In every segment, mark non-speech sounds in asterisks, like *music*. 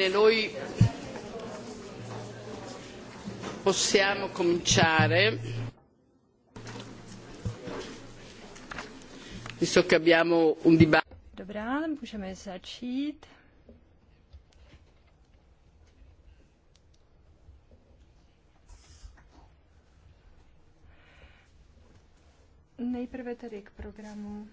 Bene, noi possiamo cominciare, visto che abbiamo un dibattito. Dobrá, můžeme začít. Nejprve tedy k programu.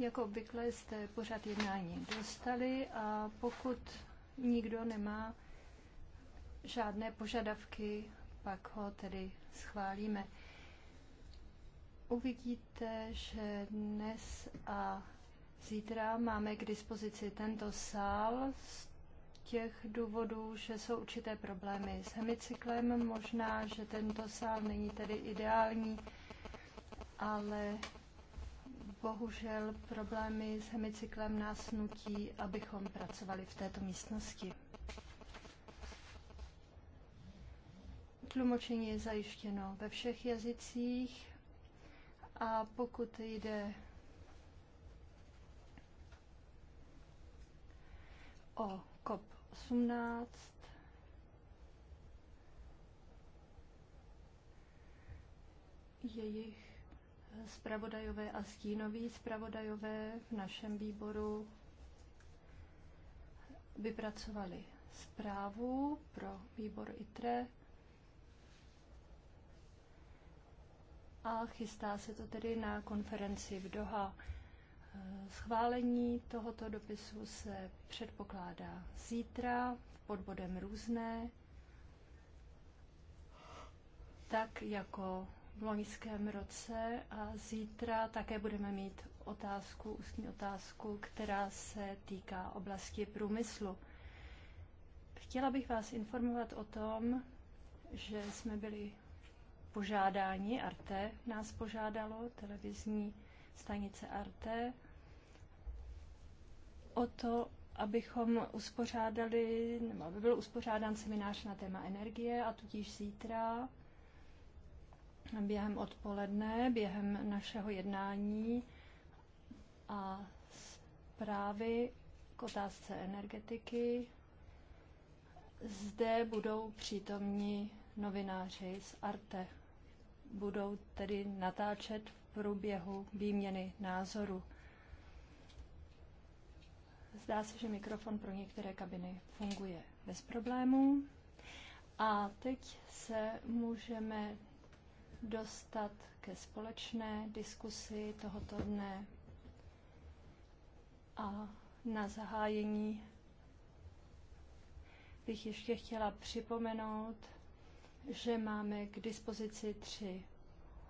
Jako obvykle jste pořád jednání dostali a pokud nikdo nemá žádné požadavky, pak ho tedy schválíme. Uvidíte, že dnes a zítra máme k dispozici tento sál z těch důvodů, že jsou určité problémy s hemicyklem. Možná, že tento sál není tedy ideální, ale Bohužel problémy s hemicyklem nás nutí, abychom pracovali v této místnosti. Tlumočení je zajištěno ve všech jazycích a pokud jde o COP18, jejich zpravodajové a stínoví zpravodajové v našem výboru vypracovali zprávu pro výbor ITRE a chystá se to tedy na konferenci v Doha. Schválení tohoto dopisu se předpokládá zítra pod bodem různé, tak jako v loňském roce a zítra také budeme mít otázku, ústní otázku, která se týká oblasti průmyslu. Chtěla bych vás informovat o tom, že jsme byli požádáni, Arte nás požádalo, televizní stanice Arte, o to, abychom uspořádali, nebo aby byl uspořádán seminář na téma energie a tudíž zítra během odpoledne, během našeho jednání a zprávy k otázce energetiky. Zde budou přítomní novináři z Arte. Budou tedy natáčet v průběhu výměny názoru. Zdá se, že mikrofon pro některé kabiny funguje bez problémů. A teď se můžeme dostat ke společné diskusi tohoto dne a na zahájení bych ještě chtěla připomenout, že máme k dispozici tři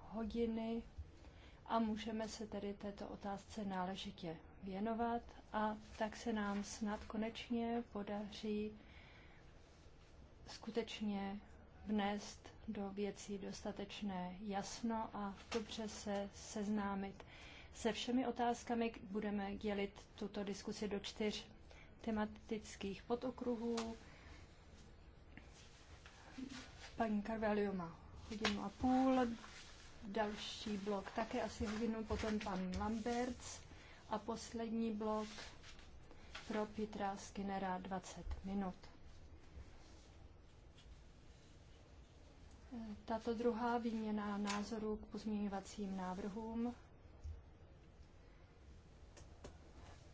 hodiny a můžeme se tedy této otázce náležitě věnovat a tak se nám snad konečně podaří skutečně vnést do věcí dostatečné jasno a dobře se seznámit se všemi otázkami. Budeme dělit tuto diskusi do čtyř tematických podokruhů. Paní Carvalho má hodinu a půl, další blok také asi hodinu, potom pan Lamberts a poslední blok pro Petra Skinnera 20 minut. Tato druhá výměna názorů k pozměňovacím návrhům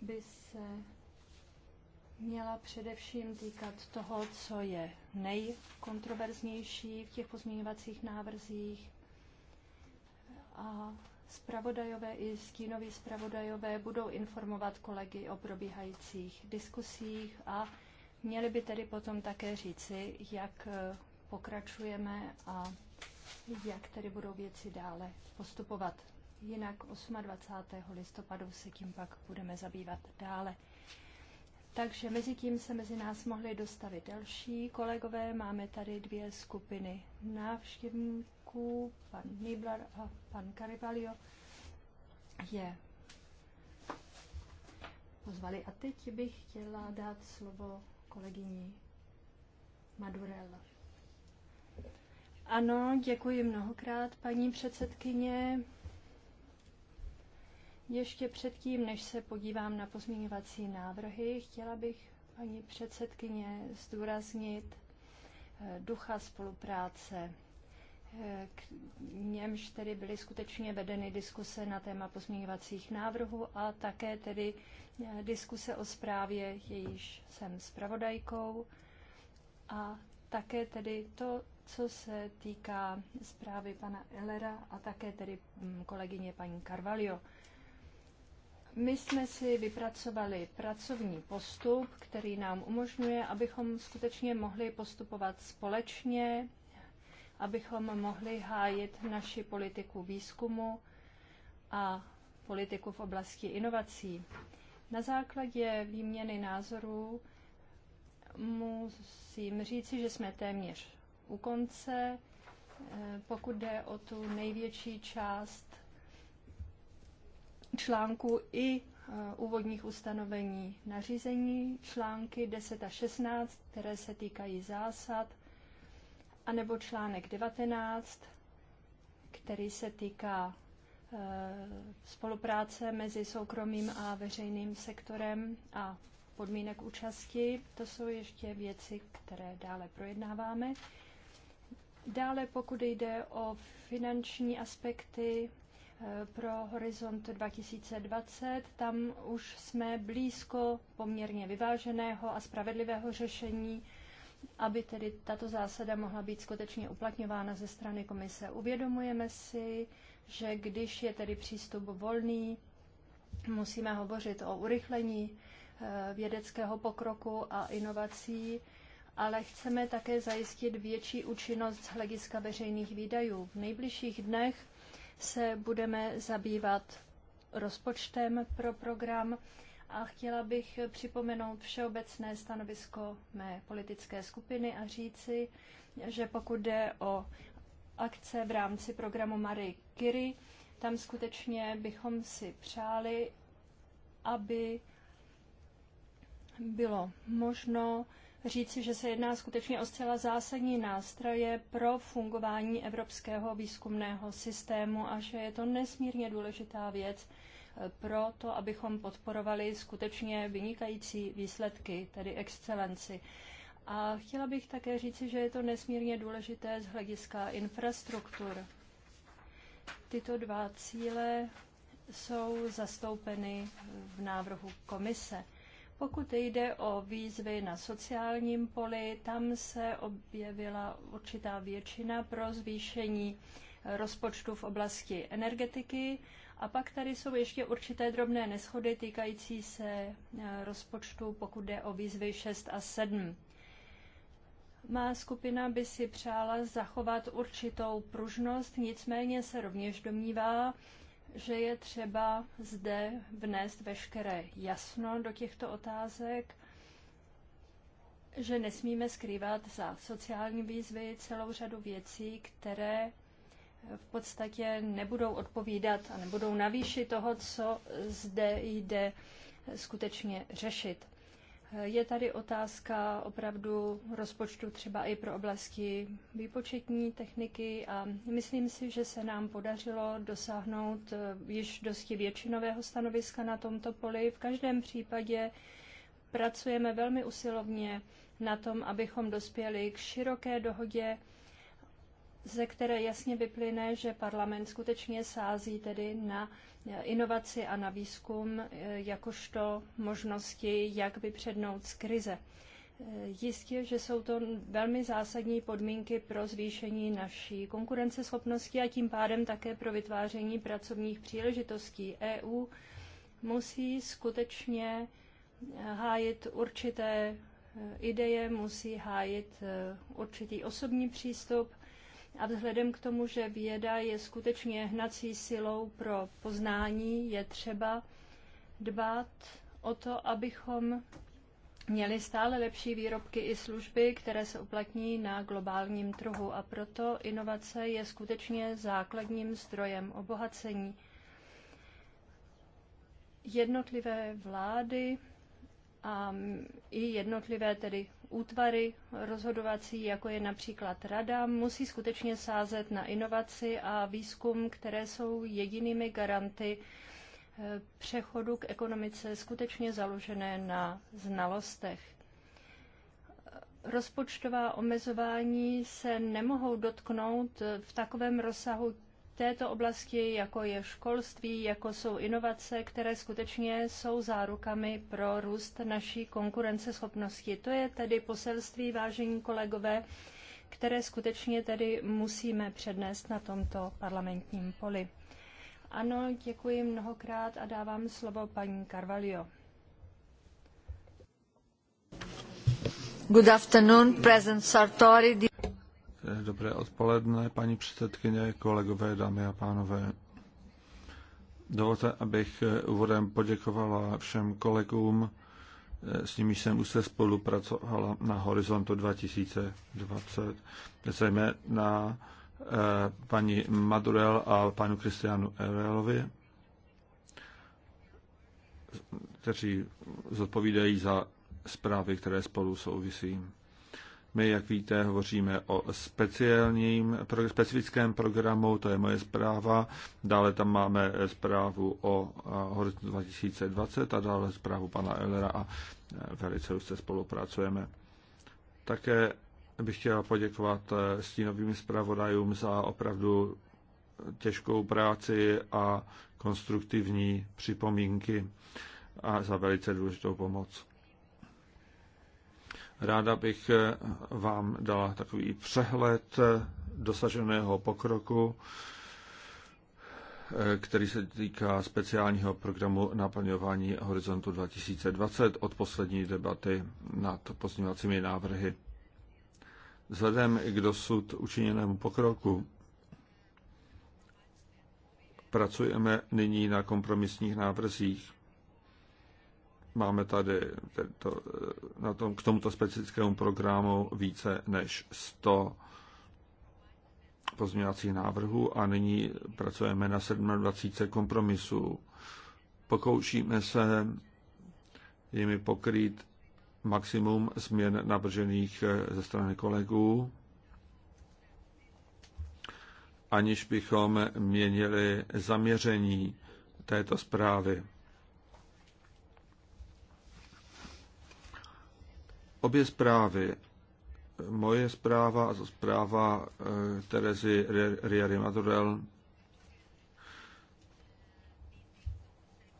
by se měla především týkat toho, co je nejkontroverznější v těch pozměňovacích návrzích. A spravodajové i stínoví spravodajové budou informovat kolegy o probíhajících diskusích a měli by tedy potom také říci, jak pokračujeme a jak tedy budou věci dále postupovat. Jinak 28. listopadu se tím pak budeme zabývat dále. Takže mezi tím se mezi nás mohli dostavit další kolegové. Máme tady dvě skupiny návštěvníků, pan Niblar a pan Caribalio je pozvali. A teď bych chtěla dát slovo kolegyni Madurel. Ano, děkuji mnohokrát, paní předsedkyně. Ještě předtím, než se podívám na pozměňovací návrhy, chtěla bych, paní předsedkyně, zdůraznit eh, ducha spolupráce, eh, k němž tedy byly skutečně vedeny diskuse na téma pozměňovacích návrhů a také tedy eh, diskuse o zprávě, jejíž jsem zpravodajkou a také tedy to, co se týká zprávy pana Elera a také tedy mm, kolegyně paní Carvalho. My jsme si vypracovali pracovní postup, který nám umožňuje, abychom skutečně mohli postupovat společně, abychom mohli hájit naši politiku výzkumu a politiku v oblasti inovací. Na základě výměny názorů musím říci, že jsme téměř u konce, eh, pokud jde o tu největší část článku i eh, úvodních ustanovení nařízení, články 10 a 16, které se týkají zásad, anebo článek 19, který se týká eh, spolupráce mezi soukromým a veřejným sektorem a podmínek účasti. To jsou ještě věci, které dále projednáváme. Dále, pokud jde o finanční aspekty eh, pro Horizont 2020, tam už jsme blízko poměrně vyváženého a spravedlivého řešení, aby tedy tato zásada mohla být skutečně uplatňována ze strany komise. Uvědomujeme si, že když je tedy přístup volný, musíme hovořit o urychlení eh, vědeckého pokroku a inovací ale chceme také zajistit větší účinnost z hlediska veřejných výdajů. V nejbližších dnech se budeme zabývat rozpočtem pro program a chtěla bych připomenout všeobecné stanovisko mé politické skupiny a říci, že pokud jde o akce v rámci programu Marie Curie, tam skutečně bychom si přáli, aby bylo možno říci, že se jedná skutečně o zcela zásadní nástroje pro fungování evropského výzkumného systému a že je to nesmírně důležitá věc pro to, abychom podporovali skutečně vynikající výsledky, tedy excelenci. A chtěla bych také říci, že je to nesmírně důležité z hlediska infrastruktur. Tyto dva cíle jsou zastoupeny v návrhu komise. Pokud jde o výzvy na sociálním poli, tam se objevila určitá většina pro zvýšení rozpočtu v oblasti energetiky. A pak tady jsou ještě určité drobné neschody týkající se eh, rozpočtu, pokud jde o výzvy 6 a 7. Má skupina by si přála zachovat určitou pružnost, nicméně se rovněž domnívá, že je třeba zde vnést veškeré jasno do těchto otázek, že nesmíme skrývat za sociální výzvy celou řadu věcí, které v podstatě nebudou odpovídat a nebudou navýšit toho, co zde jde skutečně řešit. Je tady otázka opravdu rozpočtu třeba i pro oblasti výpočetní techniky a myslím si, že se nám podařilo dosáhnout eh, již dosti většinového stanoviska na tomto poli. V každém případě pracujeme velmi usilovně na tom, abychom dospěli k široké dohodě, ze které jasně vyplyne, že parlament skutečně sází tedy na inovaci a na výzkum eh, jakožto možnosti, jak vypřednout z krize. Eh, jistě, že jsou to velmi zásadní podmínky pro zvýšení naší konkurenceschopnosti a tím pádem také pro vytváření pracovních příležitostí. EU musí skutečně eh, hájit určité ideje, musí hájit určitý osobní přístup a vzhledem k tomu, že věda je skutečně hnací silou pro poznání, je třeba dbát o to, abychom měli stále lepší výrobky i služby, které se uplatní na globálním trhu. A proto inovace je skutečně základním zdrojem obohacení. Jednotlivé vlády a i jednotlivé tedy útvary rozhodovací, jako je například rada, musí skutečně sázet na inovaci a výzkum, které jsou jedinými garanty eh, přechodu k ekonomice skutečně založené na znalostech. Rozpočtová omezování se nemohou dotknout v takovém rozsahu této oblasti, jako je školství, jako jsou inovace, které skutečně jsou zárukami pro růst naší konkurenceschopnosti. To je tedy poselství, vážení kolegové, které skutečně tedy musíme přednést na tomto parlamentním poli. Ano, děkuji mnohokrát a dávám slovo paní Carvalho. Good afternoon, President Sartori. Dobré odpoledne, paní předsedkyně, kolegové, dámy a pánové. Dovolte, abych eh, úvodem poděkovala všem kolegům, eh, s nimi jsem už se spolupracovala na Horizontu 2020, zejména eh, paní Madurel a panu Kristianu Evelovi, kteří zodpovídají za zprávy, které spolu souvisí. My, jak víte, hovoříme o speciálním, specifickém programu, to je moje zpráva. Dále tam máme zprávu o Horizontu 2020 a dále zprávu pana Elera a e, velice už se spolupracujeme. Také bych chtěl poděkovat e, stínovým zpravodajům za opravdu těžkou práci a konstruktivní připomínky a za velice důležitou pomoc. Ráda bych eh, vám dala takový přehled eh, dosaženého pokroku, eh, který se týká speciálního programu naplňování Horizontu 2020 od poslední debaty nad pozměňovacími návrhy. Vzhledem k dosud učiněnému pokroku pracujeme nyní na kompromisních návrzích. Máme tady to, na tom, k tomuto specifickému programu více než 100 pozměňovacích návrhů a nyní pracujeme na 27 kompromisů. Pokoušíme se jimi pokrýt maximum změn navržených eh, ze strany kolegů, aniž bychom měnili zaměření této zprávy. Obě zprávy, moje zpráva a zpráva eh, Terezy Riary Madurel,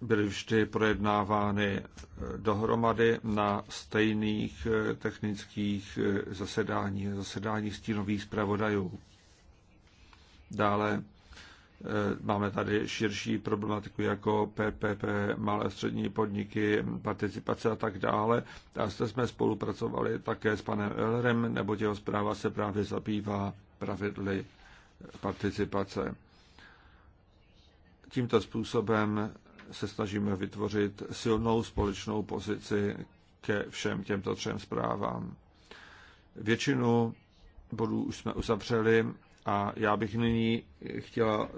byly vždy projednávány eh, dohromady na stejných eh, technických zasedáních, zasedáních stínových zpravodajů. Dále Eh, máme tady širší problematiku jako PPP, malé střední podniky, participace a tak dále. A zde jsme spolupracovali také s panem Ellerem, nebo jeho zpráva se právě zabývá pravidly participace. Tímto způsobem se snažíme vytvořit silnou společnou pozici ke všem těmto třem zprávám. Většinu bodů už jsme uzavřeli a já bych nyní chtěla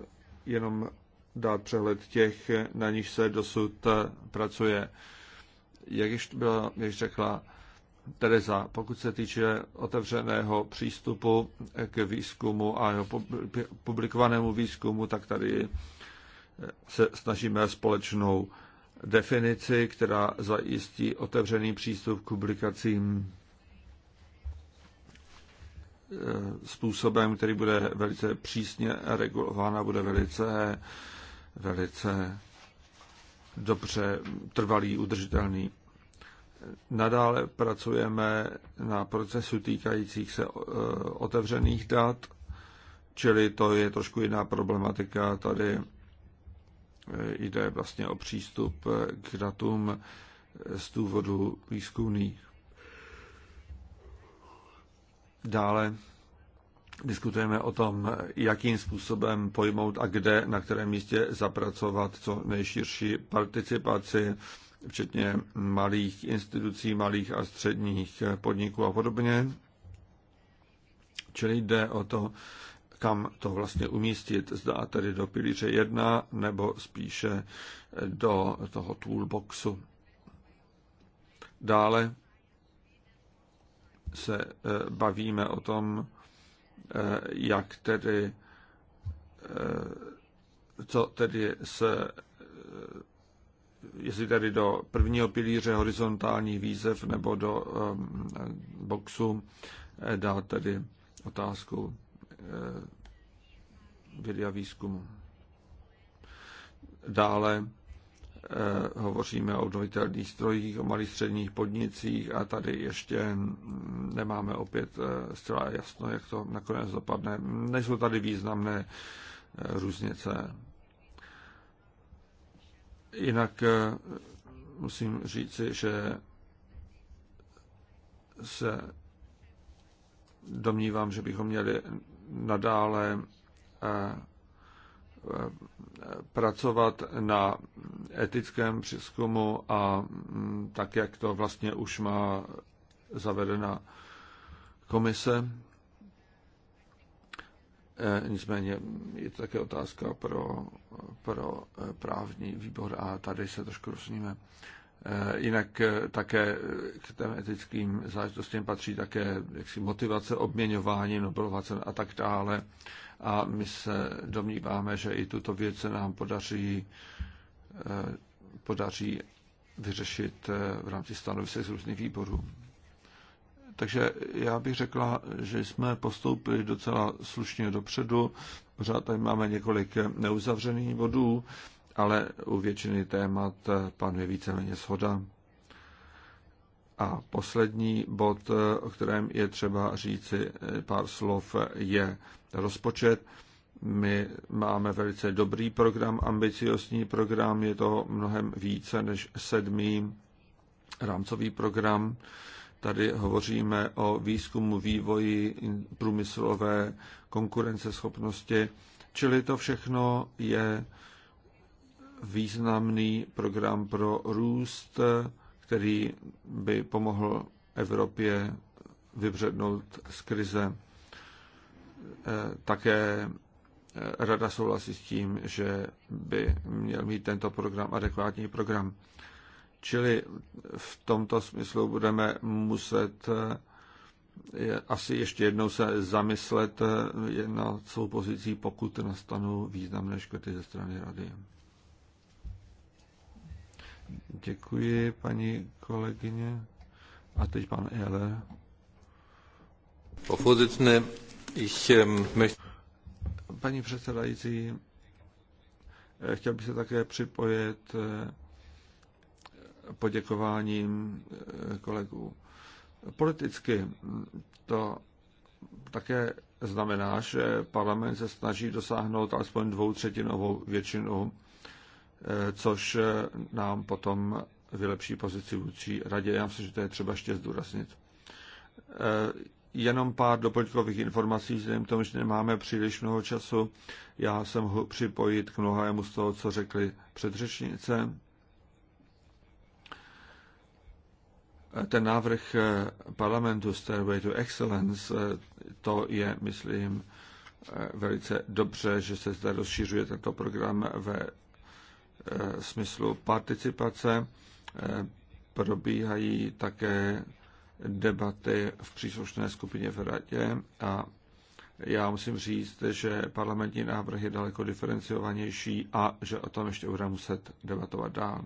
jenom dát přehled těch, na níž se dosud eh, pracuje. Jak již, byla, jak řekla Tereza, pokud se týče otevřeného přístupu eh, k výzkumu a jeho publikovanému výzkumu, tak tady eh, se snažíme společnou definici, která zajistí otevřený přístup k publikacím Eh, způsobem, který bude velice přísně regulován a bude velice, velice dobře trvalý, udržitelný. Nadále pracujeme na procesu týkajících se eh, otevřených dat, čili to je trošku jiná problematika. Tady eh, jde vlastně o přístup k datům z důvodu výzkumných. Dále diskutujeme o tom, jakým způsobem pojmout a kde, na kterém místě zapracovat co nejširší participaci, včetně malých institucí, malých a středních podniků a podobně. Čili jde o to, kam to vlastně umístit, zda tedy do pilíře 1 nebo spíše do toho toolboxu. Dále se eh, bavíme o tom, eh, jak tedy, eh, co tedy se, jestli tedy do prvního pilíře horizontální výzev nebo do boxu dá tedy otázku vědy a výzkumu. Dále Eh, hovoříme o obnovitelných strojích, o malých středních podnicích a tady ještě nemáme opět eh, zcela jasno, jak to nakonec dopadne. Nejsou tady významné eh, různice. Jinak musím říci, že se domnívám, že bychom měli nadále pracovat na etickém přeskumu a tak, jak to vlastně už má zavedena komise. E, nicméně je to také otázka pro, pro právní výbor a tady se trošku rozníme. E, jinak e, také k těm etickým záležitostem patří také jaksi motivace, obměňování, Nobelova a tak dále a my se domníváme, že i tuto věc se nám podaří, eh, podaří vyřešit eh, v rámci stanovisek z různých výborů. Takže já bych řekla, že jsme postoupili docela slušně dopředu. Pořád tady máme několik neuzavřených bodů, ale u většiny témat eh, panuje víceméně shoda. A poslední bod, eh, o kterém je třeba říci eh, pár slov, je rozpočet. My máme velice dobrý program, ambiciozní program, je to mnohem více než sedmý rámcový program. Tady hovoříme o výzkumu, vývoji, průmyslové konkurenceschopnosti, čili to všechno je významný program pro růst, který by pomohl Evropě vybřednout z krize. E, také e, Rada souhlasí s tím, že by měl mít tento program adekvátní program. Čili v tomto smyslu budeme muset e, asi ještě jednou se zamyslet na svou pozicí, pokud nastanou významné škrty ze strany Rady. Děkuji, paní kolegyně. A teď pan Ele. Ähm, paní předsedající, eh, chtěl bych se také připojit eh, poděkováním eh, kolegů. Politicky hm, to také znamená, že parlament se snaží dosáhnout alespoň třetinovou většinu Eh, což eh, nám potom vylepší pozici vůči radě. Já myslím, že to je třeba ještě zdůraznit. Eh, jenom pár doplňkových informací, vzhledem k tomu, že nemáme příliš mnoho času. Já jsem ho připojit k mnohému z toho, co řekli předřečnice. Ten návrh parlamentu Stairway to Excellence, to je, myslím, velice dobře, že se zde rozšiřuje tento program ve Eh, smyslu participace eh, probíhají také debaty v příslušné skupině v radě a já musím říct, že parlamentní návrh je daleko diferenciovanější a že o tom ještě budeme muset debatovat dál.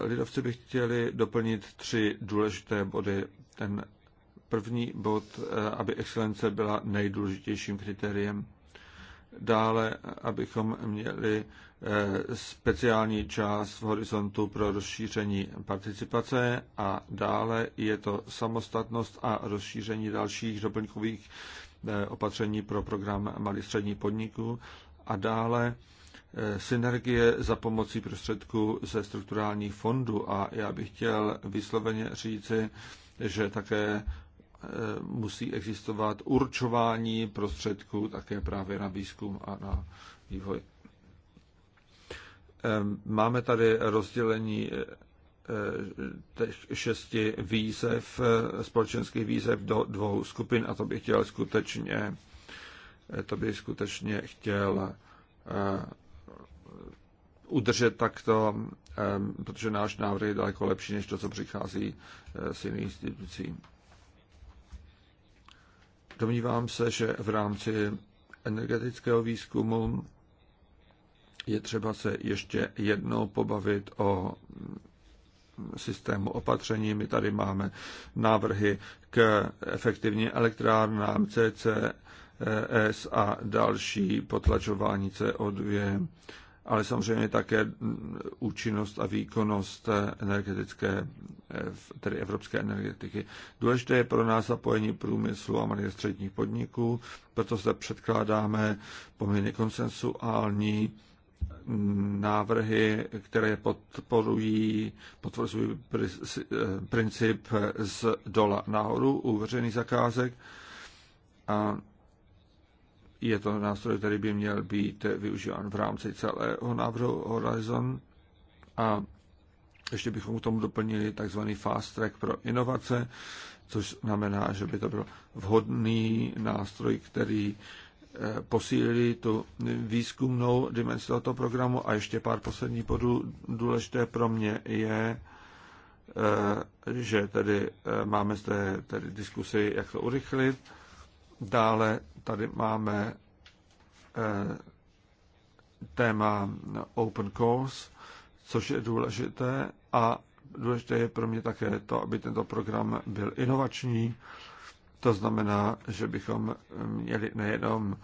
Eh, lidovci by chtěli doplnit tři důležité body. Ten první bod, aby excelence byla nejdůležitějším kritériem. Dále, abychom měli eh, speciální část v horizontu pro rozšíření participace a dále je to samostatnost a rozšíření dalších doplňkových eh, opatření pro program malých střední podniků a dále eh, synergie za pomocí prostředků ze strukturálních fondů. A já bych chtěl vysloveně říci, že také Eh, musí existovat určování prostředků také právě na výzkum a na vývoj. Máme tady rozdělení eh, eh, šesti výzev, společenských výzev do dvou skupin a to bych chtěl skutečně, to bych skutečně chtěl udržet takto, protože náš návrh je daleko lepší než to, co přichází z jiných institucí. Domnívám se, že v rámci energetického výzkumu je třeba se ještě jednou pobavit o systému opatření. My tady máme návrhy k efektivní elektrárnám CCS e a další potlačování CO2 ale samozřejmě také mm, účinnost a výkonnost eh, energetické, eh, tedy evropské energetiky. Důležité je pro nás zapojení průmyslu a malých středních podniků, proto zde předkládáme poměrně konsensuální mm, návrhy, které podporují, potvrzují eh, princip z dola nahoru u veřejných zakázek a je to nástroj, který by měl být využíván v rámci celého návrhu Horizon a ještě bychom k tomu doplnili tzv. fast track pro inovace, což znamená, že by to byl vhodný nástroj, který eh, posílili tu výzkumnou dimenzi tohoto programu. A ještě pár posledních bodů důležité pro mě je, eh, že tedy eh, máme zde tedy diskusi, jak to urychlit. Dále tady máme eh, téma open course, což je důležité a důležité je pro mě také to, aby tento program byl inovační. To znamená, že bychom měli nejenom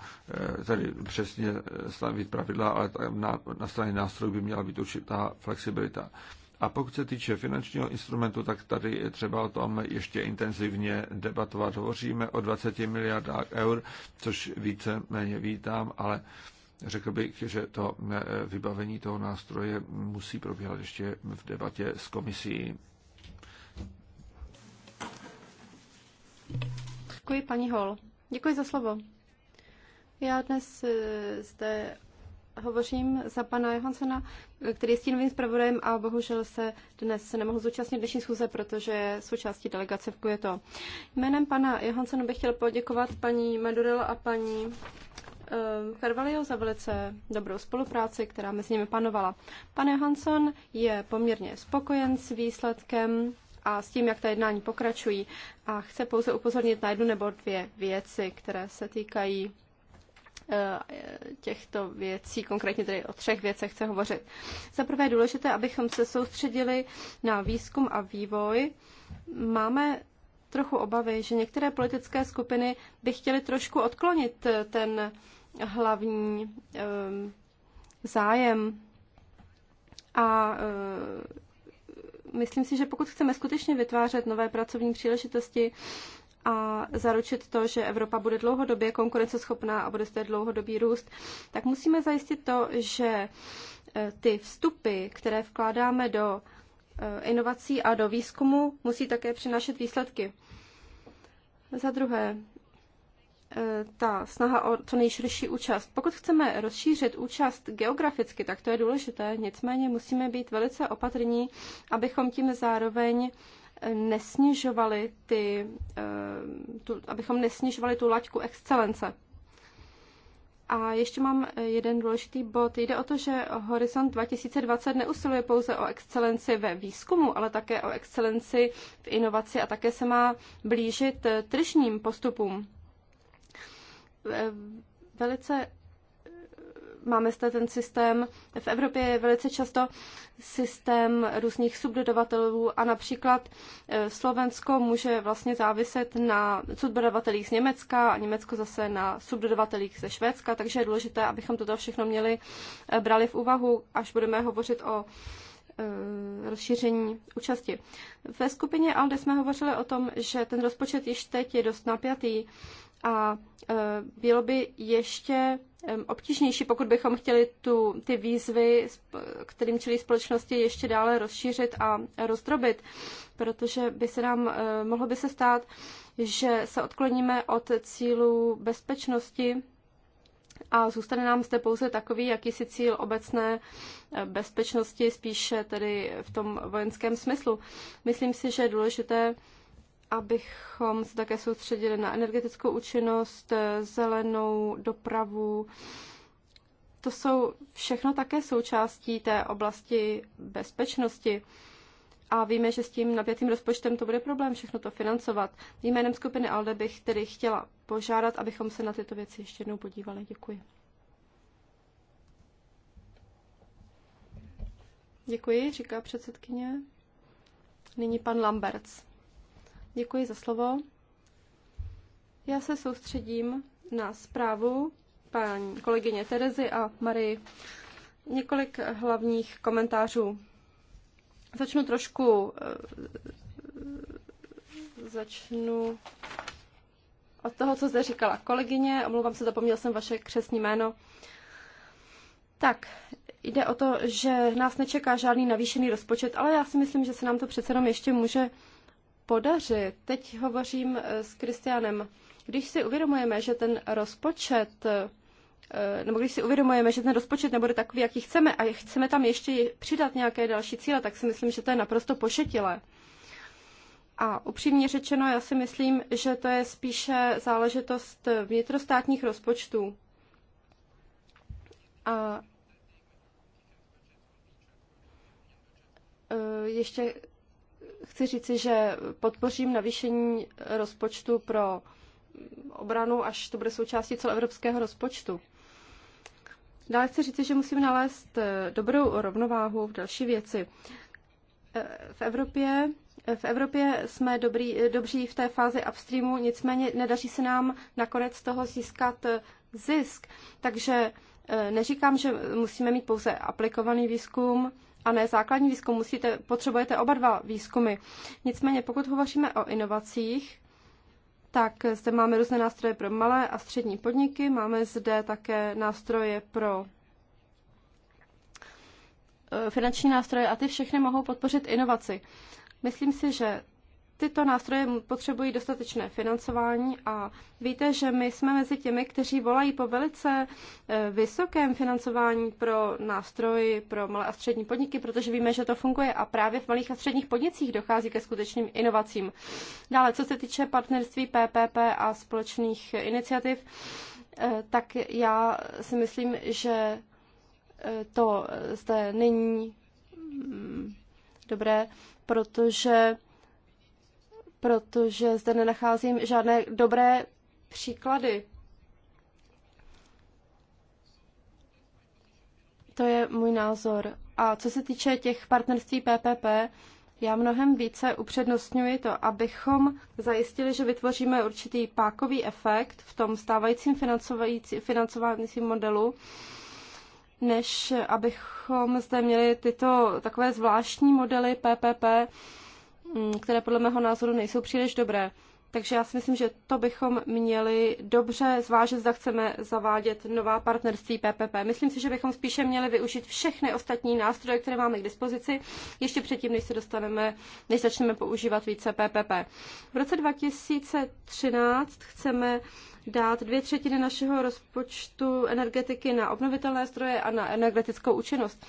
eh, tady přesně stanovit pravidla, ale na, na straně nástrojů by měla být určitá flexibilita. A pokud se týče finančního instrumentu, tak tady je třeba o tom ještě intenzivně debatovat. Hovoříme o 20 miliardách eur, což více méně vítám, ale řekl bych, že to eh, vybavení toho nástroje musí probíhat ještě v debatě s komisí. Děkuji, paní Hol. Děkuji za slovo. Já dnes eh, zde hovořím za pana Johansona, který je stínovým zpravodajem a bohužel se dnes se nemohl zúčastnit dnešní schůze, protože je součástí delegace v Kujeto. Jménem pana Johansona bych chtěl poděkovat paní Madurel a paní eh, Carvalho za velice dobrou spolupráci, která mezi nimi panovala. Pan Johansson je poměrně spokojen s výsledkem a s tím, jak ta jednání pokračují a chce pouze upozornit na jednu nebo dvě věci, které se týkají Eh, těchto věcí, konkrétně tedy o třech věcech chce hovořit. Za prvé je důležité, abychom se soustředili na výzkum a vývoj. Máme trochu obavy, že některé politické skupiny by chtěly trošku odklonit eh, ten hlavní eh, zájem. A myslím si, že pokud chceme skutečně vytvářet nové pracovní příležitosti, a zaručit to, že Evropa bude dlouhodobě konkurenceschopná a bude zde dlouhodobý růst, tak musíme zajistit to, že e, ty vstupy, které vkládáme do e, inovací a do výzkumu, musí také přinášet výsledky. Za druhé, e, ta snaha o co nejširší účast. Pokud chceme rozšířit účast geograficky, tak to je důležité, nicméně musíme být velice opatrní, abychom tím zároveň nesnižovali ty, eh, tu, abychom nesnižovali tu laťku excelence. A ještě mám jeden důležitý bod. Jde o to, že Horizont 2020 neusiluje pouze o excelenci ve výzkumu, ale také o excelenci v inovaci a také se má blížit tržním postupům. Eh, velice máme zde ten systém, v Evropě je velice často systém různých subdodavatelů a například eh, Slovensko může vlastně záviset na subdodavatelích z Německa a Německo zase na subdodavatelích ze Švédska, takže je důležité, abychom toto všechno měli, eh, brali v úvahu, až budeme hovořit o eh, rozšíření účasti. Ve skupině ALDE jsme hovořili o tom, že ten rozpočet již teď je dost napjatý a e, bylo by ještě e, obtížnější, pokud bychom chtěli tu, ty výzvy, kterým čelí společnosti, ještě dále rozšířit a rozdrobit, protože by se nám, e, mohlo by se stát, že se odkloníme od cílů bezpečnosti a zůstane nám zde pouze takový jakýsi cíl obecné bezpečnosti, spíše tedy v tom vojenském smyslu. Myslím si, že je důležité abychom se také soustředili na energetickou účinnost, zelenou dopravu. To jsou všechno také součástí té oblasti bezpečnosti. A víme, že s tím napětým rozpočtem to bude problém všechno to financovat. Jménem skupiny ALDE bych tedy chtěla požádat, abychom se na tyto věci ještě jednou podívali. Děkuji. Děkuji, říká předsedkyně. Nyní pan Lamberts. Děkuji za slovo. Já se soustředím na zprávu paní kolegyně Terezy a Marii. Několik hlavních komentářů. Začnu trošku eh, začnu od toho, co zde říkala kolegyně. Omlouvám se, zapomněl jsem vaše křesní jméno. Tak, jde o to, že nás nečeká žádný navýšený rozpočet, ale já si myslím, že se nám to přece jenom ještě může podařit, teď hovořím eh, s Kristianem, když si uvědomujeme, že ten rozpočet eh, nebo když si uvědomujeme, že ten rozpočet nebude takový, jaký chceme a chceme tam ještě přidat nějaké další cíle, tak si myslím, že to je naprosto pošetilé. A upřímně řečeno, já si myslím, že to je spíše záležitost vnitrostátních rozpočtů. A eh, ještě chci říci, že podpořím navýšení rozpočtu pro obranu, až to bude součástí celoevropského rozpočtu. Dále chci říci, že musím nalézt eh, dobrou rovnováhu v další věci. Eh, v Evropě, eh, v Evropě jsme dobrý, dobří v té fázi upstreamu, nicméně nedaří se nám nakonec toho získat zisk. Takže neříkám, že musíme mít pouze aplikovaný výzkum, a ne základní výzkum. Musíte, potřebujete oba dva výzkumy. Nicméně, pokud hovoříme o inovacích, tak zde máme různé nástroje pro malé a střední podniky, máme zde také nástroje pro eh, finanční nástroje a ty všechny mohou podpořit inovaci. Myslím si, že tyto nástroje potřebují dostatečné financování a víte, že my jsme mezi těmi, kteří volají po velice e, vysokém financování pro nástroj pro malé a střední podniky, protože víme, že to funguje a právě v malých a středních podnicích dochází ke skutečným inovacím. Dále, co se týče partnerství PPP a společných iniciativ, e, tak já si myslím, že e, to zde není mm, dobré, protože protože zde nenacházím žádné dobré příklady. To je můj názor. A co se týče těch partnerství PPP, já mnohem více upřednostňuji to, abychom zajistili, že vytvoříme určitý pákový efekt v tom stávajícím financovacím modelu, než abychom zde měli tyto takové zvláštní modely PPP, Mm, které podle mého názoru nejsou příliš dobré. Takže já si myslím, že to bychom měli dobře zvážit, zda chceme zavádět nová partnerství PPP. Myslím si, že bychom spíše měli využít všechny ostatní nástroje, které máme k dispozici, ještě předtím, než se dostaneme, než začneme používat více PPP. V roce 2013 chceme dát dvě třetiny našeho rozpočtu energetiky na obnovitelné stroje a na energetickou účinnost.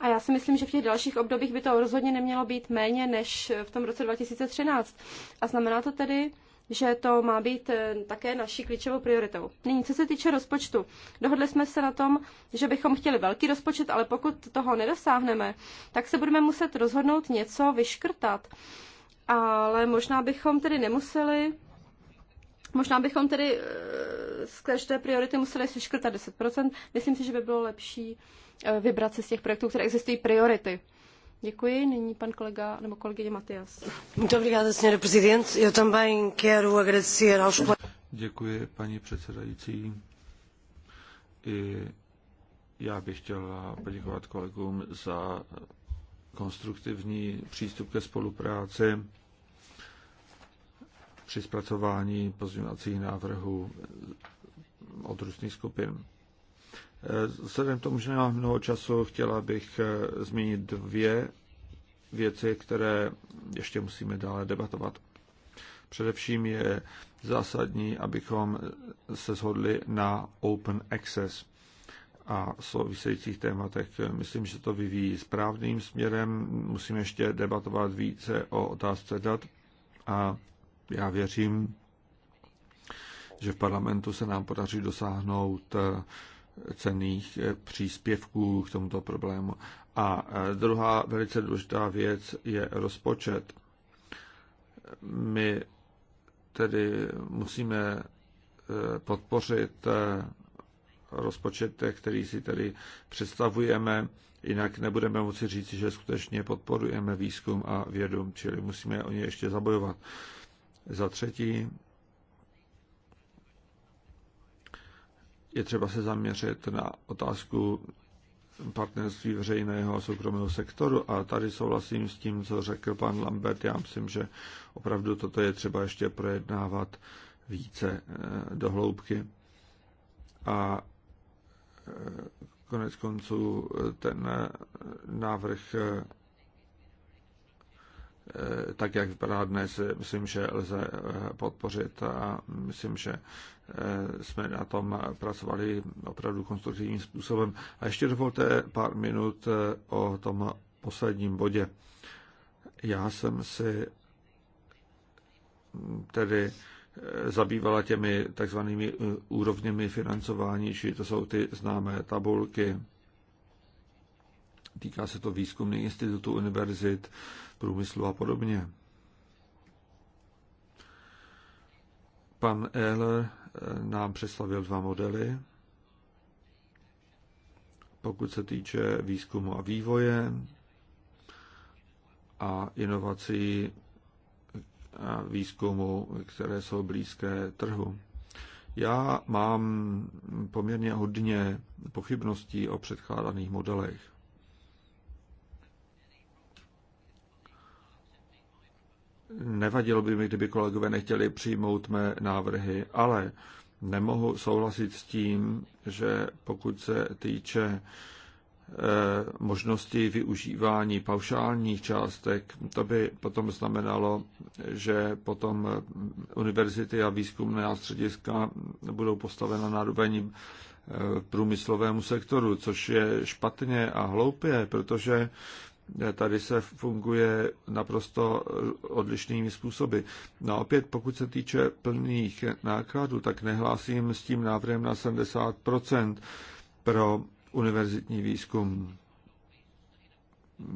A já si myslím, že v těch dalších obdobích by to rozhodně nemělo být méně než v tom roce 2013. A znamená to tedy, že to má být eh, také naší klíčovou prioritou. Nyní, co se týče rozpočtu. Dohodli jsme se na tom, že bychom chtěli velký rozpočet, ale pokud toho nedosáhneme, tak se budeme muset rozhodnout něco vyškrtat. Ale možná bychom tedy nemuseli Možná bychom tedy eh, z každé priority museli seškrtat 10%. Myslím si, že by bylo lepší Eh, vybrat si z těch projektů, které existují, priority. Děkuji. Nyní pan kolega nebo kolegyně Matias. Děkuji, paní předsedající. I já bych chtěla poděkovat kolegům za konstruktivní přístup ke spolupráci při zpracování pozměňovacích návrhů od různých skupin. Vzhledem k tomu, že nemám mnoho času, chtěla bych eh, zmínit dvě věci, které ještě musíme dále debatovat. Především je zásadní, abychom se shodli na open access a souvisejících tématech. Myslím, že to vyvíjí správným směrem. Musíme ještě debatovat více o otázce dat a já věřím, že v parlamentu se nám podaří dosáhnout eh, cených eh, příspěvků k tomuto problému. A eh, druhá velice důležitá věc je rozpočet. My tedy musíme eh, podpořit rozpočet, který si tedy představujeme, jinak nebudeme moci říct, že skutečně podporujeme výzkum a vědu, čili musíme o ně ještě zabojovat. Za třetí, je třeba se zaměřit na otázku partnerství veřejného a soukromého sektoru a tady souhlasím s tím, co řekl pan Lambert. Já myslím, že opravdu toto je třeba ještě projednávat více eh, do hloubky. A eh, konec konců eh, ten návrh Eh, tak, jak vypadá dnes, myslím, že lze eh, podpořit a myslím, že eh, jsme na tom pracovali opravdu konstruktivním způsobem. A ještě dovolte pár minut o tom posledním bodě. Já jsem si hm, tedy zabývala těmi takzvanými úrovněmi financování, či to jsou ty známé tabulky. Týká se to výzkumných institutů, univerzit, průmyslu a podobně. Pan Ehler eh, nám představil dva modely. Pokud se týče výzkumu a vývoje a inovací a výzkumu, které jsou blízké trhu. Já mám poměrně hodně pochybností o předkládaných modelech. Nevadilo by mi, kdyby kolegové nechtěli přijmout mé návrhy, ale nemohu souhlasit s tím, že pokud se týče eh, možnosti využívání paušálních částek, to by potom znamenalo, že potom eh, univerzity a výzkumné střediska budou postavena na roveň eh, průmyslovému sektoru, což je špatně a hloupě, protože Tady se funguje naprosto odlišnými způsoby. No a opět, pokud se týče plných nákladů, tak nehlásím s tím návrhem na 70 pro univerzitní výzkum.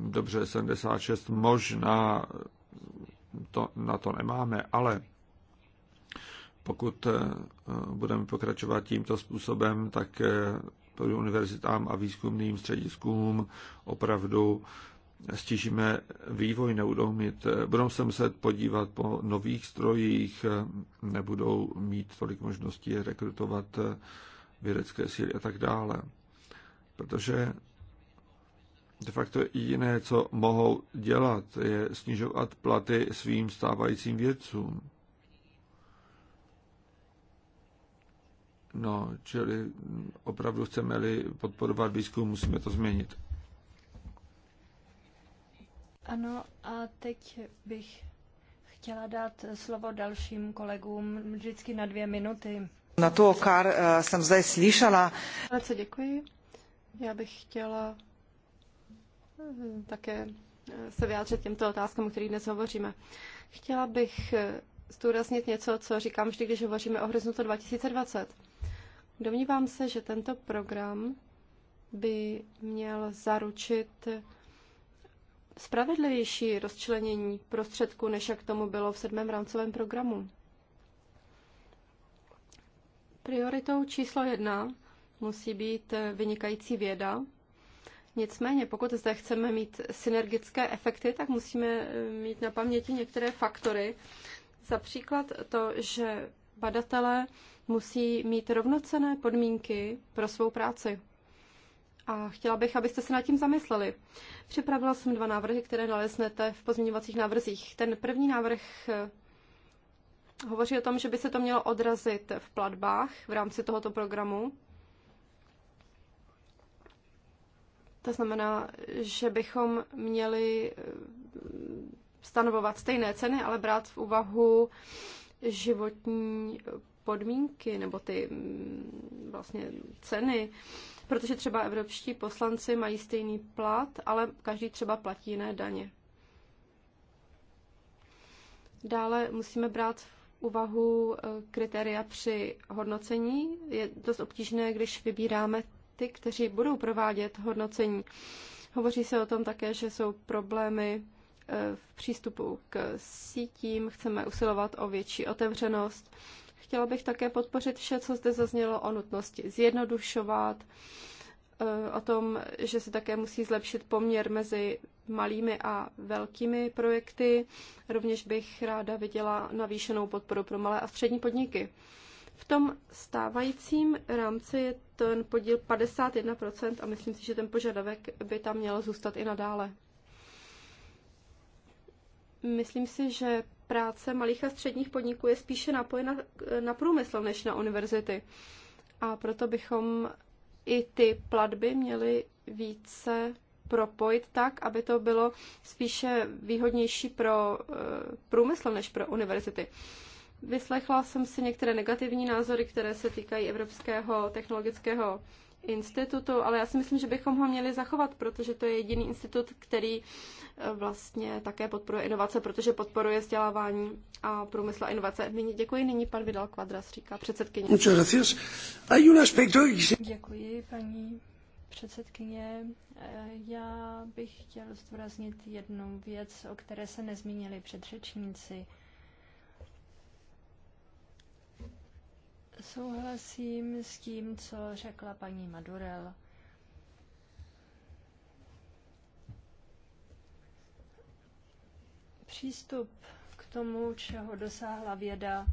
Dobře, 76 možná to, na to nemáme, ale pokud eh, budeme pokračovat tímto způsobem, tak pro eh, univerzitám a výzkumným střediskům opravdu stížíme vývoj, nebudou mít, budou se muset podívat po nových strojích, nebudou mít tolik možností rekrutovat vědecké síly a tak dále. Protože de facto jediné, co mohou dělat, je snižovat platy svým stávajícím vědcům. No, čili opravdu chceme-li podporovat výzkum, musíme to změnit. Ano, a teď bych chtěla dát slovo dalším kolegům vždycky na dvě minuty. Na to, kar uh, jsem zde slyšela. Velice děkuji. Já bych chtěla eh, také eh, se vyjádřit těmto otázkám, o kterých dnes hovoříme. Chtěla bych zdůraznit něco, co říkám vždy, když hovoříme o horizontu 2020. Domnívám se, že tento program by měl zaručit spravedlivější rozčlenění prostředků, než jak tomu bylo v sedmém rámcovém programu. Prioritou číslo jedna musí být vynikající věda. Nicméně, pokud zde chceme mít synergické efekty, tak musíme eh, mít na paměti některé faktory. Za příklad to, že badatelé musí mít rovnocené podmínky pro svou práci a chtěla bych, abyste se nad tím zamysleli. Připravila jsem dva návrhy, které naleznete v pozměňovacích návrzích. Ten první návrh eh, hovoří o tom, že by se to mělo odrazit v platbách v rámci tohoto programu. To znamená, že bychom měli eh, stanovovat stejné ceny, ale brát v úvahu životní podmínky nebo ty mm, vlastně ceny protože třeba evropští poslanci mají stejný plat, ale každý třeba platí jiné daně. Dále musíme brát v úvahu e, kritéria při hodnocení. Je dost obtížné, když vybíráme ty, kteří budou provádět hodnocení. Hovoří se o tom také, že jsou problémy e, v přístupu k sítím, chceme usilovat o větší otevřenost. Chtěla bych také podpořit vše, co zde zaznělo o nutnosti zjednodušovat, eh, o tom, že se také musí zlepšit poměr mezi malými a velkými projekty. Rovněž bych ráda viděla navýšenou podporu pro malé a střední podniky. V tom stávajícím rámci je ten podíl 51% a myslím si, že ten požadavek by tam měl zůstat i nadále. Myslím si, že práce malých a středních podniků je spíše napojena na průmysl než na univerzity. A proto bychom i ty platby měli více propojit tak, aby to bylo spíše výhodnější pro eh, průmysl než pro univerzity. Vyslechla jsem si některé negativní názory, které se týkají Evropského technologického institutu, ale já si myslím, že bychom ho měli zachovat, protože to je jediný institut, který eh, vlastně také podporuje inovace, protože podporuje vzdělávání a průmysl a inovace. Nyní děkuji, nyní pan Vidal Quadras říká předsedkyně. Děkuji, paní předsedkyně. Eh, já bych chtěl zdůraznit jednu věc, o které se nezmínili předřečníci. Souhlasím s tím, co řekla paní Madurel. Přístup k tomu, čeho dosáhla věda,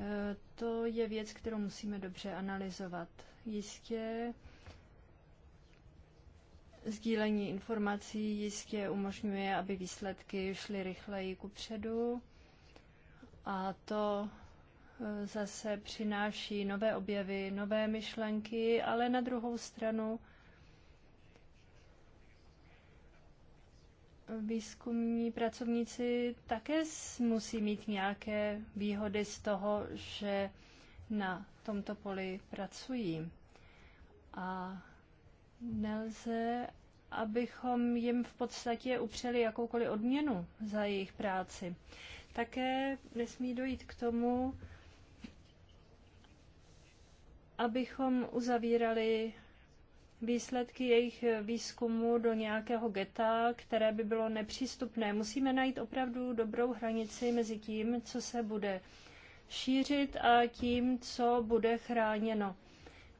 eh, to je věc, kterou musíme dobře analyzovat. Jistě sdílení informací jistě umožňuje, aby výsledky šly rychleji kupředu a to Eh, zase přináší nové objevy, nové myšlenky, ale na druhou stranu výzkumní pracovníci také musí mít nějaké výhody z toho, že na tomto poli pracují. A nelze, abychom jim v podstatě upřeli jakoukoliv odměnu za jejich práci. Také nesmí dojít k tomu, abychom uzavírali výsledky jejich výzkumu do nějakého geta, které by bylo nepřístupné. Musíme najít opravdu dobrou hranici mezi tím, co se bude šířit a tím, co bude chráněno.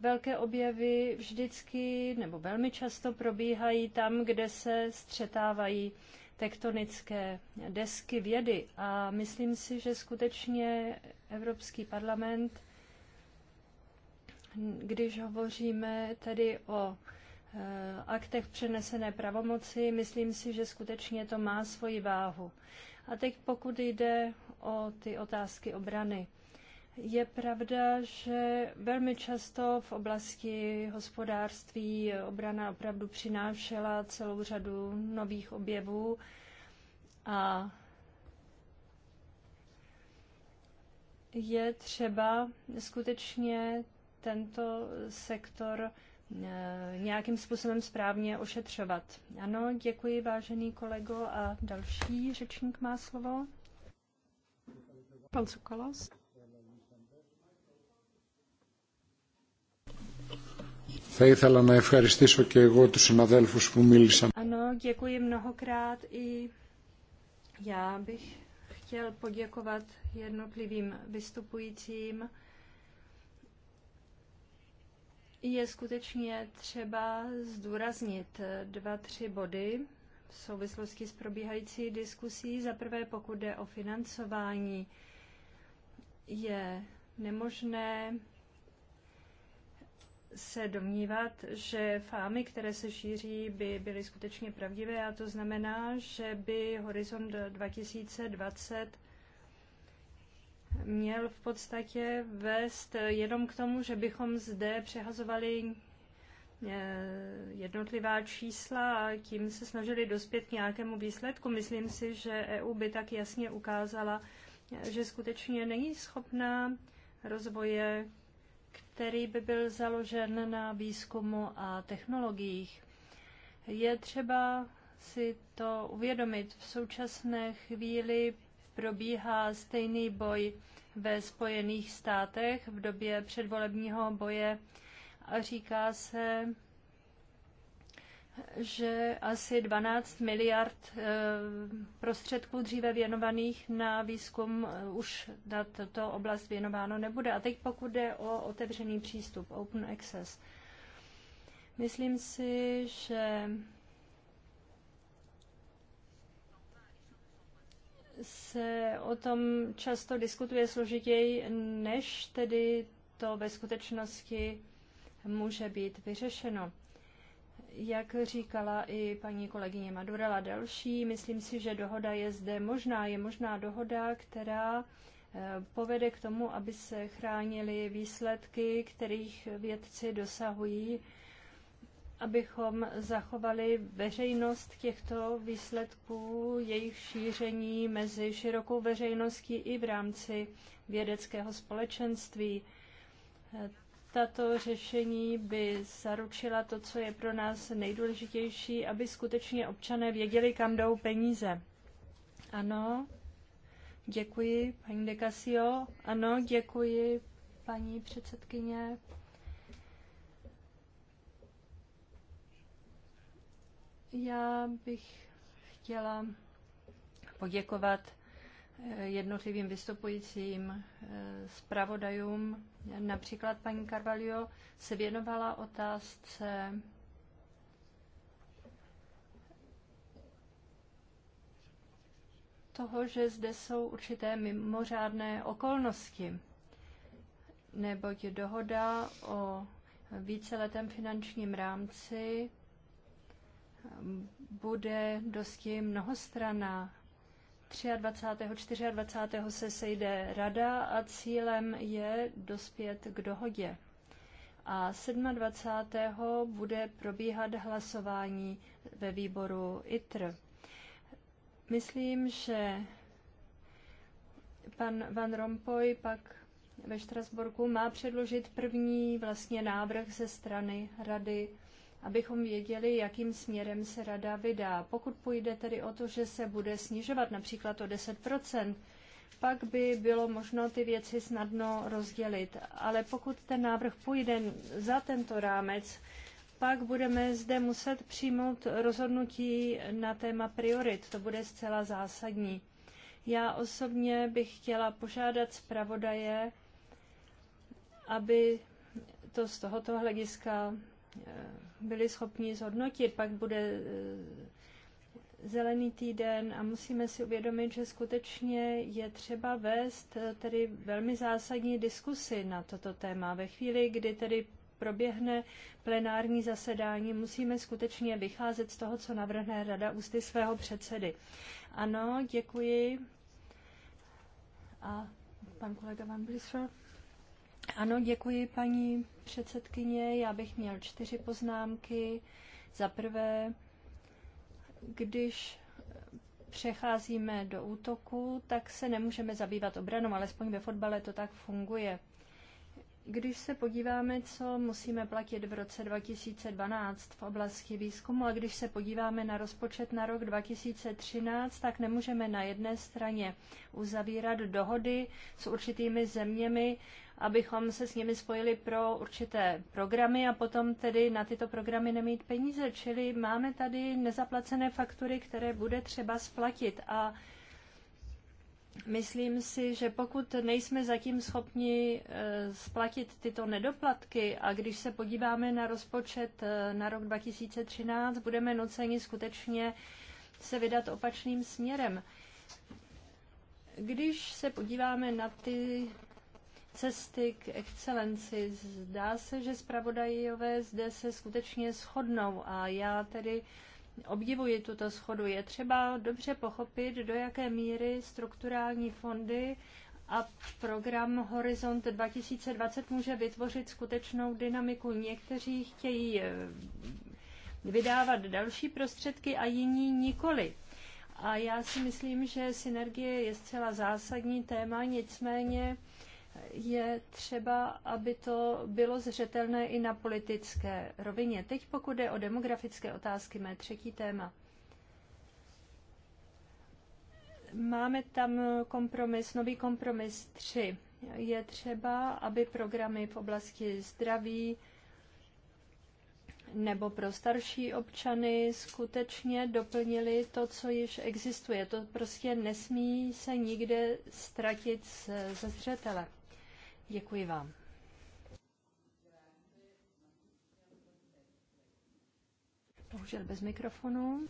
Velké objevy vždycky nebo velmi často probíhají tam, kde se střetávají tektonické desky vědy a myslím si, že skutečně Evropský parlament když hovoříme tedy o eh, aktech přenesené pravomoci, myslím si, že skutečně to má svoji váhu. A teď pokud jde o ty otázky obrany. Je pravda, že velmi často v oblasti hospodářství obrana opravdu přinášela celou řadu nových objevů a je třeba skutečně tento sektor eh, nějakým způsobem správně ošetřovat. Ano, děkuji, vážený kolego. A další řečník má slovo. Pan Sokolos. Θα ήθελα να ευχαριστήσω και εγώ τους συναδέλφους που μίλησαν. Ano, děkuji mnohokrát i já bych chtěl poděkovat jednotlivým vystupujícím je skutečně třeba zdůraznit eh, dva, tři body v souvislosti s probíhající diskusí. Za prvé, pokud jde o financování, je nemožné se domnívat, že fámy, které se šíří, by byly skutečně pravdivé a to znamená, že by Horizont 2020 měl v podstatě vést jenom k tomu, že bychom zde přehazovali eh, jednotlivá čísla a tím se snažili dospět k nějakému výsledku. Myslím si, že EU by tak jasně ukázala, eh, že skutečně není schopná rozvoje, který by byl založen na výzkumu a technologiích. Je třeba si to uvědomit. V současné chvíli probíhá stejný boj ve Spojených státech v době předvolebního boje a říká se, že asi 12 miliard eh, prostředků dříve věnovaných na výzkum eh, už na tuto oblast věnováno nebude. A teď pokud jde o otevřený přístup, open access, myslím si, že se o tom často diskutuje složitěji, než tedy to ve skutečnosti může být vyřešeno. Jak říkala i paní kolegyně Madurela další, myslím si, že dohoda je zde možná. Je možná dohoda, která eh, povede k tomu, aby se chránily výsledky, kterých vědci dosahují abychom zachovali veřejnost těchto výsledků, jejich šíření mezi širokou veřejností i v rámci vědeckého společenství. Tato řešení by zaručila to, co je pro nás nejdůležitější, aby skutečně občané věděli, kam jdou peníze. Ano, děkuji, paní Dekasio. Ano, děkuji, paní předsedkyně. Já bych chtěla poděkovat eh, jednotlivým vystupujícím eh, zpravodajům. Například paní Carvalho se věnovala otázce toho, že zde jsou určité mimořádné okolnosti, neboť dohoda o víceletém finančním rámci bude dosti mnohostraná. 23. 24. se sejde rada a cílem je dospět k dohodě. A 27. bude probíhat hlasování ve výboru ITR. Myslím, že pan Van Rompuy pak ve Štrasburku má předložit první vlastně návrh ze strany rady abychom věděli, jakým směrem se rada vydá. Pokud půjde tedy o to, že se bude snižovat například o 10 pak by bylo možno ty věci snadno rozdělit. Ale pokud ten návrh půjde za tento rámec, pak budeme zde muset přijmout rozhodnutí na téma priorit. To bude zcela zásadní. Já osobně bych chtěla požádat zpravodaje, aby to z tohoto hlediska eh, byli schopni zhodnotit. Pak bude e, zelený týden a musíme si uvědomit, že skutečně je třeba vést e, tedy velmi zásadní diskusy na toto téma. Ve chvíli, kdy tedy proběhne plenární zasedání, musíme skutečně vycházet z toho, co navrhne Rada ústy svého předsedy. Ano, děkuji. A pan kolega Van Blisser. Ano, děkuji paní předsedkyně. Já bych měl čtyři poznámky. Za prvé, když přecházíme do útoku, tak se nemůžeme zabývat obranou, alespoň ve fotbale to tak funguje. Když se podíváme, co musíme platit v roce 2012 v oblasti výzkumu a když se podíváme na rozpočet na rok 2013, tak nemůžeme na jedné straně uzavírat dohody s určitými zeměmi abychom se s nimi spojili pro určité programy a potom tedy na tyto programy nemít peníze. Čili máme tady nezaplacené faktury, které bude třeba splatit a Myslím si, že pokud nejsme zatím schopni eh, splatit tyto nedoplatky a když se podíváme na rozpočet eh, na rok 2013, budeme nuceni skutečně se vydat opačným směrem. Když se podíváme na ty cesty k excelenci. Zdá se, že zpravodajové zde se skutečně shodnou a já tedy obdivuji tuto schodu. Je třeba dobře pochopit, do jaké míry strukturální fondy a program Horizont 2020 může vytvořit skutečnou dynamiku. Někteří chtějí eh, vydávat další prostředky a jiní nikoli. A já si myslím, že synergie je zcela zásadní téma, nicméně je třeba, aby to bylo zřetelné i na politické rovině. Teď pokud jde o demografické otázky, mé třetí téma. Máme tam kompromis, nový kompromis 3. Je třeba, aby programy v oblasti zdraví nebo pro starší občany skutečně doplnili to, co již existuje. To prostě nesmí se nikde ztratit ze zřetele. Děkuji vám. Bohužel bez mikrofonu.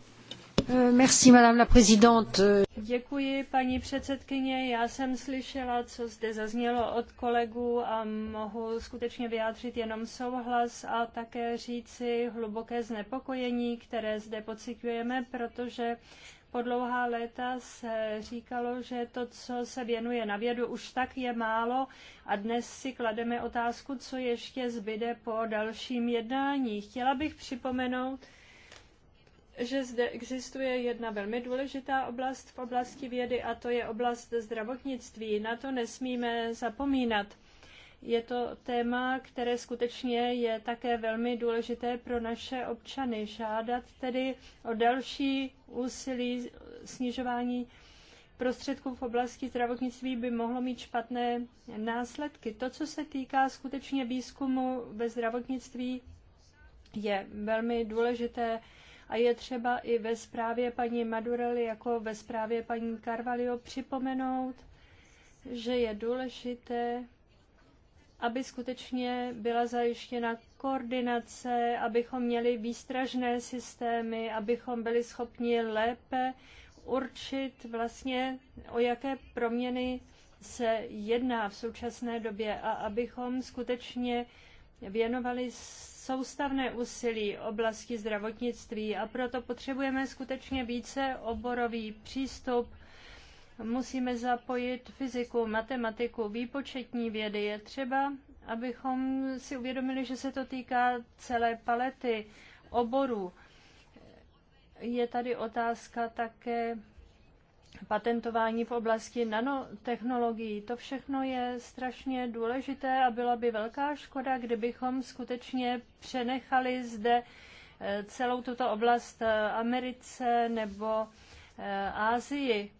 Euh, merci, madame la présidente. Děkuji, paní předsedkyně. Já jsem slyšela, co zde zaznělo od kolegů a mohu skutečně vyjádřit jenom souhlas a také říci hluboké znepokojení, které zde pociťujeme, protože po dlouhá léta se říkalo, že to, co se věnuje na vědu, už tak je málo a dnes si klademe otázku, co ještě zbyde po dalším jednání. Chtěla bych připomenout, že zde existuje jedna velmi důležitá oblast v oblasti vědy a to je oblast zdravotnictví. Na to nesmíme zapomínat. Je to téma, které skutečně je také velmi důležité pro naše občany. Žádat tedy o další úsilí snižování prostředků v oblasti zdravotnictví by mohlo mít špatné následky. To, co se týká skutečně výzkumu ve zdravotnictví, je velmi důležité a je třeba i ve zprávě paní Madurely jako ve zprávě paní Carvalho připomenout, že je důležité aby skutečně byla zajištěna koordinace, abychom měli výstražné systémy, abychom byli schopni lépe určit vlastně, o jaké proměny se jedná v současné době a abychom skutečně věnovali soustavné úsilí oblasti zdravotnictví a proto potřebujeme skutečně více oborový přístup Musíme zapojit fyziku, matematiku, výpočetní vědy. Je třeba, abychom si uvědomili, že se to týká celé palety oborů. Je tady otázka také patentování v oblasti nanotechnologií. To všechno je strašně důležité a byla by velká škoda, kdybychom skutečně přenechali zde eh, celou tuto oblast eh, Americe nebo eh, Ázii.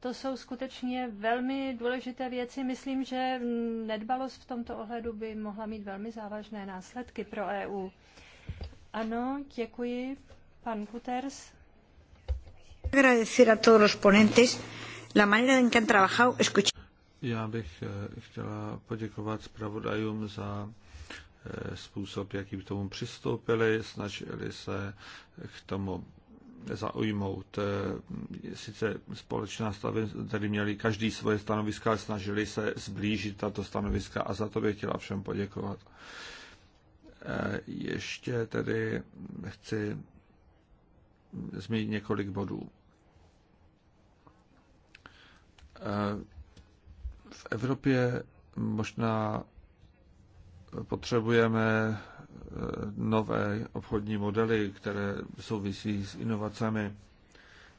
To jsou skutečně velmi důležité věci. Myslím, že nedbalost v tomto ohledu by mohla mít velmi závažné následky pro EU. Ano, děkuji. Pan Kuters. Já bych eh, chtěla poděkovat zpravodajům za eh, způsob, jakým k tomu přistoupili, snažili se k tomu zaujmout. Eh, sice společná stanoviska, tady měli každý svoje stanoviska, snažili se zblížit tato stanoviska a za to bych chtěla všem poděkovat. Eh, ještě tedy chci zmínit několik bodů. Eh, v Evropě možná potřebujeme nové obchodní modely, které souvisí s inovacemi,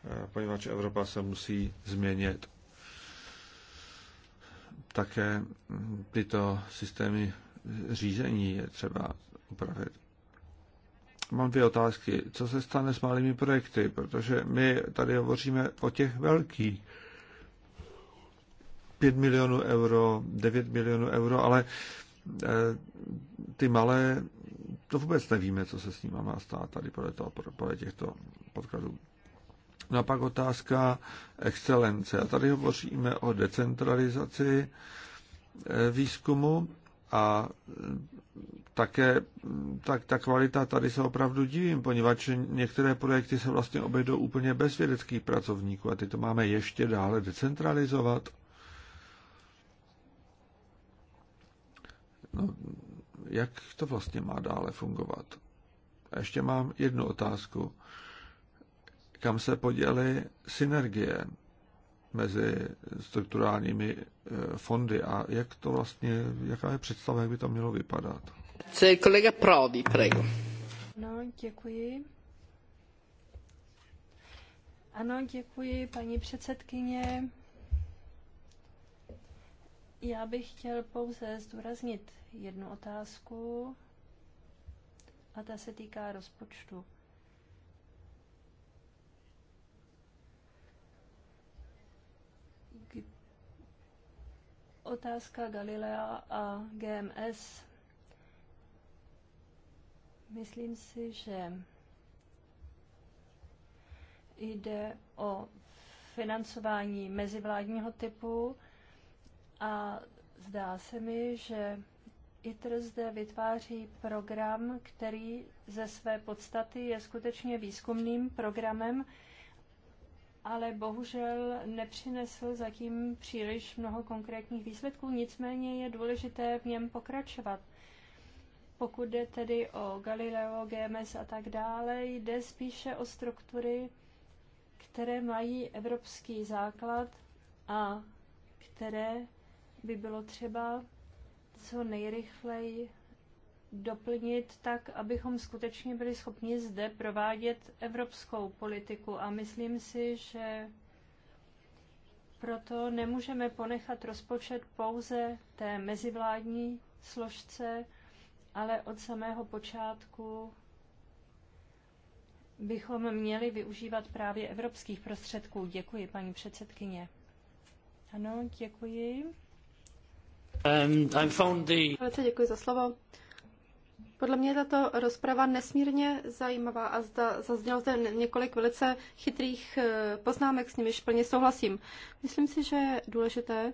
eh, poněvadž Evropa se musí změnit. Také hm, tyto systémy řízení je třeba upravit. Mám dvě otázky. Co se stane s malými projekty? Protože my tady hovoříme o těch velkých. 5 milionů euro, 9 milionů euro, ale Eh, ty malé, to vůbec nevíme, co se s nimi má stát tady podle, toho, podle těchto podkladů. No a pak otázka excelence. A tady hovoříme o decentralizaci eh, výzkumu a eh, také hm, tak, ta kvalita tady se opravdu divím, poněvadž některé projekty se vlastně obejdou úplně bez vědeckých pracovníků a ty to máme ještě dále decentralizovat. No, jak to vlastně má dále fungovat? A ještě mám jednu otázku. Kam se poděly synergie mezi strukturálními eh, fondy a jak to vlastně, jaká je představa, jak by to mělo vypadat? Co je kolega Prodi, prego. No, děkuji. Ano, děkuji, paní předsedkyně. Já bych chtěl pouze zdůraznit jednu otázku a ta se týká rozpočtu. Otázka Galilea a GMS. Myslím si, že jde o financování mezivládního typu a zdá se mi, že ITER zde vytváří program, který ze své podstaty je skutečně výzkumným programem, ale bohužel nepřinesl zatím příliš mnoho konkrétních výsledků, nicméně je důležité v něm pokračovat. Pokud jde tedy o Galileo, GMS a tak dále, jde spíše o struktury, které mají evropský základ a které by bylo třeba co nejrychleji doplnit tak, abychom skutečně byli schopni zde provádět evropskou politiku. A myslím si, že proto nemůžeme ponechat rozpočet pouze té mezivládní složce, ale od samého počátku bychom měli využívat právě evropských prostředků. Děkuji, paní předsedkyně. Ano, děkuji. Um, velice děkuji za slovo. Podle mě je tato rozprava nesmírně zajímavá a zda, zaznělo zde několik velice chytrých eh, poznámek, s nimiž plně souhlasím. Myslím si, že je důležité,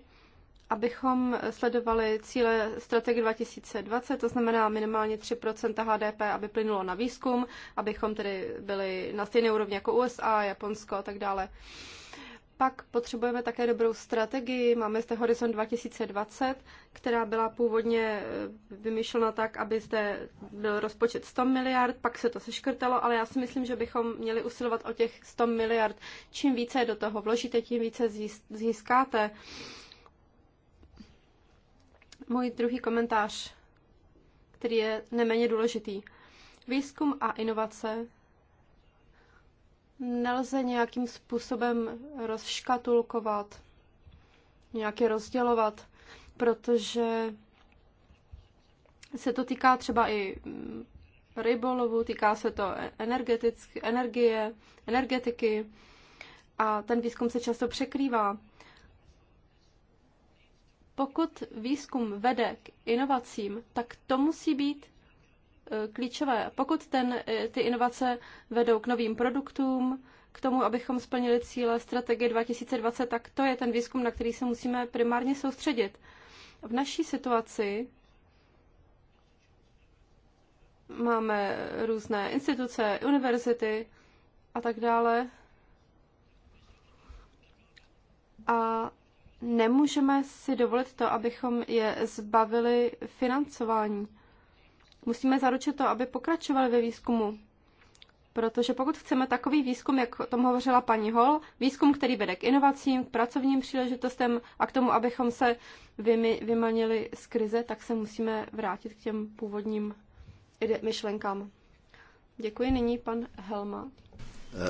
abychom sledovali cíle strategie 2020, to znamená minimálně 3 HDP, aby plynulo na výzkum, abychom tedy byli na stejné úrovni jako USA, Japonsko a tak dále. Pak potřebujeme také dobrou strategii. Máme zde Horizon 2020, která byla původně eh, vymýšlena tak, aby zde byl rozpočet 100 miliard, pak se to seškrtalo, ale já si myslím, že bychom měli usilovat o těch 100 miliard. Čím více do toho vložíte, tím více získáte. Můj druhý komentář, který je neméně důležitý. Výzkum a inovace nelze nějakým způsobem rozškatulkovat, nějak je rozdělovat, protože se to týká třeba i mm, rybolovu, týká se to e- energie, energetiky a ten výzkum se často překrývá. Pokud výzkum vede k inovacím, tak to musí být Eh, klíčové. Pokud ten, eh, ty inovace vedou k novým produktům, k tomu, abychom splnili cíle strategie 2020, tak to je ten výzkum, na který se musíme primárně soustředit. V naší situaci máme různé instituce, univerzity a tak dále. A nemůžeme si dovolit to, abychom je zbavili financování. Musíme zaručit to, aby pokračovali ve výzkumu. Protože pokud chceme takový výzkum, jak o tom hovořila paní Hol, výzkum, který vede k inovacím, k pracovním příležitostem a k tomu, abychom se vymi, vymanili z krize, tak se musíme vrátit k těm původním myšlenkám. Děkuji nyní pan Helma.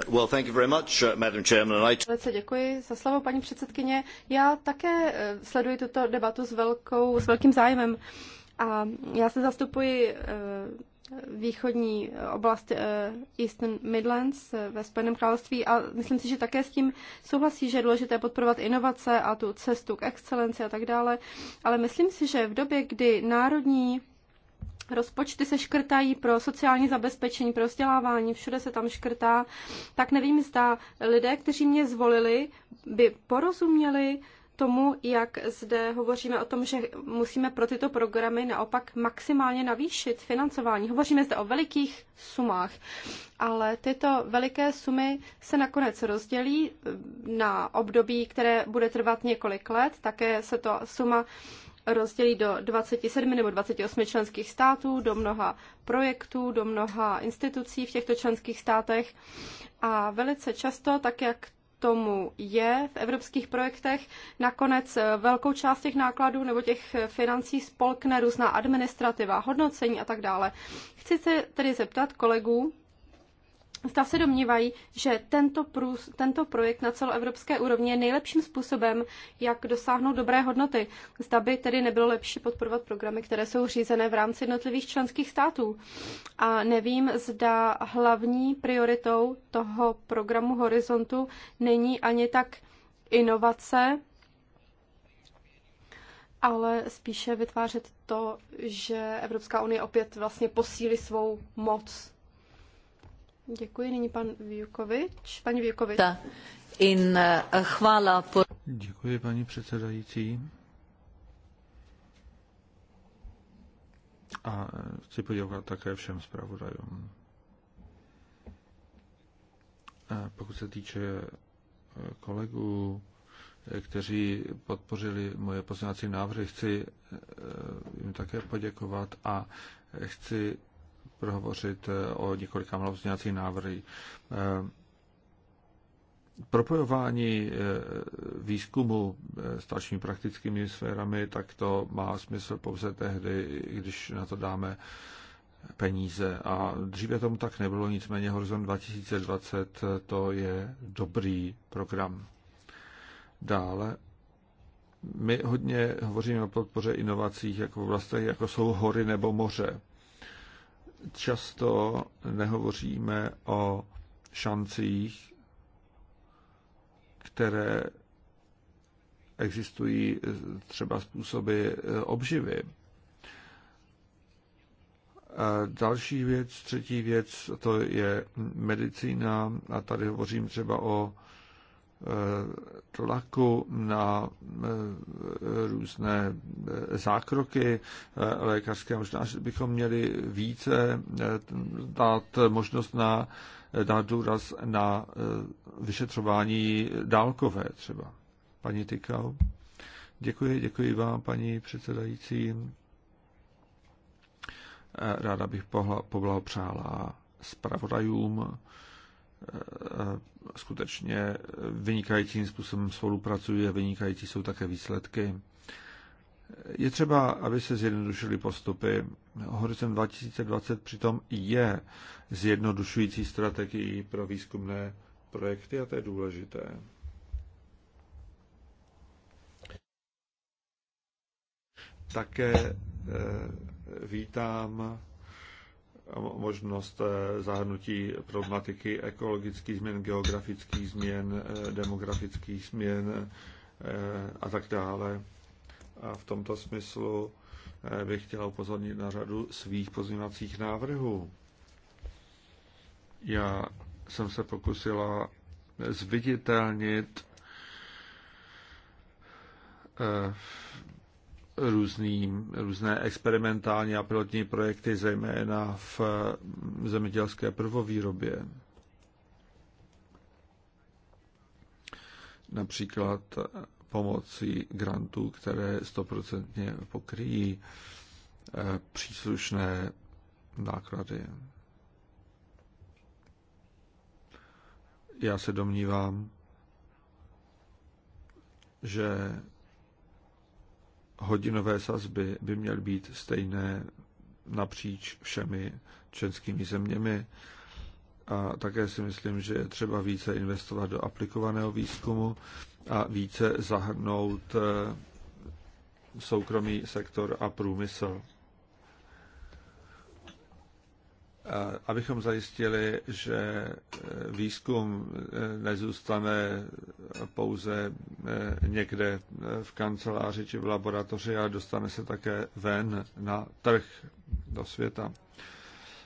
Uh, well, thank you very much, uh, Madam Chairman. I... Velice děkuji za slovo, paní předsedkyně. Já také uh, sleduji tuto debatu s, velkou, s velkým zájmem. A já se zastupuji eh, východní oblast eh, Eastern Midlands eh, ve Spojeném království a myslím si, že také s tím souhlasí, že je důležité podporovat inovace a tu cestu k excelenci a tak dále, ale myslím si, že v době, kdy národní rozpočty se škrtají pro sociální zabezpečení, pro vzdělávání, všude se tam škrtá, tak nevím, zda lidé, kteří mě zvolili, by porozuměli tomu, jak zde hovoříme o tom, že musíme pro tyto programy naopak maximálně navýšit financování. Hovoříme zde o velikých sumách, ale tyto veliké sumy se nakonec rozdělí eh, na období, které bude trvat několik let. Také se to suma rozdělí do 27 nebo 28 členských států, do mnoha projektů, do mnoha institucí v těchto členských státech. A velice často, tak jak tomu je v evropských projektech. Nakonec eh, velkou část těch nákladů nebo těch eh, financí spolkne různá administrativa, hodnocení a tak dále. Chci se tedy zeptat kolegů, Zda se domnívají, že tento, průz, tento projekt na celoevropské úrovni je nejlepším způsobem, jak dosáhnout dobré hodnoty. Zda by tedy nebylo lepší podporovat programy, které jsou řízené v rámci jednotlivých členských států. A nevím, zda hlavní prioritou toho programu Horizontu není ani tak inovace, ale spíše vytvářet to, že Evropská unie opět vlastně posílí svou moc Děkuji. Nyní pan Vjukovič. Paní Vjukovič. In eh, chvála po... Děkuji, paní předsedající. A eh, chci poděkovat také všem zpravodajům. Pokud se týče eh, kolegů, kteří podpořili moje poznávací návrhy, chci jim také poděkovat a chci prohovořit eh, o několika malou návrhy. Eh, propojování eh, výzkumu s dalšími praktickými sférami, tak to má smysl pouze tehdy, když na to dáme peníze. A dříve tomu tak nebylo, nicméně Horizon 2020 to je dobrý program. Dále my hodně hovoříme o podpoře inovacích jako v oblastech, jako jsou hory nebo moře často nehovoříme o šancích, které existují třeba způsoby obživy. A další věc, třetí věc, to je medicína a tady hovořím třeba o tlaku na eh, různé eh, zákroky eh, lékařské. Možná, že bychom měli více dát možnost na, dát důraz na vyšetřování dálkové třeba. Paní Tykau. Děkuji, děkuji vám, paní předsedající. Ráda bych poblahopřála zpravodajům Eh, skutečně vynikajícím způsobem a vynikající jsou také výsledky. Je třeba, aby se zjednodušily postupy. Horizon 2020 přitom je zjednodušující strategií pro výzkumné projekty a to je důležité. Také eh, vítám možnost eh, zahrnutí problematiky ekologických změn, geografických změn, eh, demografických změn eh, a tak dále. A v tomto smyslu bych chtěla upozornit na řadu svých pozměňovacích návrhů. Já jsem se pokusila zviditelnit různý, různé experimentální a pilotní projekty, zejména v zemědělské prvovýrobě. Například pomocí grantů, které stoprocentně pokryjí eh, příslušné náklady. Já se domnívám, že hodinové sazby by měly být stejné napříč všemi členskými zeměmi. A také si myslím, že je třeba více investovat do aplikovaného výzkumu a více zahrnout eh, soukromý sektor a průmysl. abychom zajistili, že eh, výzkum eh, nezůstane pouze eh, někde v kanceláři či v laboratoři a dostane se také ven na trh do světa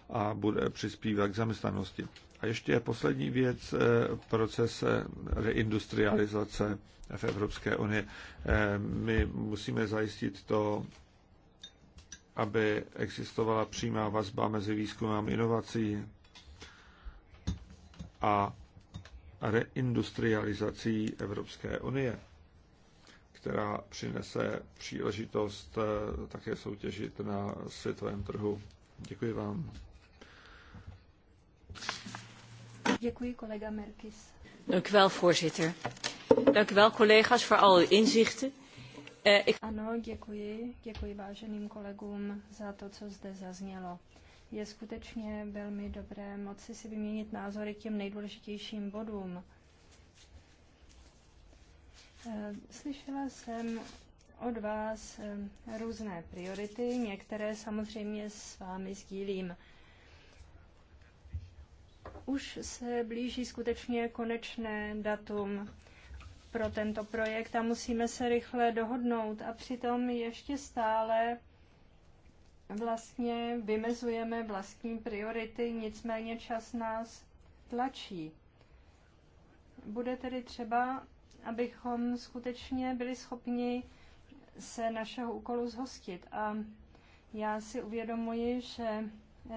a bude přispívat k zaměstnanosti. A ještě poslední věc, proces reindustrializace v Evropské unii. My musíme zajistit to, aby existovala přímá vazba mezi výzkumem a inovací a reindustrializací Evropské unie, která přinese příležitost eh, také soutěžit na světovém trhu. Děkuji vám. Děkuji, kolega Merkis. Dank u wel, voorzitter. Dank u wel, collega's, voor al uw inzichten. Ano, děkuji. Děkuji váženým kolegům za to, co zde zaznělo. Je skutečně velmi dobré moci si vyměnit názory k těm nejdůležitějším bodům. Eh, slyšela jsem od vás eh, různé priority, některé samozřejmě s vámi sdílím. Už se blíží skutečně konečné datum pro tento projekt a musíme se rychle dohodnout. A přitom ještě stále vlastně vymezujeme vlastní priority, nicméně čas nás tlačí. Bude tedy třeba, abychom skutečně byli schopni se našeho úkolu zhostit. A já si uvědomuji, že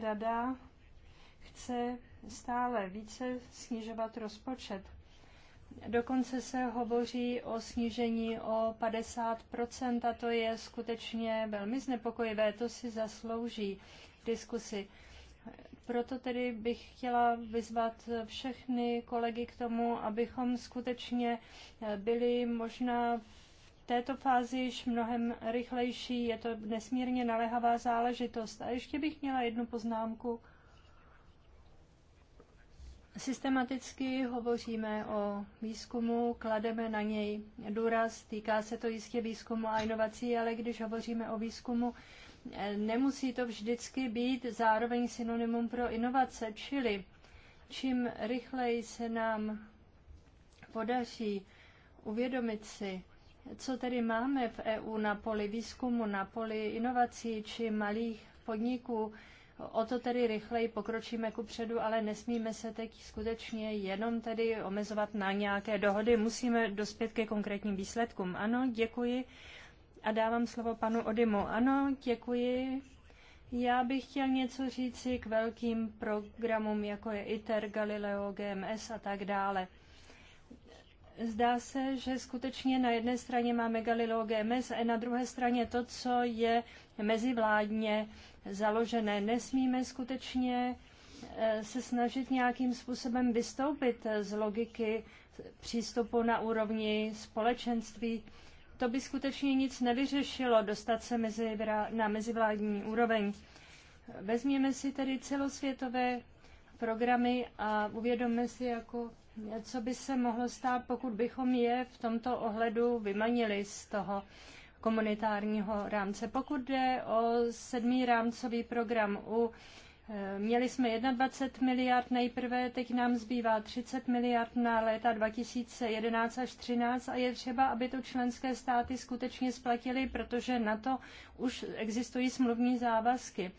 rada chce stále více snižovat rozpočet. Dokonce se hovoří o snížení o 50% a to je skutečně velmi znepokojivé, to si zaslouží diskusi. Proto tedy bych chtěla vyzvat všechny kolegy k tomu, abychom skutečně eh, byli možná v této fázi již mnohem rychlejší. Je to nesmírně naléhavá záležitost. A ještě bych měla jednu poznámku Systematicky hovoříme o výzkumu, klademe na něj důraz, týká se to jistě výzkumu a inovací, ale když hovoříme o výzkumu, nemusí to vždycky být zároveň synonymum pro inovace, čili čím rychleji se nám podaří uvědomit si, co tedy máme v EU na poli výzkumu, na poli inovací či malých podniků, O to tedy rychleji pokročíme ku předu, ale nesmíme se teď skutečně jenom tedy omezovat na nějaké dohody. Musíme dospět ke konkrétním výsledkům. Ano, děkuji. A dávám slovo panu Odimu. Ano, děkuji. Já bych chtěl něco říci k velkým programům, jako je ITER, Galileo, GMS a tak dále. Zdá se, že skutečně na jedné straně máme Galileo GMS a na druhé straně to, co je mezivládně založené. Nesmíme skutečně eh, se snažit nějakým způsobem vystoupit eh, z logiky přístupu na úrovni společenství. To by skutečně nic nevyřešilo dostat se mezi, na mezivládní úroveň. Vezměme si tedy celosvětové programy a uvědomme si, jako co by se mohlo stát, pokud bychom je v tomto ohledu vymanili z toho komunitárního rámce. Pokud jde o sedmý rámcový program u eh, Měli jsme 21 miliard nejprve, teď nám zbývá 30 miliard na léta 2011 až 2013 a je třeba, aby to členské státy skutečně splatily, protože na to už existují smluvní závazky.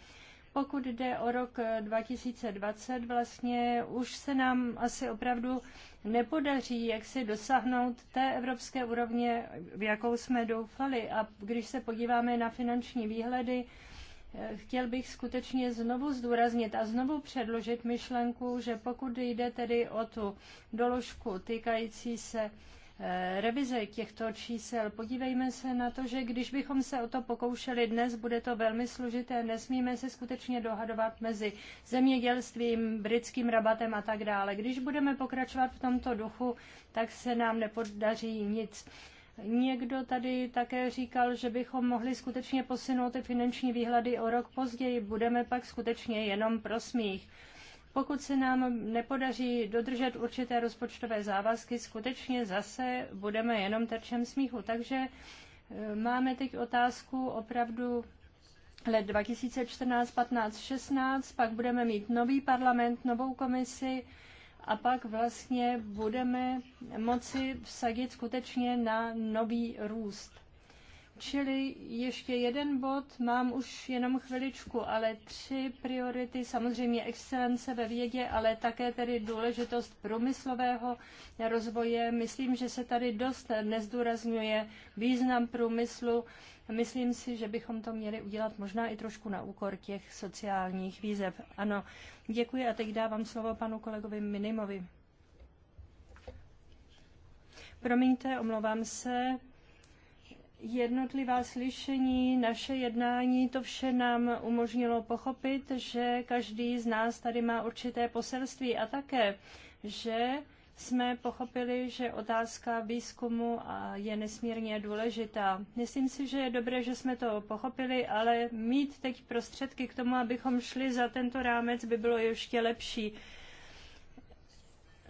Pokud jde o rok 2020, eh, vlastně už se nám asi opravdu nepodaří, jak si dosáhnout té evropské úrovně, v jakou jsme doufali. A když se podíváme na finanční výhledy, eh, chtěl bych skutečně znovu zdůraznit a znovu předložit myšlenku, že pokud jde tedy o tu doložku týkající se Eh, revize těchto čísel. Podívejme se na to, že když bychom se o to pokoušeli dnes, bude to velmi složité. Nesmíme se skutečně dohadovat mezi zemědělstvím, britským rabatem a tak dále. Když budeme pokračovat v tomto duchu, tak se nám nepodaří nic. Někdo tady také říkal, že bychom mohli skutečně posunout ty finanční výhledy o rok později. Budeme pak skutečně jenom pro smích. Pokud se nám nepodaří dodržet určité rozpočtové závazky, skutečně zase budeme jenom terčem smíchu. Takže e, máme teď otázku opravdu let 2014, 15, 16, pak budeme mít nový parlament, novou komisi a pak vlastně budeme moci vsadit skutečně na nový růst. Čili ještě jeden bod, mám už jenom chviličku, ale tři priority, samozřejmě excelence ve vědě, ale také tedy důležitost průmyslového rozvoje. Myslím, že se tady dost nezdůrazňuje význam průmyslu. Myslím si, že bychom to měli udělat možná i trošku na úkor těch sociálních výzev. Ano, děkuji a teď dávám slovo panu kolegovi Minimovi. Promiňte, omlouvám se, jednotlivá slyšení, naše jednání, to vše nám umožnilo pochopit, že každý z nás tady má určité poselství a také, že jsme pochopili, že otázka výzkumu je nesmírně důležitá. Myslím si, že je dobré, že jsme to pochopili, ale mít teď prostředky k tomu, abychom šli za tento rámec, by bylo ještě lepší.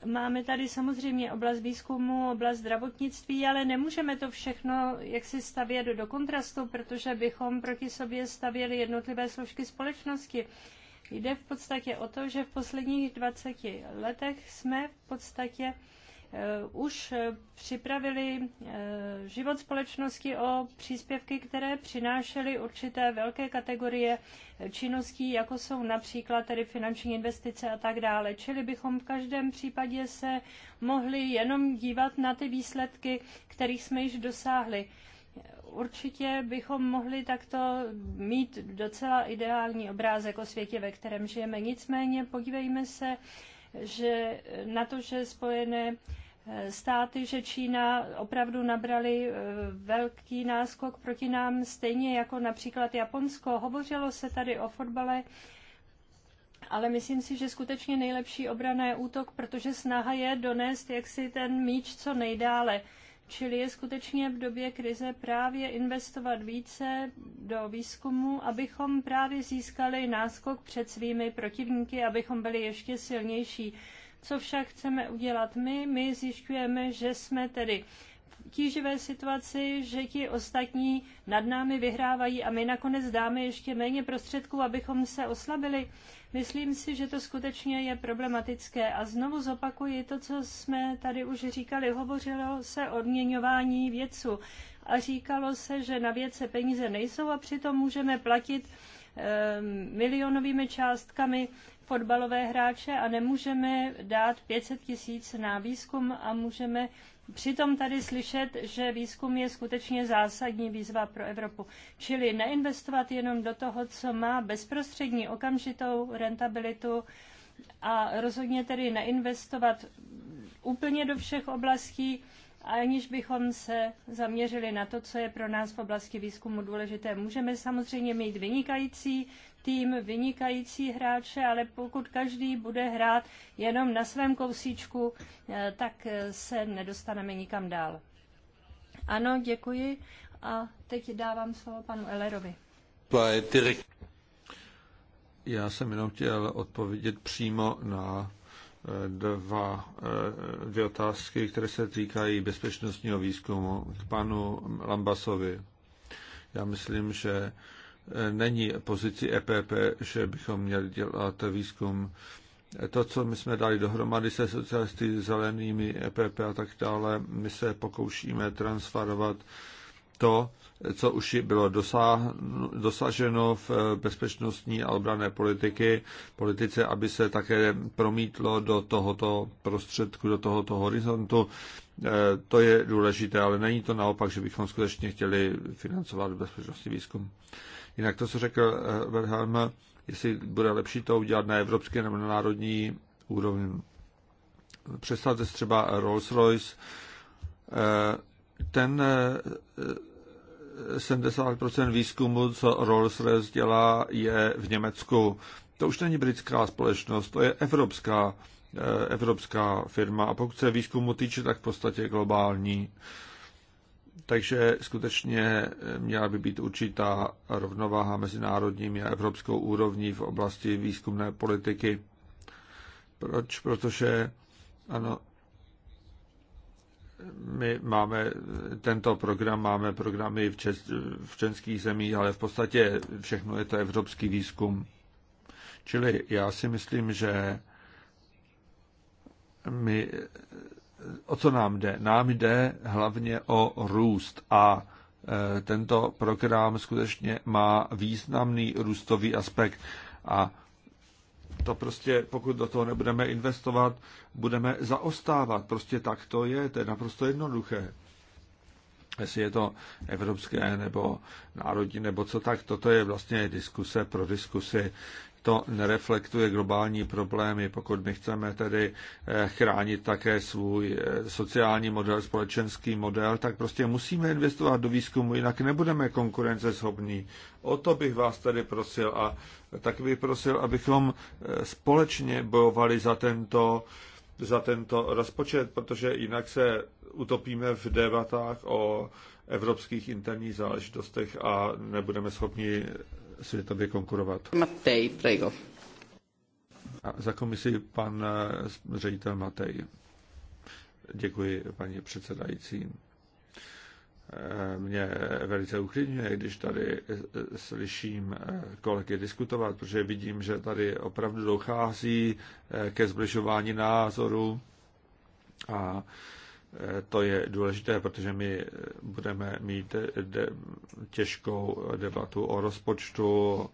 Máme tady samozřejmě oblast výzkumu, oblast zdravotnictví, ale nemůžeme to všechno jak stavět do kontrastu, protože bychom proti sobě stavěli jednotlivé složky společnosti. Jde v podstatě o to, že v posledních 20 letech jsme v podstatě Eh, už eh, připravili eh, život společnosti o příspěvky, které přinášely určité velké kategorie činností, jako jsou například tedy finanční investice a tak dále. Čili bychom v každém případě se mohli jenom dívat na ty výsledky, kterých jsme již dosáhli. Určitě bychom mohli takto mít docela ideální obrázek o světě, ve kterém žijeme. Nicméně podívejme se že na to, že spojené eh, státy, že Čína opravdu nabrali eh, velký náskok proti nám, stejně jako například Japonsko. Hovořilo se tady o fotbale, ale myslím si, že skutečně nejlepší obrana je útok, protože snaha je donést jaksi ten míč co nejdále. Čili je skutečně v době krize právě investovat více do výzkumu, abychom právě získali náskok před svými protivníky, abychom byli ještě silnější. Co však chceme udělat my? My zjišťujeme, že jsme tedy tíživé situaci, že ti ostatní nad námi vyhrávají a my nakonec dáme ještě méně prostředků, abychom se oslabili. Myslím si, že to skutečně je problematické. A znovu zopakuji to, co jsme tady už říkali. Hovořilo se o odměňování vědců a říkalo se, že na vědce peníze nejsou a přitom můžeme platit ehm, milionovými částkami fotbalové hráče a nemůžeme dát 500 tisíc na výzkum a můžeme Přitom tady slyšet, že výzkum je skutečně zásadní výzva pro Evropu. Čili neinvestovat jenom do toho, co má bezprostřední okamžitou rentabilitu a rozhodně tedy neinvestovat úplně do všech oblastí, aniž bychom se zaměřili na to, co je pro nás v oblasti výzkumu důležité. Můžeme samozřejmě mít vynikající tým, vynikající hráče, ale pokud každý bude hrát jenom na svém kousíčku, eh, tak eh, se nedostaneme nikam dál. Ano, děkuji. A teď dávám slovo panu Ellerovi. Já jsem jenom chtěl odpovědět přímo na eh, dva, dvě otázky, které se týkají bezpečnostního výzkumu k panu Lambasovi. Já myslím, že není pozici EPP, že bychom měli dělat výzkum. To, co my jsme dali dohromady se socialisty, zelenými, EPP a tak dále, my se pokoušíme transferovat to, co už bylo dosaženo v bezpečnostní a obrané politiky, politice, aby se také promítlo do tohoto prostředku, do tohoto horizontu. E, to je důležité, ale není to naopak, že bychom skutečně chtěli financovat bezpečnostní výzkum. Jinak to, co řekl eh, Wilhelm, jestli bude lepší to udělat na evropské nebo na národní úrovni. Představte si třeba Rolls-Royce, eh, ten 70% eh, výzkumu, co Rolls-Royce dělá, je v Německu. To už není britská společnost, to je evropská, evropská firma. A pokud se výzkumu týče, tak v podstatě globální. Takže skutečně eh, měla by být určitá rovnováha mezi národními a evropskou úrovní v oblasti výzkumné politiky. Proč? Protože ano, my máme tento program, máme programy v, čes, v českých zemích, ale v podstatě všechno je to evropský výzkum. Čili já si myslím, že my o co nám jde? Nám jde hlavně o růst a e, tento program skutečně má významný růstový aspekt a to prostě, pokud do toho nebudeme investovat, budeme zaostávat. Prostě tak to je, to je naprosto jednoduché. Jestli je to evropské nebo národní nebo co tak, toto je vlastně diskuse pro diskusy to nereflektuje globální problémy. Pokud my chceme tedy eh, chránit také svůj eh, sociální model, společenský model, tak prostě musíme investovat do výzkumu, jinak nebudeme konkurenceschopní. O to bych vás tedy prosil a tak bych prosil, abychom eh, společně bojovali za tento za tento rozpočet, protože jinak se utopíme v debatách o evropských interních záležitostech a nebudeme schopni světově konkurovat. Matej, prego. A za komisi pan eh, ředitel Matej. Děkuji, paní předsedající. Eh, mě velice uklidňuje, když tady eh, slyším kolegy diskutovat, protože vidím, že tady opravdu dochází ke zbližování názoru a to je důležité, protože my budeme mít těžkou debatu o rozpočtu,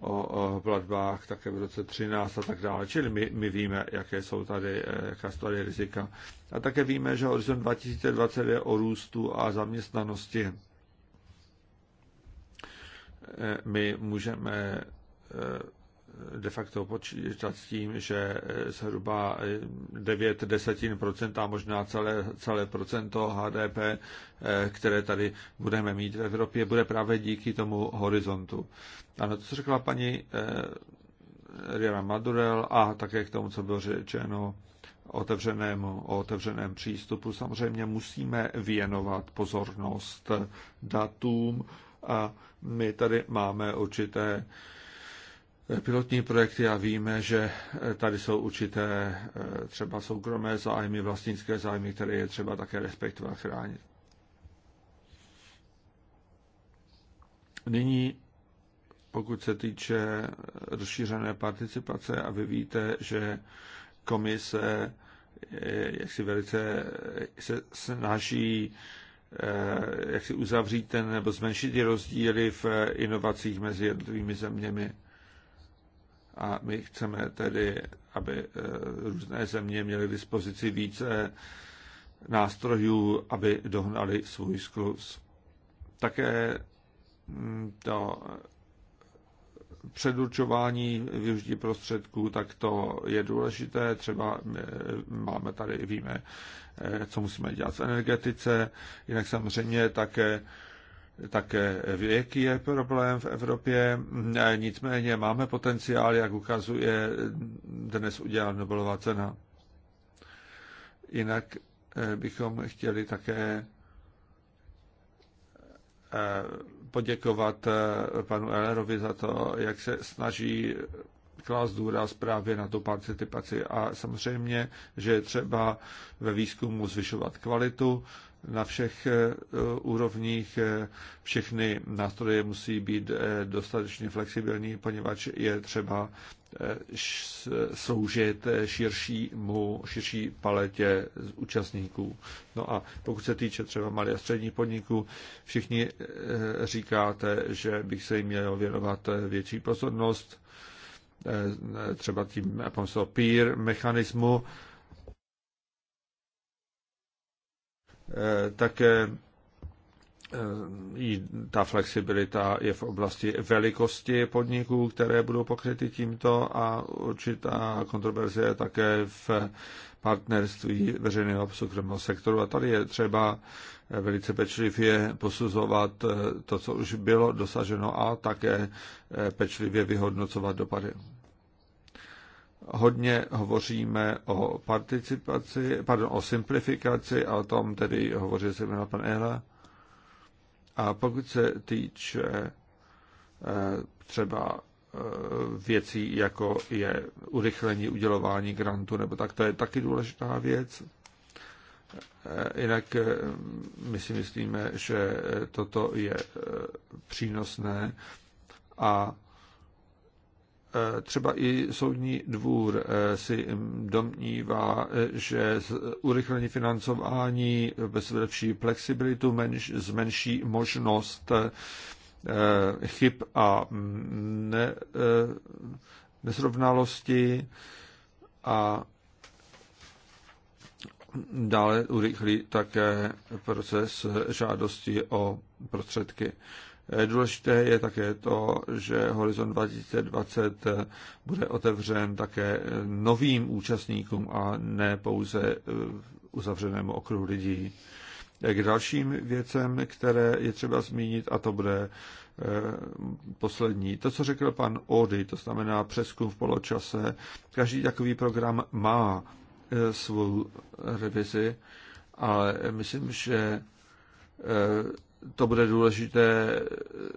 o platbách také v roce 13 a tak dále. Čili my, my víme, jaké jsou tady, jaká jsou tady rizika. A také víme, že Horizon 2020 je o růstu a zaměstnanosti. E, my můžeme e, de facto počítat s tím, že zhruba 9 desetin procenta, možná celé, celé procento HDP, eh, které tady budeme mít v Evropě, bude právě díky tomu horizontu. Ano, to, co řekla paní eh, Riana Madurel a také k tomu, co bylo řečeno otevřenému, o otevřeném přístupu, samozřejmě musíme věnovat pozornost datům a my tady máme určité eh, pilotní projekty a víme, že eh, tady jsou určité eh, třeba soukromé zájmy, vlastnické zájmy, které je třeba také respektovat a chránit. Nyní, pokud se týče eh, rozšířené participace, a vy víte, že komise jak si velice se snaží jak si uzavřít ten nebo zmenšit ty rozdíly v inovacích mezi jednotlivými zeměmi. A my chceme tedy, aby eh, různé země měly k dispozici více nástrojů, aby dohnali svůj sklus. Také mm, to předurčování využití prostředků, tak to je důležité. Třeba eh, máme tady, víme, eh, co musíme dělat v energetice, jinak samozřejmě také také věk je problém v Evropě, nicméně máme potenciál, jak ukazuje dnes udělat Nobelová cena. Jinak eh, bychom chtěli také eh, poděkovat eh, panu Ellerovi za to, jak se snaží klást důraz právě na tu participaci. A samozřejmě, že je třeba ve výzkumu zvyšovat kvalitu, na všech eh, úrovních eh, všechny nástroje musí být eh, dostatečně flexibilní, poněvadž je třeba sloužit širšímu, širší paletě účastníků. No a pokud se týče třeba malých a středních podniků, všichni říkáte, že bych se jim měl věnovat větší pozornost, třeba tím pomocou peer mechanismu, Eh, také eh, ta flexibilita je v oblasti velikosti podniků, které budou pokryty tímto a určitá kontroverze je také v partnerství veřejného a soukromého sektoru. A tady je třeba eh, velice pečlivě posuzovat to, co už bylo dosaženo a také pečlivě vyhodnocovat dopady hodně hovoříme o participaci, pardon, o simplifikaci a o tom tedy hovoří se jmenuje pan Ehla. A pokud se týče eh, třeba eh, věcí, jako je urychlení udělování grantu, nebo tak, to je taky důležitá věc. Eh, jinak my si myslíme, že toto je přínosné a Eh, třeba i soudní dvůr eh, si mm, domnívá, eh, že urychlení financování bez lepší flexibilitu menš, zmenší možnost chyb a mm, ne, nesrovnalosti a dále urychlí také proces žádosti o prostředky. Eh, důležité je také to, že Horizon 2020 eh, bude otevřen také eh, novým účastníkům a ne pouze uzavřenému okruhu lidí. K dalším věcem, které je třeba zmínit, a to bude poslední. To, co řekl pan Ody, to znamená přeskum v poločase, každý takový program má svou revizi, ale myslím, že to bude důležité eh,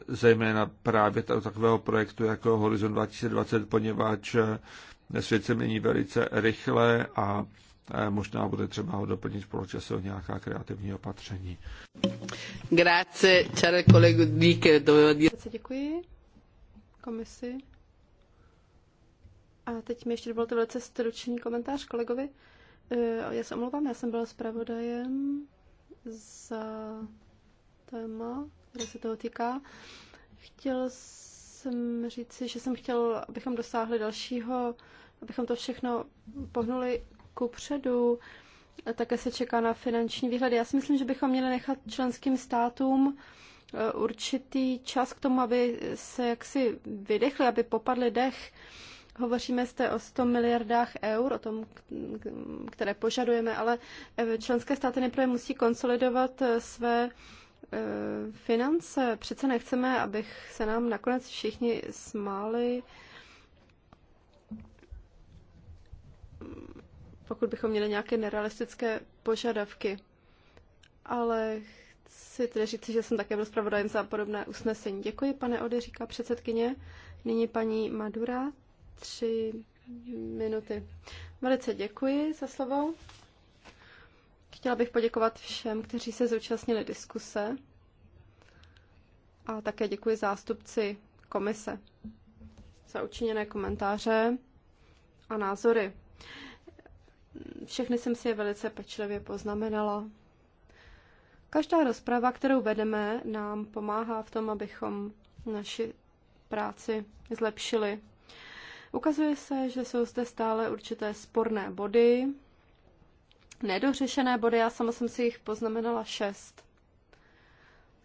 zejména právě takového projektu jako Horizon 2020, poněvadž eh, svět se mění velice rychle a eh, možná bude třeba ho doplnit spoločně o nějaká kreativní opatření. Grazie, čare kolegu Díke, Dike, Děkuji komisi. A teď mi ještě dovolte velice stručný komentář kolegovi. Já se omlouvám, já jsem byla zpravodajem za téma, které se toho týká. Chtěl jsem říci, že jsem chtěl, abychom dosáhli dalšího, abychom to všechno pohnuli ku předu. Také se čeká na finanční výhledy. Já si myslím, že bychom měli nechat členským státům eh, určitý čas k tomu, aby se jaksi vydechli, aby popadli dech. Hovoříme zde o 100 miliardách eur, o tom, které požadujeme, ale eh, členské státy nejprve musí konsolidovat eh, své Eh, finance. Přece nechceme, abych se nám nakonec všichni smáli. pokud bychom měli nějaké nerealistické požadavky. Ale chci tedy říct, že jsem také byl zpravodajem za podobné usnesení. Děkuji, pane Ody, říká předsedkyně. Nyní paní Madura, tři minuty. Velice děkuji za slovo. Chtěla bych poděkovat všem, kteří se zúčastnili diskuse a také děkuji zástupci komise za učiněné komentáře a názory. Všechny jsem si je velice pečlivě poznamenala. Každá rozprava, kterou vedeme, nám pomáhá v tom, abychom naši práci zlepšili. Ukazuje se, že jsou zde stále určité sporné body, nedořešené body, já sama jsem si jich poznamenala šest.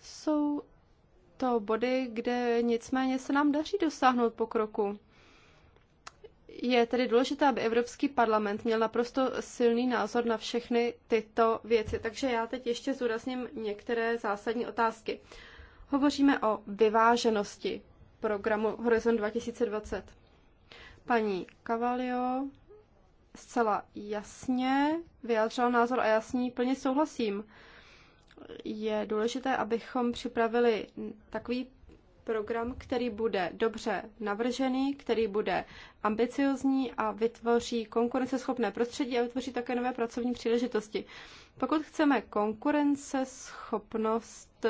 Jsou to body, kde nicméně se nám daří dosáhnout pokroku. Je tedy důležité, aby Evropský parlament měl naprosto silný názor na všechny tyto věci. Takže já teď ještě zúrazním některé zásadní otázky. Hovoříme o vyváženosti programu Horizon 2020. Paní Cavalio zcela jasně vyjádřila názor a já s ní plně souhlasím. Je důležité, abychom připravili takový program, který bude dobře navržený, který bude ambiciozní a vytvoří konkurenceschopné prostředí a vytvoří také nové pracovní příležitosti. Pokud chceme konkurenceschopnost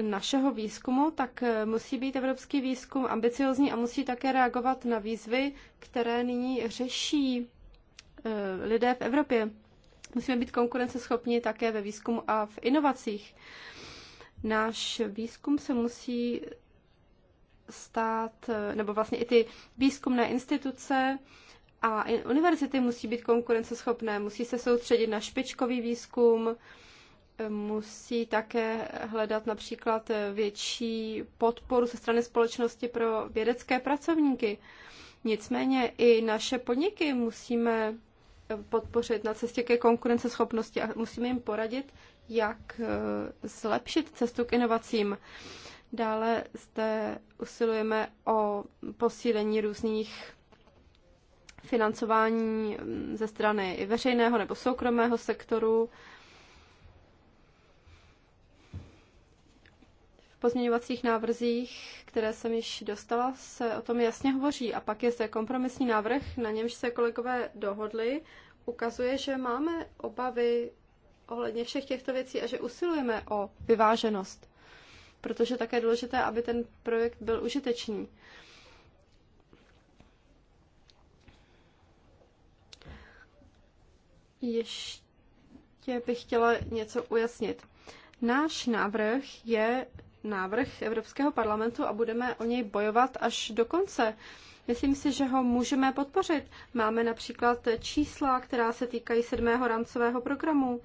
našeho výzkumu, tak eh, musí být evropský výzkum ambiciozní a musí také reagovat na výzvy, které nyní řeší eh, lidé v Evropě. Musíme být konkurenceschopní také ve výzkumu a v inovacích. Náš výzkum se musí stát, eh, nebo vlastně i ty výzkumné instituce a univerzity musí být konkurenceschopné, musí se soustředit na špičkový výzkum, musí také hledat například větší podporu ze strany společnosti pro vědecké pracovníky. Nicméně i naše podniky musíme podpořit na cestě ke konkurenceschopnosti a musíme jim poradit, jak eh, zlepšit cestu k inovacím. Dále zde usilujeme o posílení různých financování mm, ze strany i veřejného nebo soukromého sektoru. pozměňovacích návrzích, které jsem již dostala, se o tom jasně hovoří. A pak je zde kompromisní návrh, na němž se kolegové dohodli, ukazuje, že máme obavy ohledně všech těchto věcí a že usilujeme o vyváženost. Protože také je důležité, aby ten projekt byl užitečný. Ještě bych chtěla něco ujasnit. Náš návrh je návrh Evropského parlamentu a budeme o něj bojovat až do konce. Myslím si, že ho můžeme podpořit. Máme například čísla, která se týkají sedmého rámcového programu.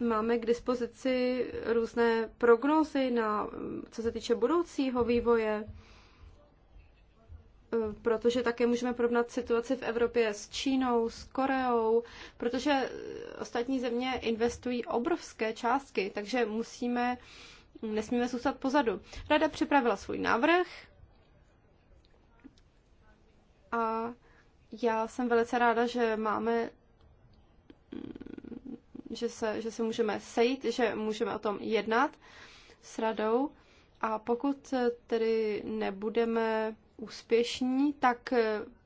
Máme k dispozici různé prognózy, na, co se týče budoucího vývoje, protože také můžeme porovnat situaci v Evropě s Čínou, s Koreou, protože ostatní země investují obrovské částky, takže musíme nesmíme zůstat pozadu. Rada připravila svůj návrh a já jsem velice ráda, že máme mm, že se, že se můžeme sejít, že můžeme o tom jednat s radou. A pokud tedy nebudeme úspěšní, tak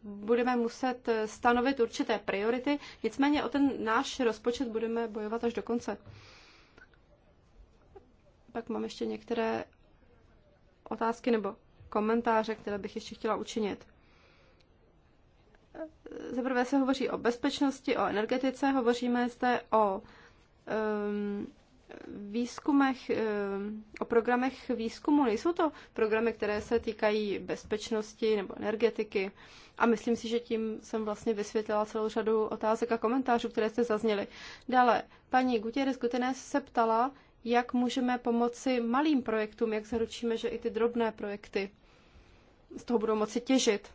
budeme muset stanovit určité priority. Nicméně o ten náš rozpočet budeme bojovat až do konce. Pak mám ještě některé otázky nebo komentáře, které bych ještě chtěla učinit. Zaprvé se hovoří o bezpečnosti, o energetice, hovoříme zde o um, výzkumech, um, o programech výzkumu. Nejsou to programy, které se týkají bezpečnosti nebo energetiky. A myslím si, že tím jsem vlastně vysvětlila celou řadu otázek a komentářů, které jste zazněly. Dále, paní Gutierrez Gutenes se ptala, jak můžeme pomoci malým projektům, jak zaručíme, že i ty drobné projekty z toho budou moci těžit.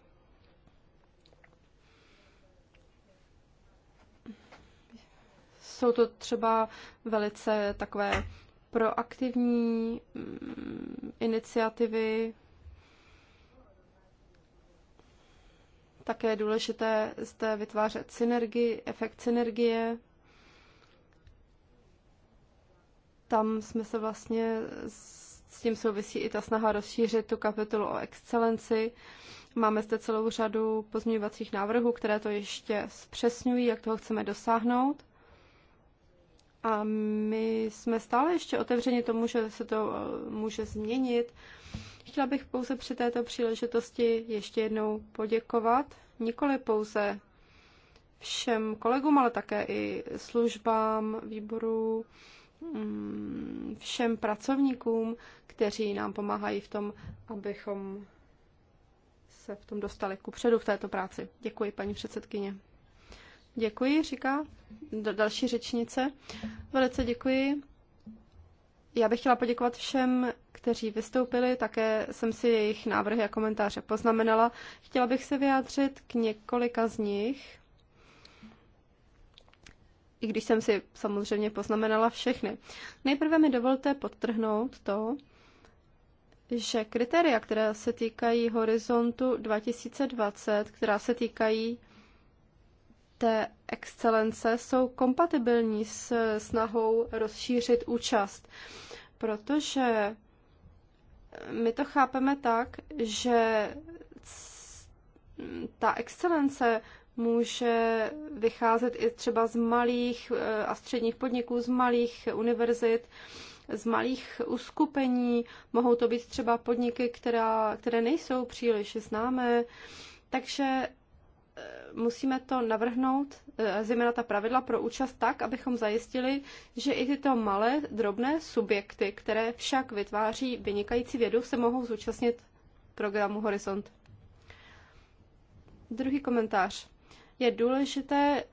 Jsou to třeba velice takové proaktivní mm, iniciativy. Také je důležité zde vytvářet synergii, efekt synergie tam jsme se vlastně s tím souvisí i ta snaha rozšířit tu kapitolu o excelenci. Máme zde celou řadu pozměňovacích návrhů, které to ještě zpřesňují, jak toho chceme dosáhnout. A my jsme stále ještě otevřeni tomu, že se to eh, může změnit. Chtěla bych pouze při této příležitosti ještě jednou poděkovat, nikoli pouze všem kolegům, ale také i službám výboru, Mm, všem pracovníkům, kteří nám pomáhají v tom, abychom se v tom dostali ku předu v této práci. Děkuji, paní předsedkyně. Děkuji, říká další řečnice. Velice děkuji. Já bych chtěla poděkovat všem, kteří vystoupili, také jsem si jejich návrhy a komentáře poznamenala. Chtěla bych se vyjádřit k několika z nich i když jsem si samozřejmě poznamenala všechny. Nejprve mi dovolte podtrhnout to, že kritéria, která se týkají horizontu 2020, která se týkají té excelence, jsou kompatibilní s snahou rozšířit účast, protože my to chápeme tak, že ta excelence může vycházet i třeba z malých eh, a středních podniků, z malých univerzit, z malých uskupení. Mohou to být třeba podniky, která, které nejsou příliš známé. Takže eh, musíme to navrhnout, eh, zejména ta pravidla pro účast tak, abychom zajistili, že i tyto malé, drobné subjekty, které však vytváří vynikající vědu, se mohou zúčastnit programu Horizont. Druhý komentář je důležité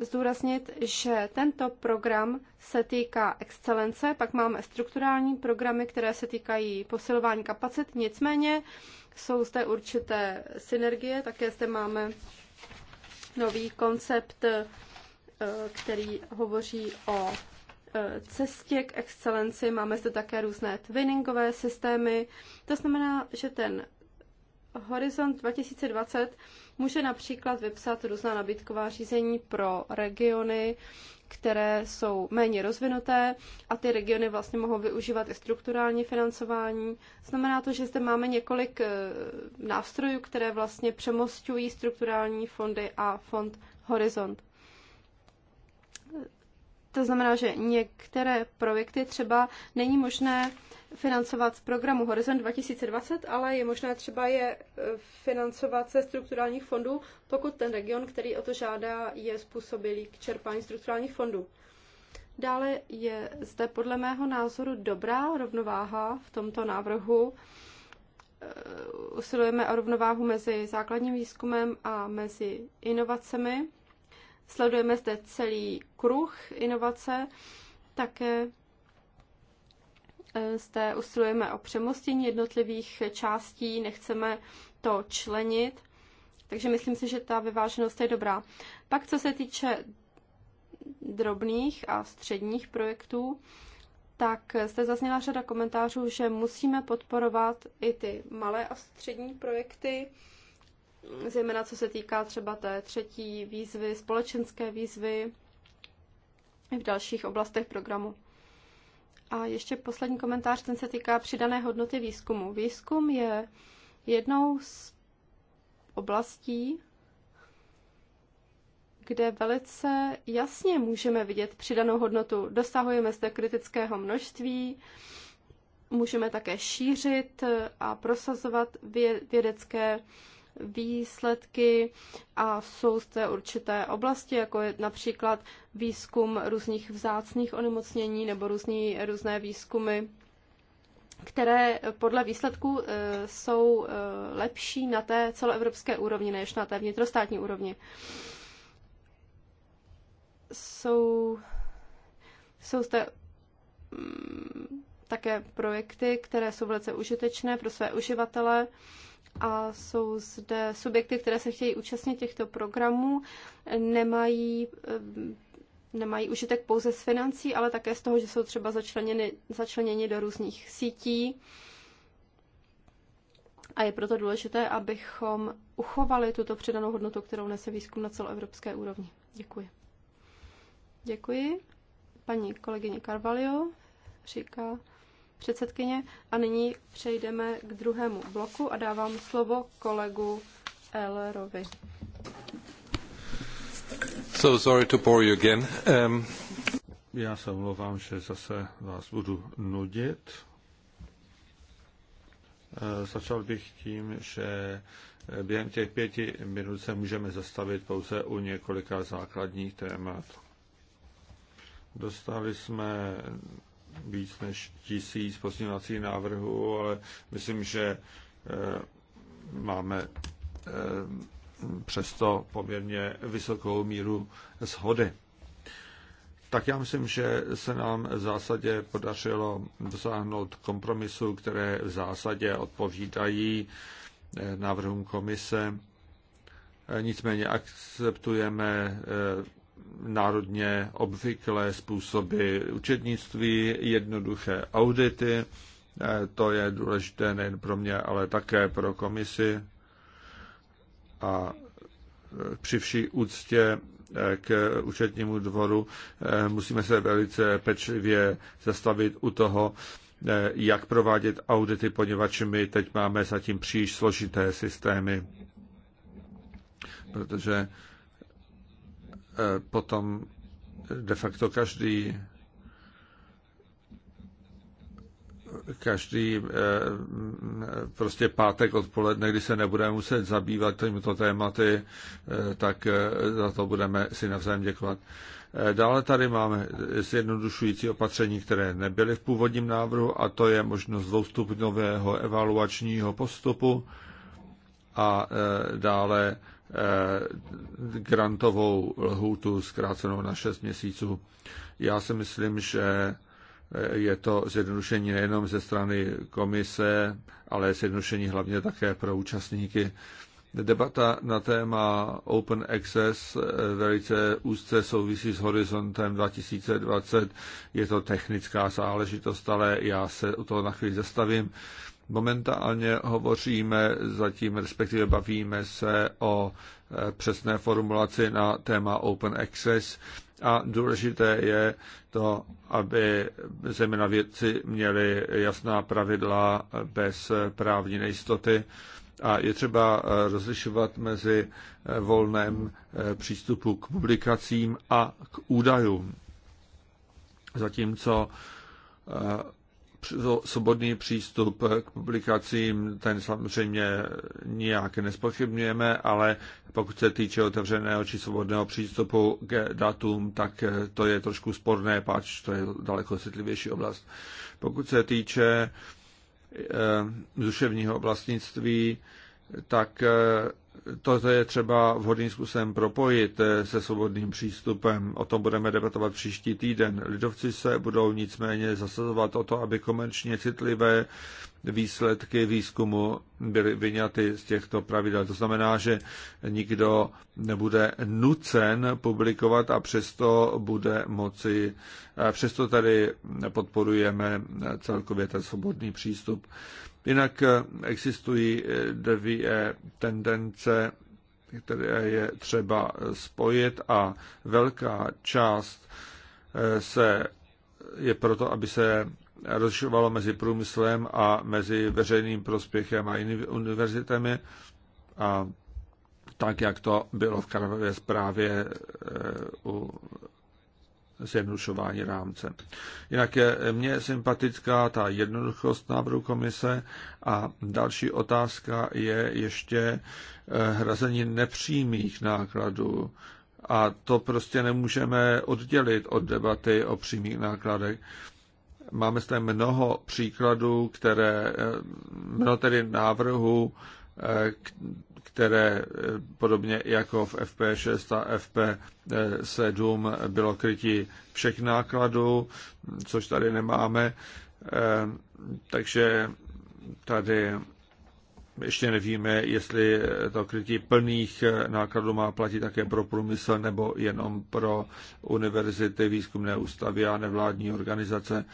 zdůraznit, že tento program se týká excelence, pak máme strukturální programy, které se týkají posilování kapacit, nicméně jsou zde určité synergie, také zde máme nový koncept, eh, který hovoří o eh, cestě k excelenci, máme zde také různé twinningové systémy, to znamená, že ten Horizont 2020 Může například vypsat různá nabídková řízení pro regiony, které jsou méně rozvinuté a ty regiony vlastně mohou využívat i strukturální financování. Znamená to, že zde máme několik eh, nástrojů, které vlastně přemostují strukturální fondy a fond Horizont. To znamená, že některé projekty třeba není možné financovat z programu Horizon 2020, ale je možné třeba je eh, financovat ze strukturálních fondů, pokud ten region, který o to žádá, je způsobilý k čerpání strukturálních fondů. Dále je zde podle mého názoru dobrá rovnováha v tomto návrhu. Eh, usilujeme o rovnováhu mezi základním výzkumem a mezi inovacemi. Sledujeme zde celý kruh inovace, také Eh, zde usilujeme o přemostění jednotlivých částí, nechceme to členit, takže myslím si, že ta vyváženost je dobrá. Pak co se týče drobných a středních projektů, tak jste zazněla řada komentářů, že musíme podporovat i ty malé a střední projekty, zejména co se týká třeba té třetí výzvy, společenské výzvy i v dalších oblastech programu. A ještě poslední komentář, ten se týká přidané hodnoty výzkumu. Výzkum je jednou z oblastí, kde velice jasně můžeme vidět přidanou hodnotu. Dosahujeme zde kritického množství, můžeme také šířit a prosazovat vědecké výsledky a jsou zde určité oblasti, jako je například výzkum různých vzácných onemocnění nebo různý, různé výzkumy, které podle výsledků e, jsou e, lepší na té celoevropské úrovni než na té vnitrostátní úrovni. Jsou, jsou zde mm, také projekty, které jsou velice užitečné pro své uživatele a jsou zde subjekty, které se chtějí účastnit těchto programů, nemají eh, nemají užitek pouze z financí, ale také z toho, že jsou třeba začleněni, začleněni do různých sítí. A je proto důležité, abychom uchovali tuto přidanou hodnotu, kterou nese výzkum na celoevropské úrovni. Děkuji. Děkuji. Paní kolegyně Carvalho říká, předsedkyně. A nyní přejdeme k druhému bloku a dávám slovo kolegu Ellerovi. So sorry to bore you again. Um... Já se omlouvám, že zase vás budu nudit. Eh, začal bych tím, že během těch pěti minut se můžeme zastavit pouze u několika základních témat. Dostali jsme víc než tisíc pozměňovacích návrhů, ale myslím, že eh, máme eh, přesto poměrně vysokou míru shody. Tak já myslím, že se nám v zásadě podařilo dosáhnout kompromisu, které v zásadě odpovídají eh, návrhům komise. Nicméně akceptujeme národně obvyklé způsoby účetnictví, jednoduché audity. Eh, to je důležité nejen pro mě, ale také pro komisi. A eh, při vší úctě eh, k účetnímu dvoru musíme se velice pečlivě zastavit u toho, jak provádět audity, poněvadž my teď máme zatím příliš složité systémy, protože Eh, potom de facto každý každý eh, mm, prostě pátek odpoledne, kdy se nebudeme muset zabývat těmito tématy, eh, tak za to budeme si navzájem děkovat. Dále tady máme zjednodušující opatření, které nebyly v původním návrhu, a to je možnost dvoustupňového evaluačního postupu a dále Eh, grantovou lhůtu zkrácenou na 6 měsíců. Já si myslím, že eh, je to zjednodušení nejenom ze strany komise, ale zjednodušení hlavně také pro účastníky. Debata na téma Open Access eh, velice úzce souvisí s horizontem 2020. Je to technická záležitost, ale já se u toho na chvíli zastavím. Momentálně hovoříme, zatím respektive bavíme se o e, přesné formulaci na téma Open Access a důležité je to, aby zejména vědci měli jasná pravidla bez právní nejistoty a je třeba e, rozlišovat mezi e, volném přístupu k publikacím a k údajům. Zatímco svobodný přístup k publikacím, ten samozřejmě nijak nespochybňujeme, ale pokud se týče otevřeného či svobodného přístupu k datům, tak eh, to je trošku sporné, páč to je daleko citlivější oblast. Pokud se týče eh, duševního vlastnictví, tak eh, toto je třeba vhodným způsobem propojit eh, se svobodným přístupem. O tom budeme debatovat příští týden. Lidovci se budou nicméně zasazovat o to, aby komerčně citlivé výsledky výzkumu byly vyňaty z těchto pravidel. To znamená, že nikdo nebude nucen publikovat a přesto bude moci, přesto tady podporujeme celkově ten svobodný přístup. Jinak existují dvě tendence, které je třeba spojit a velká část se je proto, aby se rozšovalo mezi průmyslem a mezi veřejným prospěchem a jinými univerzitami a tak, jak to bylo v Karlově zprávě e, u zjednodušování rámce. Jinak je mně sympatická ta jednoduchost návrhu komise a další otázka je ještě e, hrazení nepřímých nákladů. A to prostě nemůžeme oddělit od debaty o přímých nákladech. Máme zde mnoho příkladů, které, eh, mnoho tedy návrhů, eh, které eh, podobně jako v FP6 a FP7 bylo krytí všech nákladů, což tady nemáme. Takže tady ještě nevíme, jestli to krytí plných nákladů má platit také pro průmysl nebo jenom pro univerzity, výzkumné ústavy a nevládní organizace.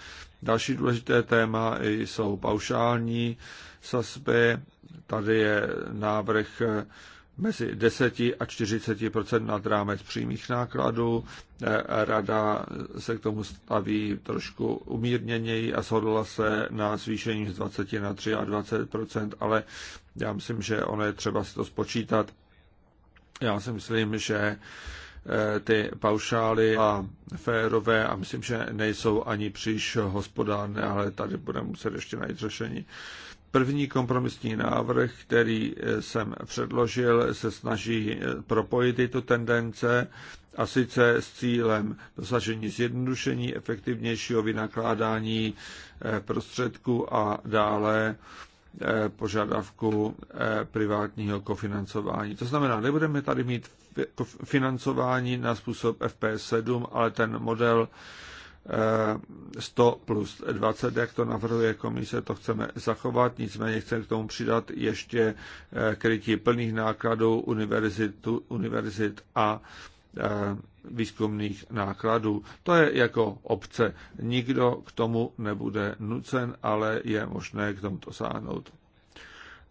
Další důležité téma jsou paušální sazby. Tady je návrh mezi 10 a 40 nad rámec přímých nákladů. Rada se k tomu staví trošku umírněněji a shodla se na zvýšení z 20 na 23 ale já myslím, že ono je třeba si to spočítat. Já si myslím, že Eh, ty paušály a férové a myslím, že nejsou ani příliš hospodárné, ale tady budeme muset ještě najít řešení. První kompromisní návrh, který eh, jsem předložil, se snaží eh, propojit tyto tendence a sice s cílem dosažení zjednodušení, efektivnějšího vynakládání prostředků a dále požadavku privátního kofinancování. To znamená, nebudeme tady mít financování na způsob FP7, ale ten model 100 eh, plus 20, jak to navrhuje komise, to chceme zachovat, nicméně chceme k tomu přidat ještě eh, krytí plných nákladů univerzitu, univerzit a eh, výzkumných nákladů. To je jako obce. Nikdo k tomu nebude nucen, ale je možné k tomu dosáhnout.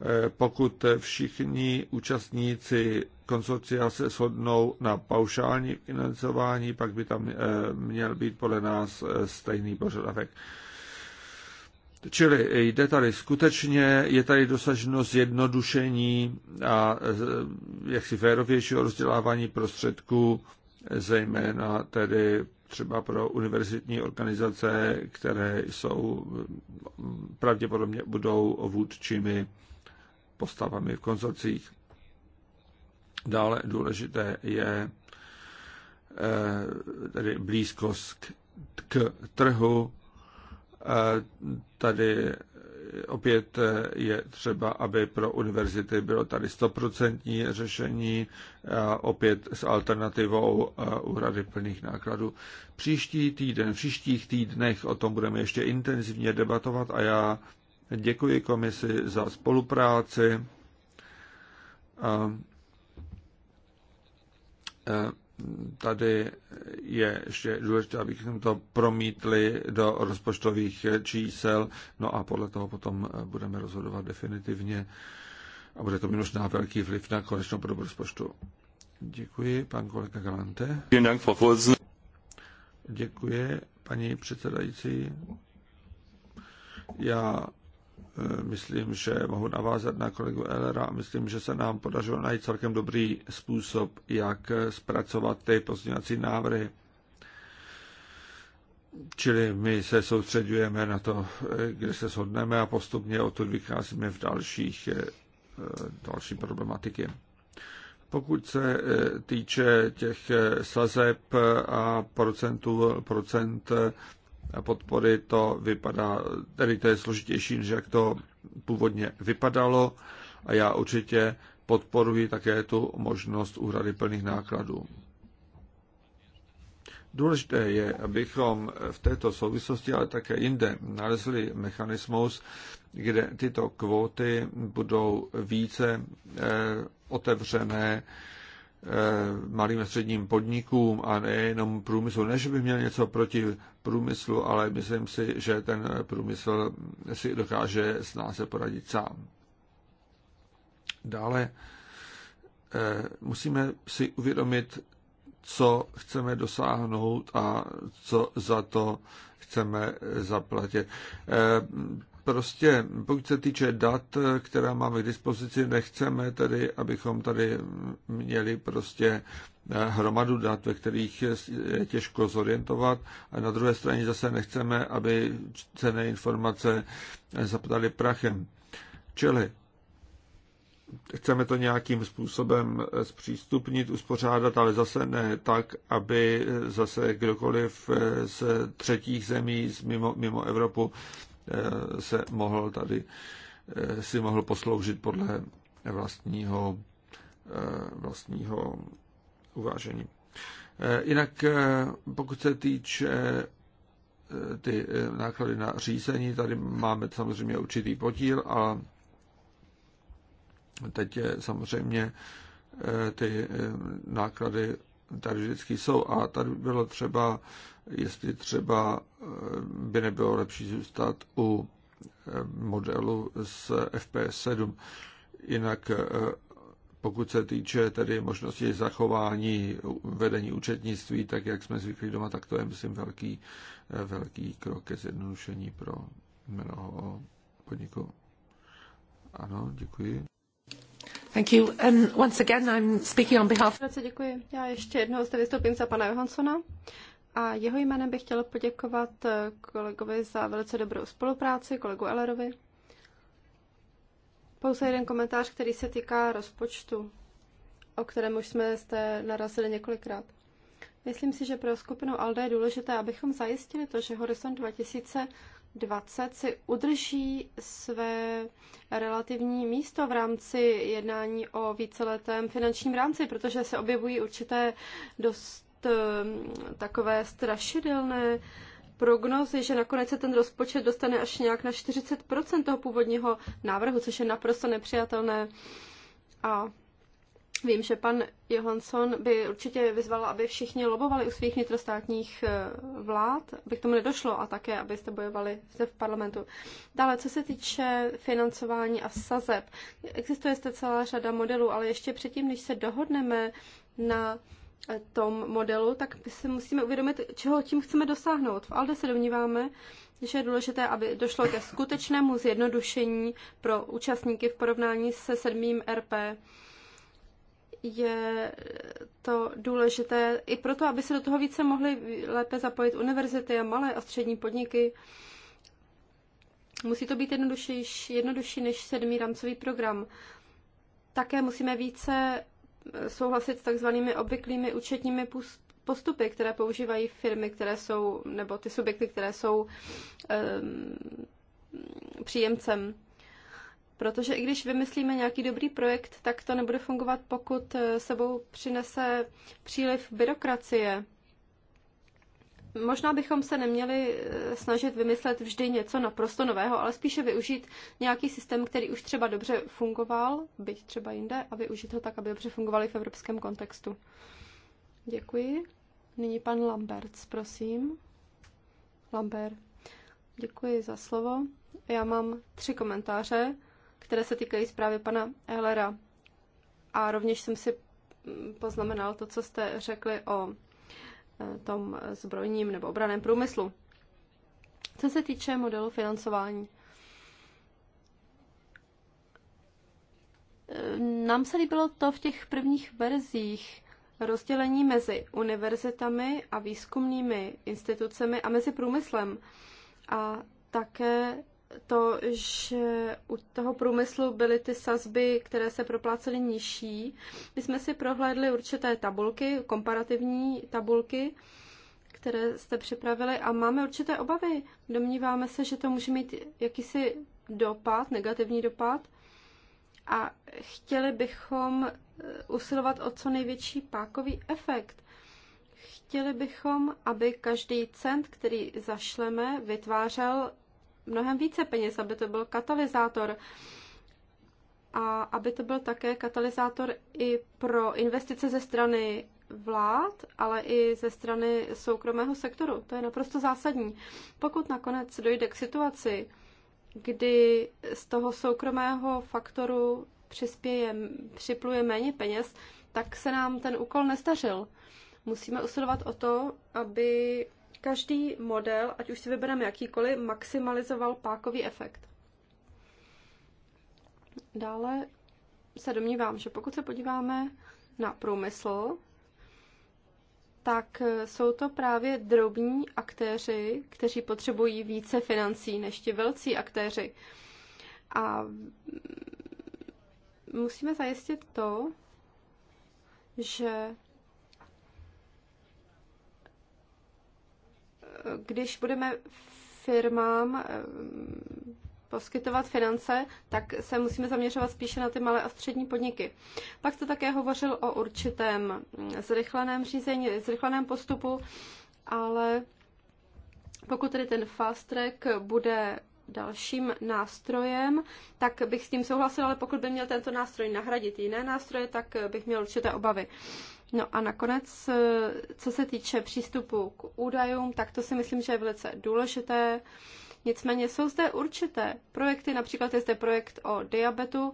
Eh, pokud všichni účastníci konsorcia se shodnou na paušální financování, pak by tam eh, měl být podle nás eh, stejný požadavek. Čili jde tady skutečně, je tady dosaženo zjednodušení a jaksi férovějšího rozdělávání prostředků, zejména tedy třeba pro univerzitní organizace, které jsou pravděpodobně budou vůdčími postavami v konzorcích. Dále důležité je eh, tedy blízkost k trhu. Eh, tady opět eh, je třeba, aby pro univerzity bylo tady stoprocentní řešení, a opět s alternativou úhrady plných nákladů. Příští týden, v příštích týdnech o tom budeme ještě intenzivně debatovat a já Děkuji komisi za spolupráci. A e, tady je ještě důležité, abychom to promítli do rozpočtových čísel, no a podle toho potom e, budeme rozhodovat definitivně a bude to možná velký vliv na konečnou podobu rozpočtu. Děkuji, pan kolega Galante. Děkuji, paní předsedající. Já Eh, myslím, že mohu navázat na kolegu Elera myslím, že se nám podařilo najít celkem dobrý způsob, jak zpracovat ty pozměňovací návrhy. Čili my se soustředujeme na to, eh, kde se shodneme a postupně o to vycházíme v dalších, eh, další problematiky. Pokud se týče těch sazeb a procentu, procent podpory to vypadá, tedy to je složitější, než jak to původně vypadalo a já určitě podporuji také tu možnost úhrady plných nákladů. Důležité je, abychom v této souvislosti, ale také jinde, nalezli mechanismus, kde tyto kvóty budou více eh, otevřené Eh, malým a středním podnikům a nejenom průmyslu. Ne, že by měl něco proti průmyslu, ale myslím si, že ten průmysl si dokáže s se poradit sám. Dále eh, musíme si uvědomit, co chceme dosáhnout a co za to chceme zaplatit. Eh, prostě, pokud se týče dat, která máme k dispozici, nechceme tedy, abychom tady měli prostě eh, hromadu dat, ve kterých je těžko zorientovat. A na druhé straně zase nechceme, aby cené informace eh, zapadaly prachem. Čili chceme to nějakým způsobem eh, zpřístupnit, uspořádat, ale zase ne tak, aby zase kdokoliv z třetích zemí z mimo, mimo Evropu Eh, se mohl tady eh, si mohl posloužit podle vlastního, eh, vlastního uvážení. Jinak pokud se týče ty náklady na řízení, tady máme samozřejmě určitý podíl a teď je samozřejmě ty náklady tady vždycky jsou a tady bylo třeba jestli třeba eh, by nebylo lepší zůstat u eh, modelu s FPS 7. Jinak eh, pokud se týče tedy možnosti zachování vedení účetnictví, tak jak jsme zvyklí doma, tak to je, myslím, velký, velký krok ke zjednodušení pro mnoho podniků. Ano, děkuji. Thank you. Um, once again, I'm speaking on behalf... Děkuji. Já ještě jednou zde vystoupím za pana Johansona a jeho jménem bych chtěla poděkovat eh, kolegovi za velice dobrou spolupráci, kolegu Ellerovi. Pouze jeden komentář, který se týká rozpočtu, o kterém už jsme zde narazili několikrát. Myslím si, že pro skupinu ALDE je důležité, abychom zajistili to, že Horizont 2020 si udrží své relativní místo v rámci jednání o víceletém finančním rámci, protože se objevují určité dost Eh, takové strašidelné prognozy, že nakonec se ten rozpočet dostane až nějak na 40% toho původního návrhu, což je naprosto nepřijatelné. A vím, že pan Johansson by určitě vyzval, aby všichni lobovali u svých vnitrostátních eh, vlád, aby k tomu nedošlo a také, abyste bojovali zde v parlamentu. Dále, co se týče financování a sazeb, existuje zde celá řada modelů, ale ještě předtím, než se dohodneme na tom modelu, tak si musíme uvědomit, čeho tím chceme dosáhnout. V ALDE se domníváme, že je důležité, aby došlo ke skutečnému zjednodušení pro účastníky v porovnání se sedmým RP. Je to důležité i proto, aby se do toho více mohly lépe zapojit univerzity a malé a střední podniky. Musí to být jednodušší, jednodušší než sedmý rámcový program. Také musíme více souhlasit s takzvanými obvyklými účetními postupy, které používají firmy, které jsou, nebo ty subjekty, které jsou um, příjemcem. Protože i když vymyslíme nějaký dobrý projekt, tak to nebude fungovat, pokud eh, sebou přinese příliv byrokracie, Možná bychom se neměli eh, snažit vymyslet vždy něco naprosto nového, ale spíše využít nějaký systém, který už třeba dobře fungoval, byť třeba jinde, a využít ho tak, aby dobře fungovaly v evropském kontextu. Děkuji. Nyní pan Lamberts, prosím. Lambert. Děkuji za slovo. Já mám tři komentáře, které se týkají zprávy pana Ehlera. A rovněž jsem si mm, poznamenal to, co jste řekli o Eh, tom zbrojním nebo obraném průmyslu. Co se týče modelu financování, eh, nám se líbilo to v těch prvních verzích rozdělení mezi univerzitami a výzkumnými institucemi a mezi průmyslem. A také to, že u toho průmyslu byly ty sazby, které se proplácely nižší. My jsme si prohlédli určité tabulky, komparativní tabulky, které jste připravili a máme určité obavy. Domníváme se, že to může mít jakýsi dopad, negativní dopad a chtěli bychom eh, usilovat o co největší pákový efekt. Chtěli bychom, aby každý cent, který zašleme, vytvářel mnohem více peněz, aby to byl katalyzátor a aby to byl také katalyzátor i pro investice ze strany vlád, ale i ze strany soukromého sektoru. To je naprosto zásadní. Pokud nakonec dojde k situaci, kdy z toho soukromého faktoru přispěje, připluje méně peněz, tak se nám ten úkol nestařil. Musíme usilovat o to, aby Každý model, ať už si vybereme jakýkoliv, maximalizoval pákový efekt. Dále se domnívám, že pokud se podíváme na průmysl, tak jsou to právě drobní aktéři, kteří potřebují více financí než ti velcí aktéři. A musíme zajistit to, že když budeme firmám eh, poskytovat finance, tak se musíme zaměřovat spíše na ty malé a střední podniky. Pak jste také hovořil o určitém mm, zrychleném řízení, zrychleném postupu, ale pokud tedy ten fast track bude dalším nástrojem, tak bych s tím souhlasil, ale pokud by měl tento nástroj nahradit jiné nástroje, tak bych měl určité obavy. Uh, No a nakonec, eh, co se týče přístupu k údajům, tak to si myslím, že je velice důležité. Nicméně jsou zde určité projekty, například je zde projekt o diabetu,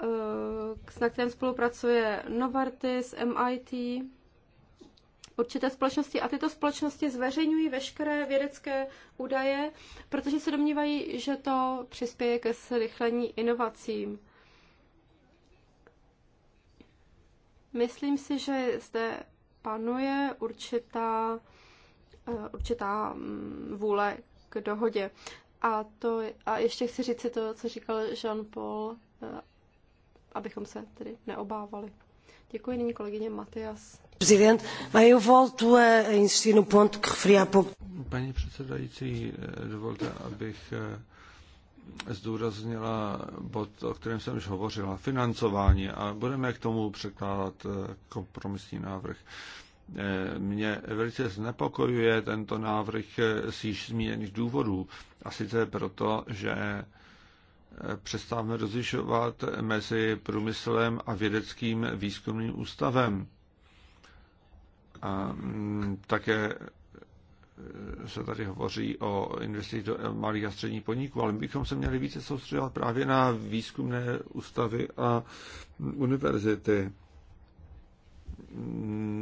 eh, na kterém spolupracuje Novartis, MIT, určité společnosti a tyto společnosti zveřejňují veškeré vědecké údaje, protože se domnívají, že to přispěje ke zrychlení inovacím. Myslím si, že zde panuje určitá, eh, určitá mm, vůle k dohodě. A, to, a ještě chci říct si to, co říkal Jean-Paul, eh, abychom se tedy neobávali. Děkuji nyní kolegyně Matias. a no Paní předsedající, eh, dovolte, abych zdůraznila bod, o kterém jsem už hovořila, financování a budeme k tomu překládat eh, kompromisní návrh. Eh, mě velice znepokojuje tento návrh eh, z již zmíněných důvodů. A sice proto, že přestávme rozlišovat mezi průmyslem a vědeckým výzkumným ústavem. A mm, také se tady hovoří o investicích do malých a středních podniků, ale my bychom se měli více soustředovat právě na výzkumné ústavy a univerzity.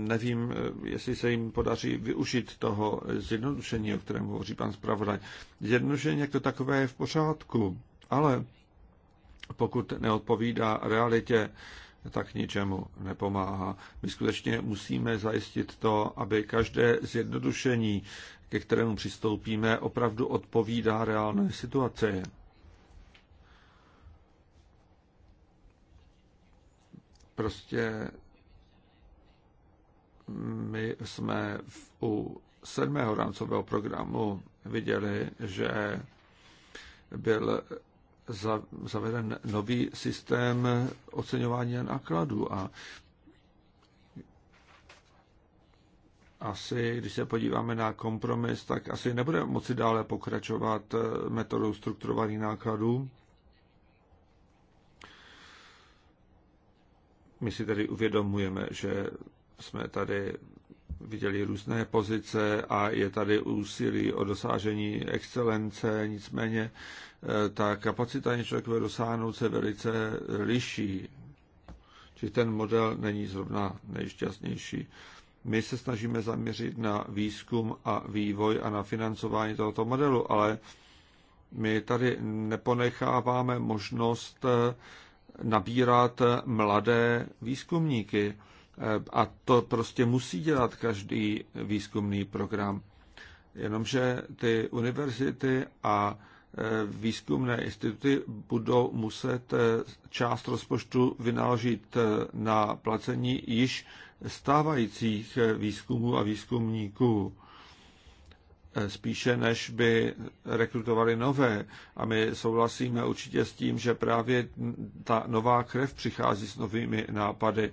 Nevím, jestli se jim podaří využít toho zjednodušení, o kterém hovoří pan zpravodaj. Zjednodušení jako takové je v pořádku, ale pokud neodpovídá realitě, tak ničemu nepomáhá. My skutečně musíme zajistit to, aby každé zjednodušení, ke kterému přistoupíme, opravdu odpovídá reálné situaci. Prostě my jsme v, u sedmého rámcového programu viděli, že byl zaveden nový systém oceňování nákladů a asi, když se podíváme na kompromis, tak asi nebude moci dále pokračovat eh, metodou strukturovaných nákladů. My si tedy uvědomujeme, že jsme tady viděli různé pozice a je tady úsilí o dosážení excelence, nicméně eh, ta kapacita něčeho dosáhnout se velice liší. Či ten model není zrovna nejšťastnější. My se snažíme zaměřit na výzkum a vývoj a na financování tohoto modelu, ale my tady neponecháváme možnost eh, nabírat mladé výzkumníky. Eh, a to prostě musí dělat každý výzkumný program. Jenomže ty univerzity a eh, výzkumné instituty budou muset eh, část rozpočtu vynaložit na placení již stávajících výzkumů a výzkumníků spíše než by rekrutovali nové. A my souhlasíme určitě s tím, že právě ta nová krev přichází s novými nápady.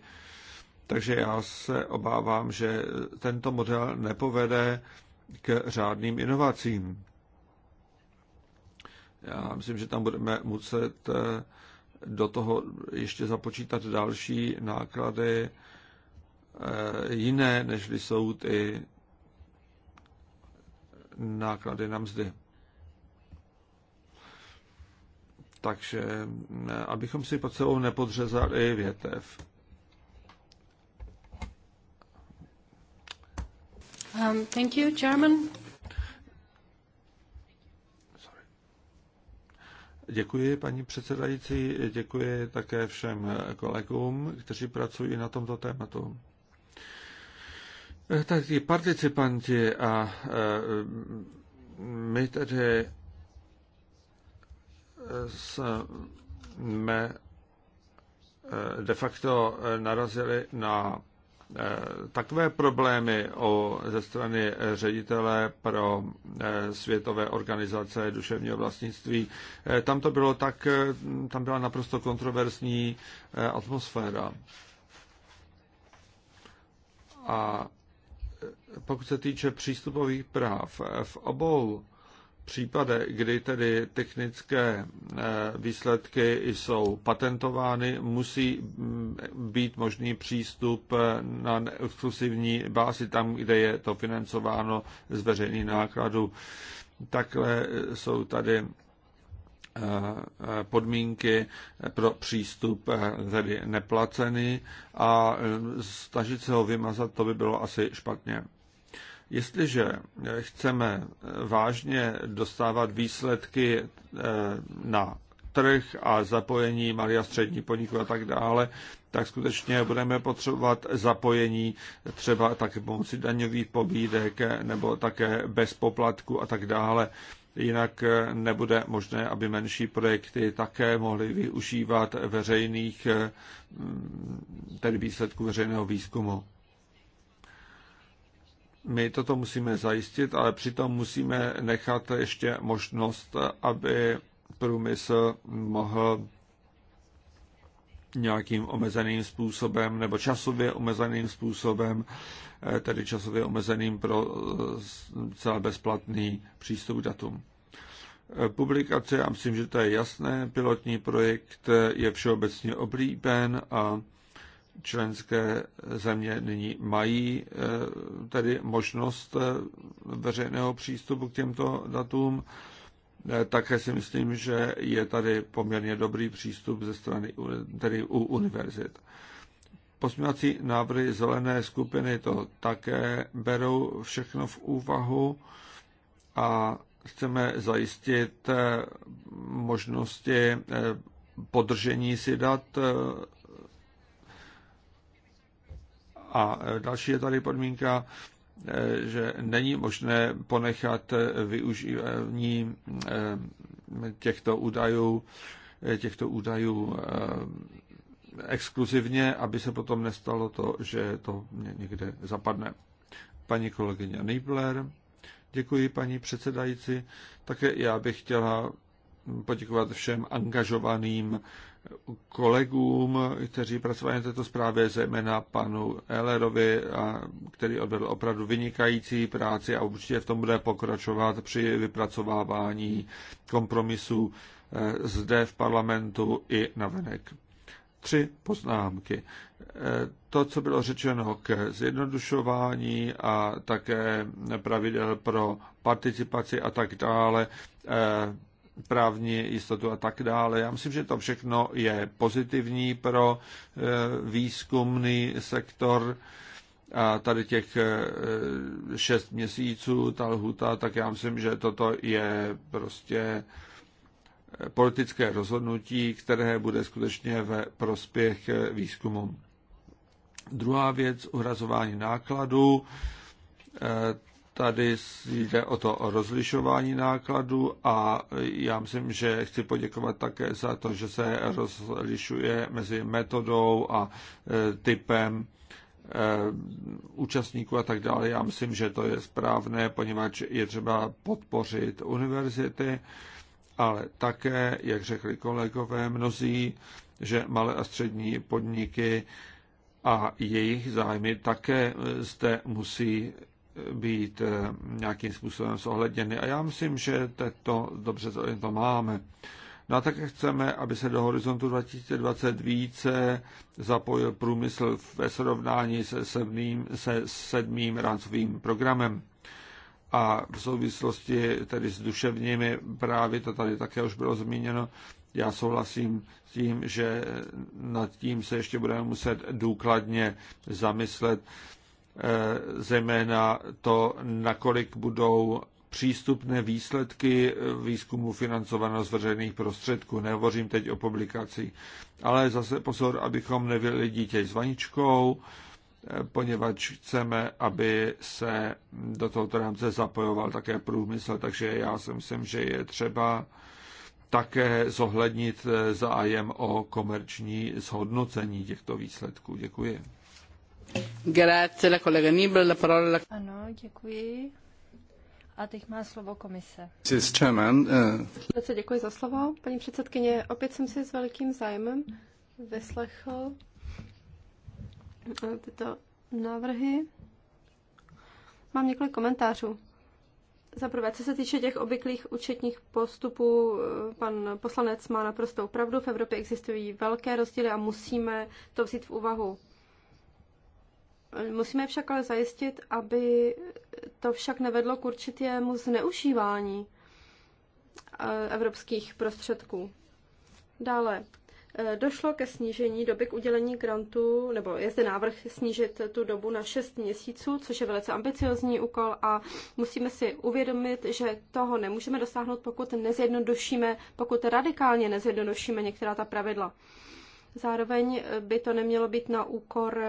Takže já se obávám, že tento model nepovede k řádným inovacím. Já myslím, že tam budeme muset eh, do toho ještě započítat další náklady eh, jiné, než jsou ty náklady na mzdy. Takže eh, abychom si pod sebou nepodřezali větev. Um, thank you, Chairman. Děkuji, paní předsedající, děkuji také všem kolegům, kteří pracují na tomto tématu. Eh, tak ti participanti a eh, my tedy eh, jsme de facto narazili na Eh, takové problémy o, ze strany eh, ředitele pro eh, světové organizace duševního vlastnictví, tam to bylo tak, tam byla naprosto kontroverzní atmosféra. A pokud se týče přístupových práv, v obou Případe, kdy tedy technické eh, výsledky jsou patentovány, musí mm, být možný přístup eh, na exkluzivní bázi tam, kde je to financováno z veřejných nákladů. Takhle jsou tady eh, podmínky pro přístup tedy neplacený a snažit se ho vymazat, to by bylo asi špatně. Jestliže eh, chceme eh, vážně dostávat výsledky eh, na trh a zapojení malý a střední podniků a tak dále, tak skutečně budeme potřebovat zapojení třeba také pomocí daňových pobídek nebo také bez poplatku a tak dále. Jinak nebude možné, aby menší projekty také mohly využívat veřejných, tedy výsledků veřejného výzkumu. My toto musíme zajistit, ale přitom musíme nechat ještě možnost, aby průmysl mohl nějakým omezeným způsobem nebo časově omezeným způsobem, eh, tedy časově omezeným pro celá eh, bezplatný přístup k datům. Eh, publikace, já myslím, že to je jasné, pilotní projekt je všeobecně oblíben a členské země nyní mají eh, tedy možnost eh, veřejného přístupu k těmto datům. Eh, také si myslím, že je tady poměrně dobrý přístup ze strany tedy u univerzit. Posměvací návrhy zelené skupiny to také berou všechno v úvahu a chceme zajistit možnosti podržení si dat a e, další je tady podmínka, e, že není možné ponechat využívání e, těchto údajů, těchto údajů exkluzivně, aby se potom nestalo to, že to někde zapadne. Paní kolegyně Nibler, děkuji paní předsedající. Také já bych chtěla poděkovat všem angažovaným kolegům, kteří pracovali na této zprávě, zejména panu Ellerovi, a, který odvedl opravdu vynikající práci a určitě v tom bude pokračovat při vypracovávání kompromisů eh, zde v parlamentu i na venek. Tři poznámky. Eh, to, co bylo řečeno k zjednodušování a také pravidel pro participaci a tak dále, eh, právní jistotu a tak dále. Já myslím, že to všechno je pozitivní pro eh, výzkumný sektor a tady těch eh, šest měsíců, ta lhuta, tak já myslím, že toto je prostě eh, politické rozhodnutí, které bude skutečně ve prospěch výzkumu. Druhá věc, uhrazování nákladů. Tady jde o to o rozlišování nákladů a já myslím, že chci poděkovat také za to, že se rozlišuje mezi metodou a e, typem e, účastníků a tak dále. Já myslím, že to je správné, poněvadž je třeba podpořit univerzity, ale také, jak řekli kolegové mnozí, že malé a střední podniky a jejich zájmy také e, zde musí být eh, nějakým způsobem zohledněny. A já myslím, že to dobře to máme. No a také chceme, aby se do horizontu 2020 více zapojil průmysl ve srovnání se sedmým, se sedmým rámcovým programem. A v souvislosti tedy s duševními právy, to tady také už bylo zmíněno, já souhlasím s tím, že nad tím se ještě budeme muset důkladně zamyslet Eh, zejména to, nakolik budou přístupné výsledky výzkumu financovaného z veřejných prostředků. Nehovořím teď o publikaci. Ale zase pozor, abychom nevěli dítě s vaničkou, eh, poněvadž chceme, aby se do tohoto rámce zapojoval také průmysl, takže já si myslím, že je třeba také zohlednit eh, zájem o komerční zhodnocení těchto výsledků. Děkuji. Grazie, la kolega Nibel, la parola... Ano, děkuji. A teď má slovo komise. Uh, Velice děkuji za slovo, paní předsedkyně. Opět jsem si s velkým zájmem vyslechl eh, tyto návrhy. Mám několik komentářů. Za prvé, co se týče těch obvyklých účetních postupů, eh, pan poslanec má naprostou pravdu. V Evropě existují velké rozdíly a musíme to vzít v úvahu. Musíme však ale zajistit, aby to však nevedlo k určitému zneužívání eh, evropských prostředků. Dále, eh, došlo ke snížení doby k udělení grantu, nebo je zde návrh snížit tu dobu na 6 měsíců, což je velice ambiciozní úkol a musíme si uvědomit, že toho nemůžeme dosáhnout, pokud nezjednodušíme, pokud radikálně nezjednodušíme některá ta pravidla. Zároveň eh, by to nemělo být na úkor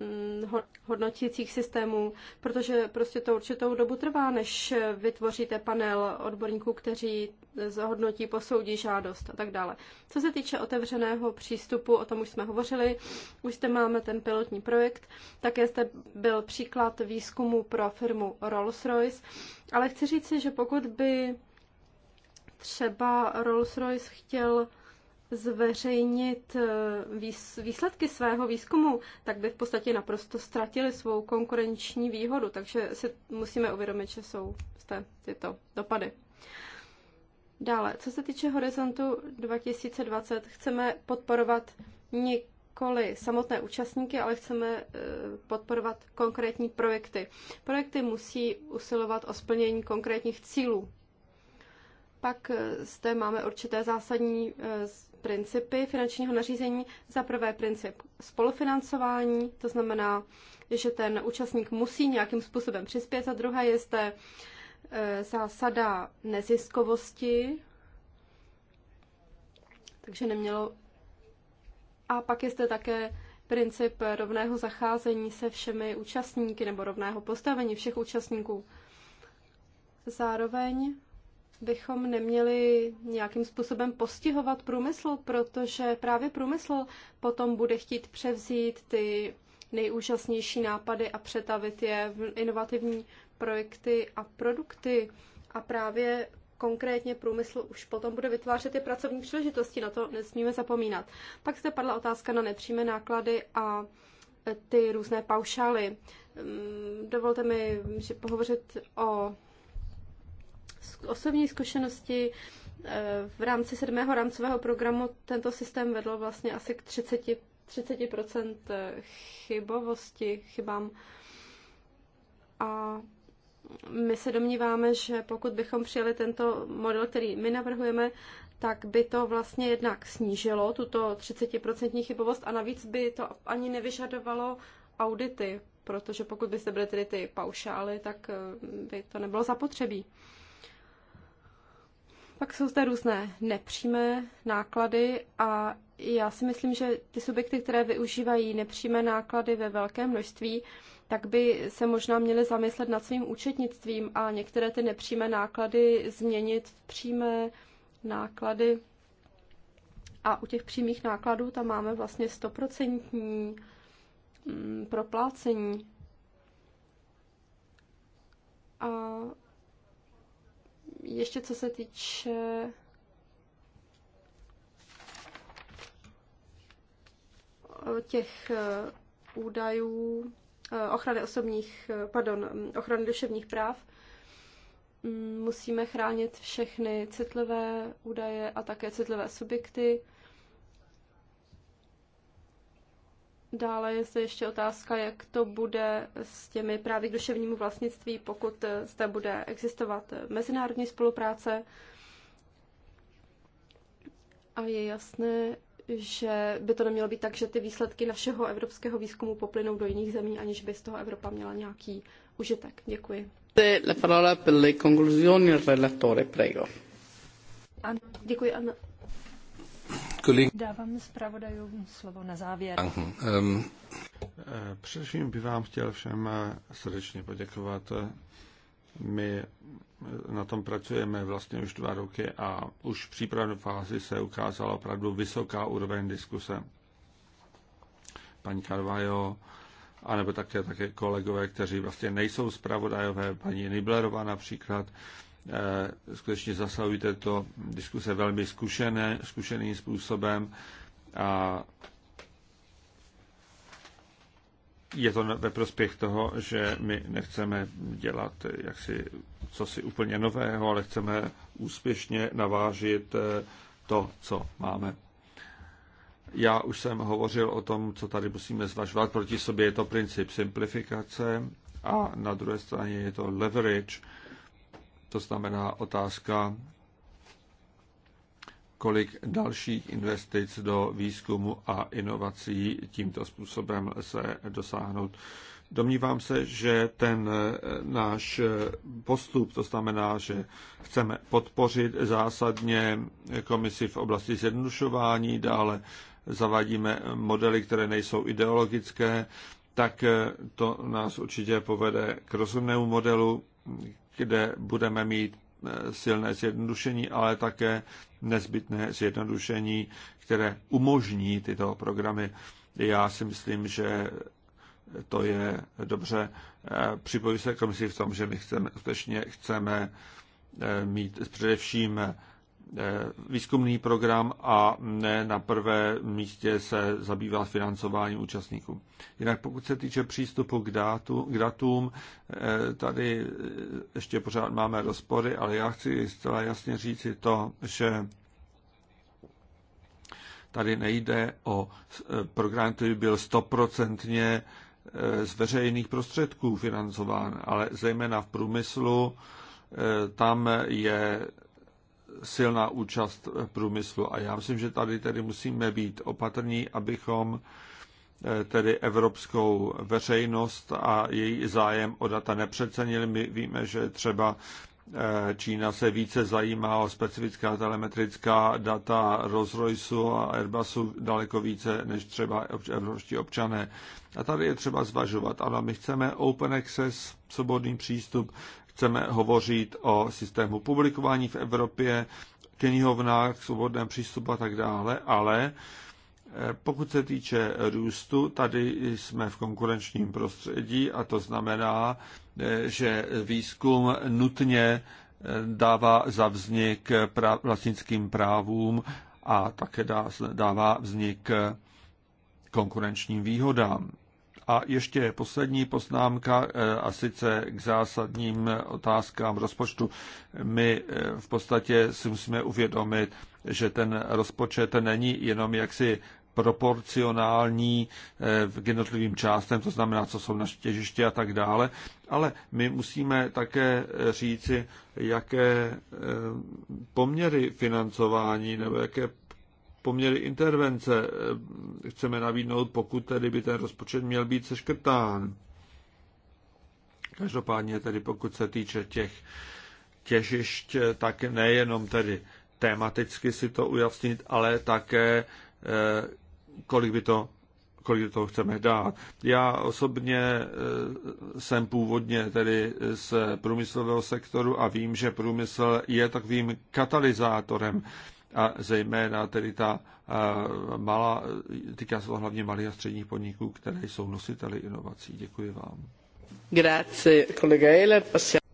Mm, hodnotících systémů, protože prostě to určitou dobu trvá, než vytvoříte panel odborníků, kteří zhodnotí, posoudí žádost a tak dále. Co se týče otevřeného přístupu, o tom už jsme hovořili, už zde máme ten pilotní projekt, také zde byl příklad výzkumu pro firmu Rolls-Royce, ale chci říci, že pokud by třeba Rolls-Royce chtěl zveřejnit eh, výsledky svého výzkumu, tak by v podstatě naprosto ztratili svou konkurenční výhodu. Takže si musíme uvědomit, že jsou zde tyto dopady. Dále, co se týče horizontu 2020, chceme podporovat nikoli samotné účastníky, ale chceme eh, podporovat konkrétní projekty. Projekty musí usilovat o splnění konkrétních cílů. Pak eh, zde máme určité zásadní principy finančního nařízení. Za prvé princip spolufinancování, to znamená, že ten účastník musí nějakým způsobem přispět. Za druhé je zde eh, zásada neziskovosti, takže nemělo. A pak je zde také princip rovného zacházení se všemi účastníky nebo rovného postavení všech účastníků. Zároveň bychom neměli nějakým způsobem postihovat průmysl, protože právě průmysl potom bude chtít převzít ty nejúžasnější nápady a přetavit je v inovativní projekty a produkty. A právě konkrétně průmysl už potom bude vytvářet ty pracovní příležitosti, na to nesmíme zapomínat. Pak zde padla otázka na nepřímé náklady a ty různé paušály. Dovolte mi že pohovořit o osobní zkušenosti. Eh, v rámci sedmého rámcového programu tento systém vedl vlastně asi k 30, 30% eh, chybovosti, chybám. A my se domníváme, že pokud bychom přijali tento model, který my navrhujeme, tak by to vlastně jednak snížilo tuto 30% chybovost a navíc by to ani nevyžadovalo audity, protože pokud byste byli tedy ty paušály, tak eh, by to nebylo zapotřebí. Pak jsou zde různé nepřímé náklady a já si myslím, že ty subjekty, které využívají nepřímé náklady ve velkém množství, tak by se možná měly zamyslet nad svým účetnictvím a některé ty nepřímé náklady změnit v přímé náklady. A u těch přímých nákladů tam máme vlastně stoprocentní mm, proplácení. A ještě co se týče těch eh, údajů eh, ochrany osobních, eh, pardon, mm, ochrany duševních práv, mm, musíme chránit všechny citlivé údaje a také citlivé subjekty. Dále je zde ještě otázka, jak to bude s těmi právě k duševnímu vlastnictví, pokud eh, zde bude existovat eh, mezinárodní spolupráce. A je jasné, že by to nemělo být tak, že ty výsledky našeho evropského výzkumu poplynou do jiných zemí, aniž by z toho Evropa měla nějaký užitek. Děkuji. La parola per le conclusioni il relatore, prego. děkuji, Anna. Dávám zpravodajům slovo na závěr. Um, Především bych vám chtěl všem eh, srdečně poděkovat. My eh, na tom pracujeme vlastně už dva roky a už v přípravné fázi se ukázala opravdu vysoká úroveň diskuse. Paní Karvajo, anebo také, také kolegové, kteří vlastně nejsou zpravodajové, paní Niblerová například, Eh, skutečně zasahují této diskuse velmi zkušené, zkušeným způsobem a je to ve prospěch toho, že my nechceme dělat jaksi cosi úplně nového, ale chceme úspěšně navážit eh, to, co máme. Já už jsem hovořil o tom, co tady musíme zvažovat proti sobě. Je to princip simplifikace a na druhé straně je to leverage, to znamená otázka, kolik dalších investic do výzkumu a inovací tímto způsobem se dosáhnout. Domnívám se, že ten eh, náš eh, postup, to znamená, že chceme podpořit zásadně komisi v oblasti zjednodušování, dále zavádíme modely, které nejsou ideologické, tak eh, to nás určitě povede k rozumnému modelu, kde budeme mít eh, silné zjednodušení, ale také nezbytné zjednodušení, které umožní tyto programy. Já si myslím, že to je dobře. Eh, Připojí se komisi v tom, že my chceme, skutečně chceme eh, mít především Eh, výzkumný program a ne na prvé místě se zabývá financováním účastníků. Jinak pokud se týče přístupu k, dátu, k datům, eh, tady eh, ještě pořád máme rozpory, ale já chci zcela jasně říci to, že tady nejde o program, který byl stoprocentně z veřejných prostředků financován, ale zejména v průmyslu tam je silná účast průmyslu. A já myslím, že tady tedy musíme být opatrní, abychom eh, tedy evropskou veřejnost a její zájem o data nepřecenili. My víme, že třeba eh, Čína se více zajímá o specifická telemetrická data rozrojsu a Airbusu daleko více než třeba evropští občané. A tady je třeba zvažovat. Ano, my chceme open access, svobodný přístup, Chceme hovořit o systému publikování v Evropě, knihovnách, svobodném přístupu a tak dále, ale eh, pokud se týče růstu, tady jsme v konkurenčním prostředí a to znamená, eh, že výzkum nutně eh, dává za vznik vlastnickým právům a také dává vznik konkurenčním výhodám. A ještě poslední poznámka, eh, a sice k zásadním otázkám rozpočtu. My eh, v podstatě si musíme uvědomit, že ten rozpočet není jenom jaksi proporcionální eh, k jednotlivým částem, to znamená, co jsou naše těžiště a tak dále. Ale my musíme také říci, jaké poměry financování nebo jaké poměry intervence eh, chceme navídnout, pokud tedy by ten rozpočet měl být seškrtán. Každopádně tedy pokud se týče těch těžišť, eh, tak nejenom tedy tematicky si to ujasnit, ale také eh, kolik by to kolik do toho chceme dát. Já osobně jsem původně tedy z průmyslového sektoru a vím, že průmysl je takovým katalyzátorem a zejména tedy ta malá, týká se to hlavně malých a středních podniků, které jsou nositeli inovací. Děkuji vám. Grazie, kolega Ehler.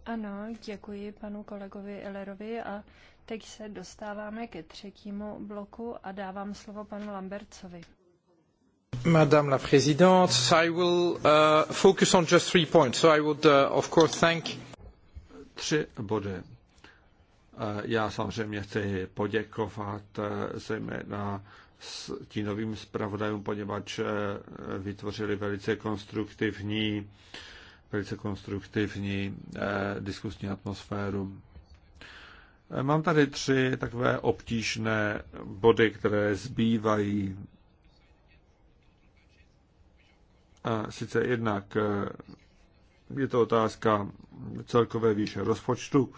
Ano, děkuji panu kolegovi Ellerovi a teď se dostáváme ke třetímu bloku a dávám slovo panu Lambercovi. Madame la Présidente, I will uh, focus on just three points. So I would uh, of course thank... Tři body. Já samozřejmě chci poděkovat eh, zejména novým zpravodajům, poněvadž eh, vytvořili velice konstruktivní, velice konstruktivní eh, diskusní atmosféru. Mám tady tři takové obtížné body, které zbývají. A sice jednak je to otázka celkové výše rozpočtu.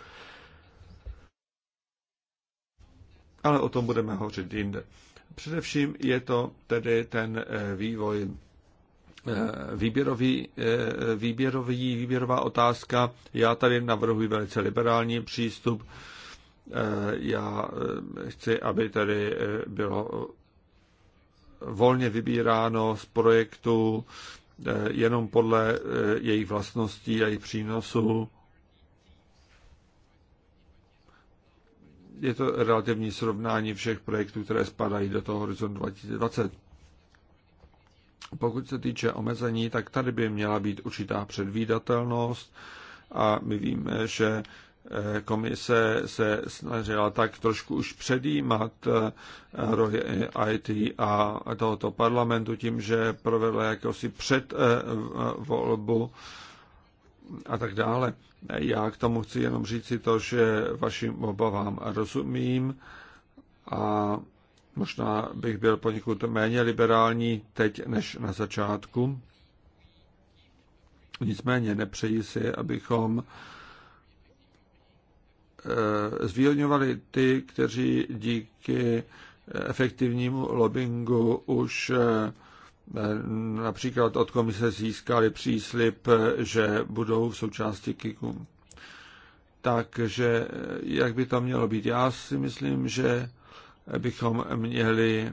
ale o tom budeme hovořit jinde. Především je to tedy ten eh, vývoj eh, výběrový, eh, výběrový, výběrová otázka. Já tady navrhuji velice liberální přístup. Já chci, aby tady bylo volně vybíráno z projektu jenom podle jejich vlastností a jejich přínosů je to relativní srovnání všech projektů, které spadají do toho horizontu 2020. Pokud se týče omezení, tak tady by měla být určitá předvídatelnost a my víme, že eh, komise se snažila tak trošku už předjímat eh, rohy IT a tohoto parlamentu tím, že provedla jakousi předvolbu. Eh, a tak dále. Já k tomu chci jenom říci to, že vašim obavám rozumím a možná bych byl poněkud méně liberální teď než na začátku. Nicméně nepřeji si, abychom eh, zvýhodňovali ty, kteří díky eh, efektivnímu lobbingu už eh, Eh, například od komise získali příslip, eh, že budou v součásti KIKu. Takže eh, jak by to mělo být? Já si myslím, že bychom měli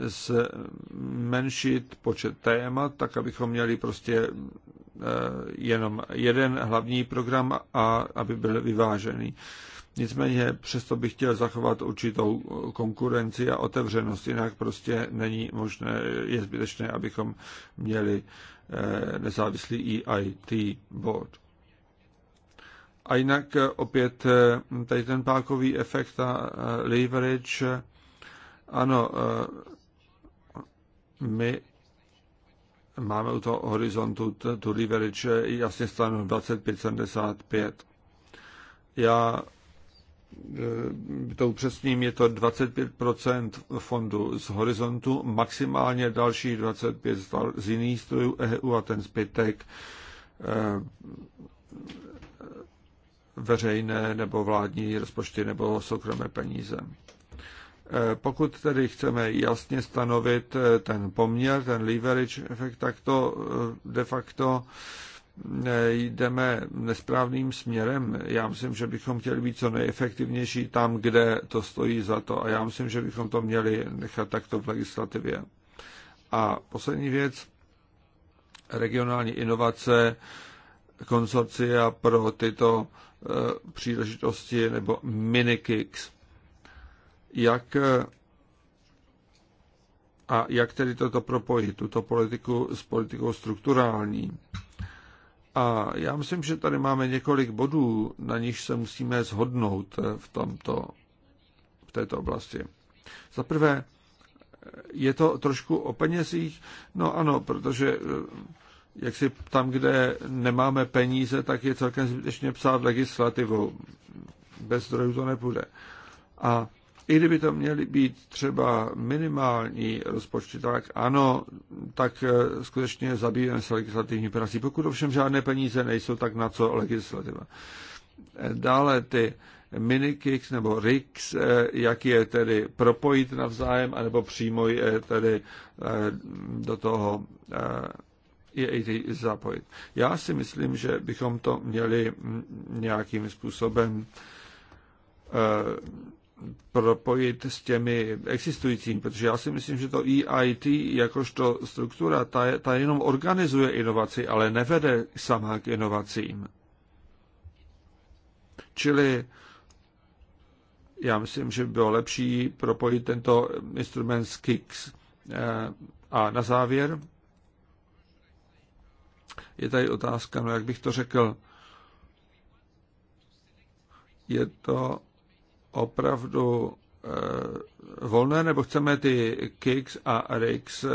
zmenšit počet témat, tak abychom měli prostě jenom jeden hlavní program a aby byl vyvážený. Nicméně přesto bych chtěl zachovat určitou konkurenci a otevřenost, jinak prostě není možné, je zbytečné, abychom měli eh, nezávislý EIT board. A jinak eh, opět eh, tady ten pákový efekt a leverage, ano, my máme u toho horizontu tu leverage jasně stanu 2575. Já E, tou upřesním, je to 25 fondu z horizontu, maximálně další 25 z jiných strojů EU a ten zbytek e, veřejné nebo vládní rozpočty nebo soukromé peníze. E, pokud tedy chceme jasně stanovit ten poměr, ten leverage efekt, tak to de facto jdeme nesprávným směrem. Já myslím, že bychom chtěli být co nejefektivnější tam, kde to stojí za to. A já myslím, že bychom to měli nechat takto v legislativě. A poslední věc, regionální inovace, konsorcia pro tyto eh, příležitosti nebo minikicks. Jak eh, a jak tedy toto propojit, tuto politiku s politikou strukturální? A já myslím, že tady máme několik bodů, na nich se musíme shodnout v, tomto, v této oblasti. Za prvé, je to trošku o penězích? No ano, protože eh, jak si tam, kde nemáme peníze, tak je celkem zbytečně psát legislativu. Bez zdrojů to nepůjde. A i kdyby to měly být třeba minimální rozpočty, tak ano, tak eh, skutečně zabýváme se legislativní prací. Pokud ovšem žádné peníze nejsou, tak na co legislativa? Eh, dále ty minikicks nebo rix, eh, jak je tedy propojit navzájem, anebo přímo je tedy do toho je i zapojit. Já si myslím, že bychom to měli mm, nějakým způsobem propojit s těmi existujícími, protože já si myslím, že to EIT jakožto struktura, ta, je, ta jenom organizuje inovaci, ale nevede sama k inovacím. Čili já myslím, že by bylo lepší propojit tento instrument s KICS. Eh, a na závěr je tady otázka, no jak bych to řekl, je to opravdu eh, volné, nebo chceme ty kicks a ricks eh,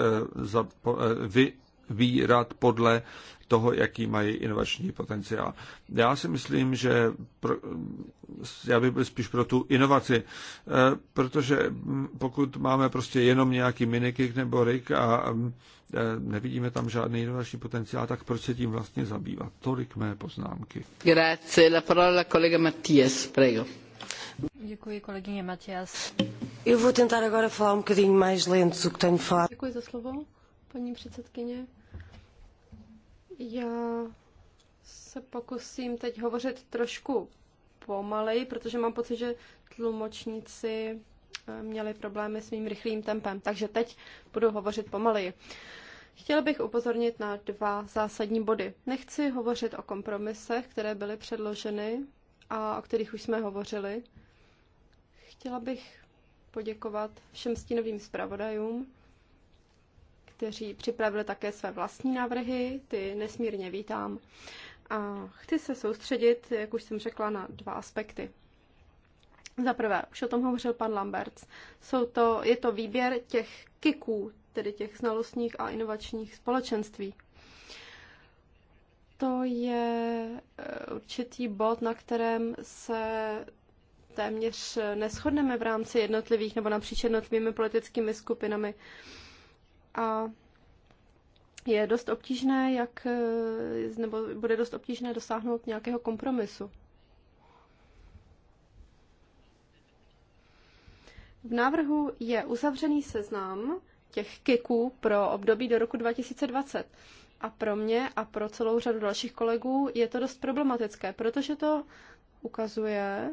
eh, vybírat podle toho, jaký mají inovační potenciál. Já si myslím, že pro, já bych byl spíš pro tu inovaci, protože hm, pokud máme prostě jenom nějaký minikick nebo rik, a hm, nevidíme tam žádný inovační potenciál, tak proč se tím vlastně zabývat? Tolik mé poznámky. Grazie. La parola kolega Mattias, prego. Děkuji kolegyně Matias. Eu vou tentar agora falar um bocadinho mais lento do que tenho falado. Děkuji za slovo, paní předsedkyně. Já se pokusím teď hovořit trošku pomaleji, protože mám pocit, že tlumočníci eh, měli problémy s mým rychlým tempem, takže teď budu hovořit pomaleji. Chtěla bych upozornit na dva zásadní body. Nechci hovořit o kompromisech, které byly předloženy a o kterých už jsme hovořili. Chtěla bych poděkovat všem stínovým zpravodajům, kteří připravili také své vlastní návrhy, ty nesmírně vítám. A chci se soustředit, jak už jsem řekla, na dva aspekty. Za prvé, už o tom hovořil pan Lambert, jsou to, je to výběr těch kiků, tedy těch znalostních a inovačních společenství to je eh, určitý bod, na kterém se téměř neschodneme v rámci jednotlivých nebo napříč jednotlivými politickými skupinami. A je dost obtížné, jak, eh, nebo bude dost obtížné dosáhnout nějakého kompromisu. V návrhu je uzavřený seznam těch kiků pro období do roku 2020 a pro mě a pro celou řadu dalších kolegů je to dost problematické, protože to ukazuje,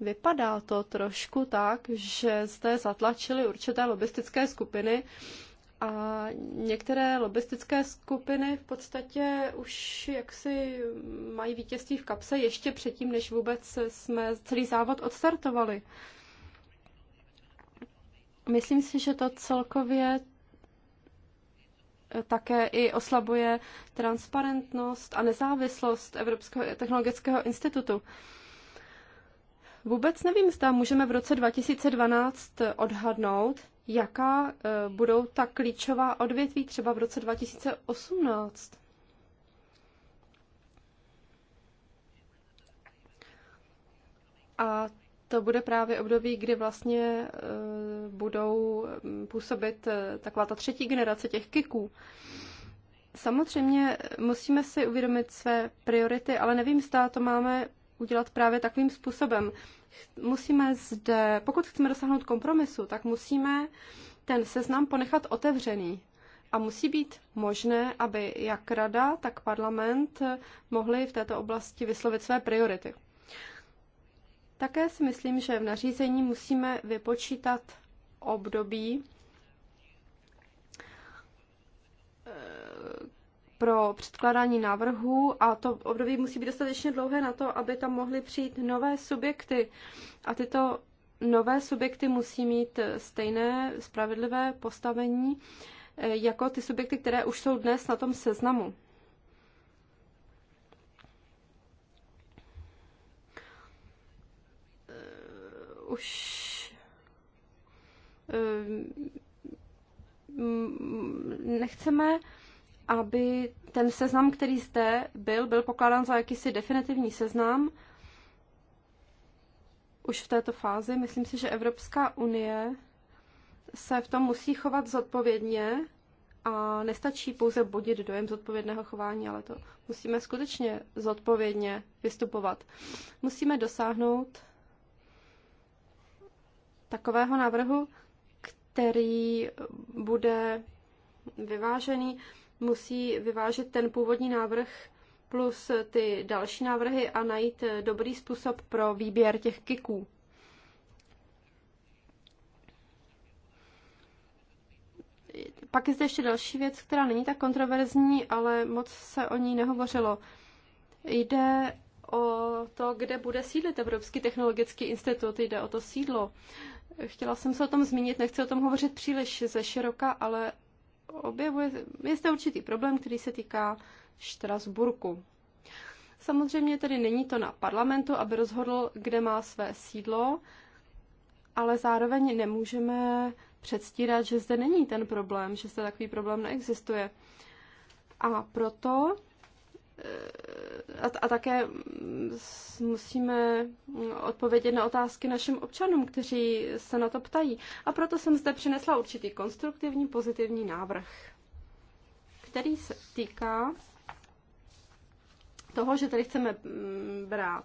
vypadá to trošku tak, že jste zatlačili určité lobistické skupiny a některé lobistické skupiny v podstatě už jaksi mají vítězství v kapse ještě předtím, než vůbec jsme celý závod odstartovali. Myslím si, že to celkově také i oslabuje transparentnost a nezávislost Evropského technologického institutu. Vůbec nevím, zda můžeme v roce 2012 odhadnout, jaká e, budou ta klíčová odvětví třeba v roce 2018. A to bude právě období, kdy vlastně e, budou mm, působit eh, taková ta třetí generace těch kiků. Samozřejmě eh, musíme si uvědomit své priority, ale nevím, zda to máme udělat právě takovým způsobem. Musíme zde, pokud chceme dosáhnout kompromisu, tak musíme ten seznam ponechat otevřený. A musí být možné, aby jak rada, tak parlament eh, mohli v této oblasti vyslovit své priority. Také si myslím, že v nařízení musíme vypočítat období eh, pro předkládání návrhů a to období musí být dostatečně dlouhé na to, aby tam mohly přijít nové subjekty. A tyto nové subjekty musí mít stejné spravedlivé postavení eh, jako ty subjekty, které už jsou dnes na tom seznamu. Eh, už Ehm, nechceme, aby ten seznam, který zde byl, byl pokládán za jakýsi definitivní seznam. Už v této fázi myslím si, že Evropská unie se v tom musí chovat zodpovědně a nestačí pouze bodit dojem zodpovědného chování, ale to musíme skutečně zodpovědně vystupovat. Musíme dosáhnout takového návrhu, který bude vyvážený, musí vyvážit ten původní návrh plus ty další návrhy a najít dobrý způsob pro výběr těch kiků. Pak je zde ještě další věc, která není tak kontroverzní, ale moc se o ní nehovořilo. Jde o to, kde bude sídlit Evropský technologický institut, jde o to sídlo. Chtěla jsem se o tom zmínit, nechci o tom hovořit příliš ze široka, ale objevuje, je zde určitý problém, který se týká Štrasburku. Samozřejmě tedy není to na parlamentu, aby rozhodl, kde má své sídlo, ale zároveň nemůžeme předstírat, že zde není ten problém, že zde takový problém neexistuje. A proto Eh, a, a také musíme odpovědět na otázky našim občanům, kteří se na to ptají. A proto jsem zde přinesla určitý konstruktivní pozitivní návrh, který se týká toho, že tady chceme mm, brát,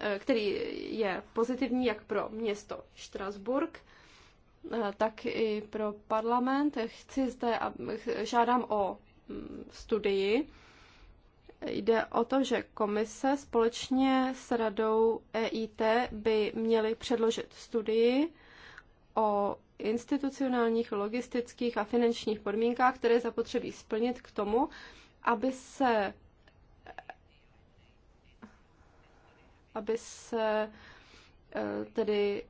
eh, který je pozitivní jak pro město Štrasburg, eh, tak i pro parlament. Chci zde, žádám o mm, studii, jde o to, že komise společně s radou EIT by měly předložit studii o institucionálních, logistických a finančních podmínkách, které zapotřebí splnit k tomu, aby se aby se Eh, tedy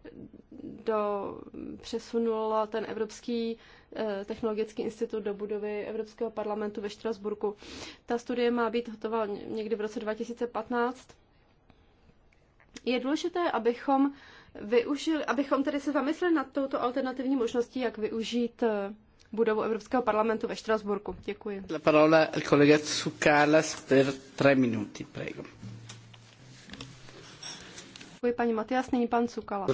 do, přesunula ten Evropský eh, technologický institut do budovy Evropského parlamentu ve Štrasburku. Ta studie má být hotová někdy v roce 2015. Je důležité, abychom využili, abychom tedy se zamysleli nad touto alternativní možností, jak využít eh, budovu Evropského parlamentu ve Štrasburku. Děkuji. La parola al collega Tsukalas per tre minuti, prego. Děkuji paní Matias, nyní pan Cukala.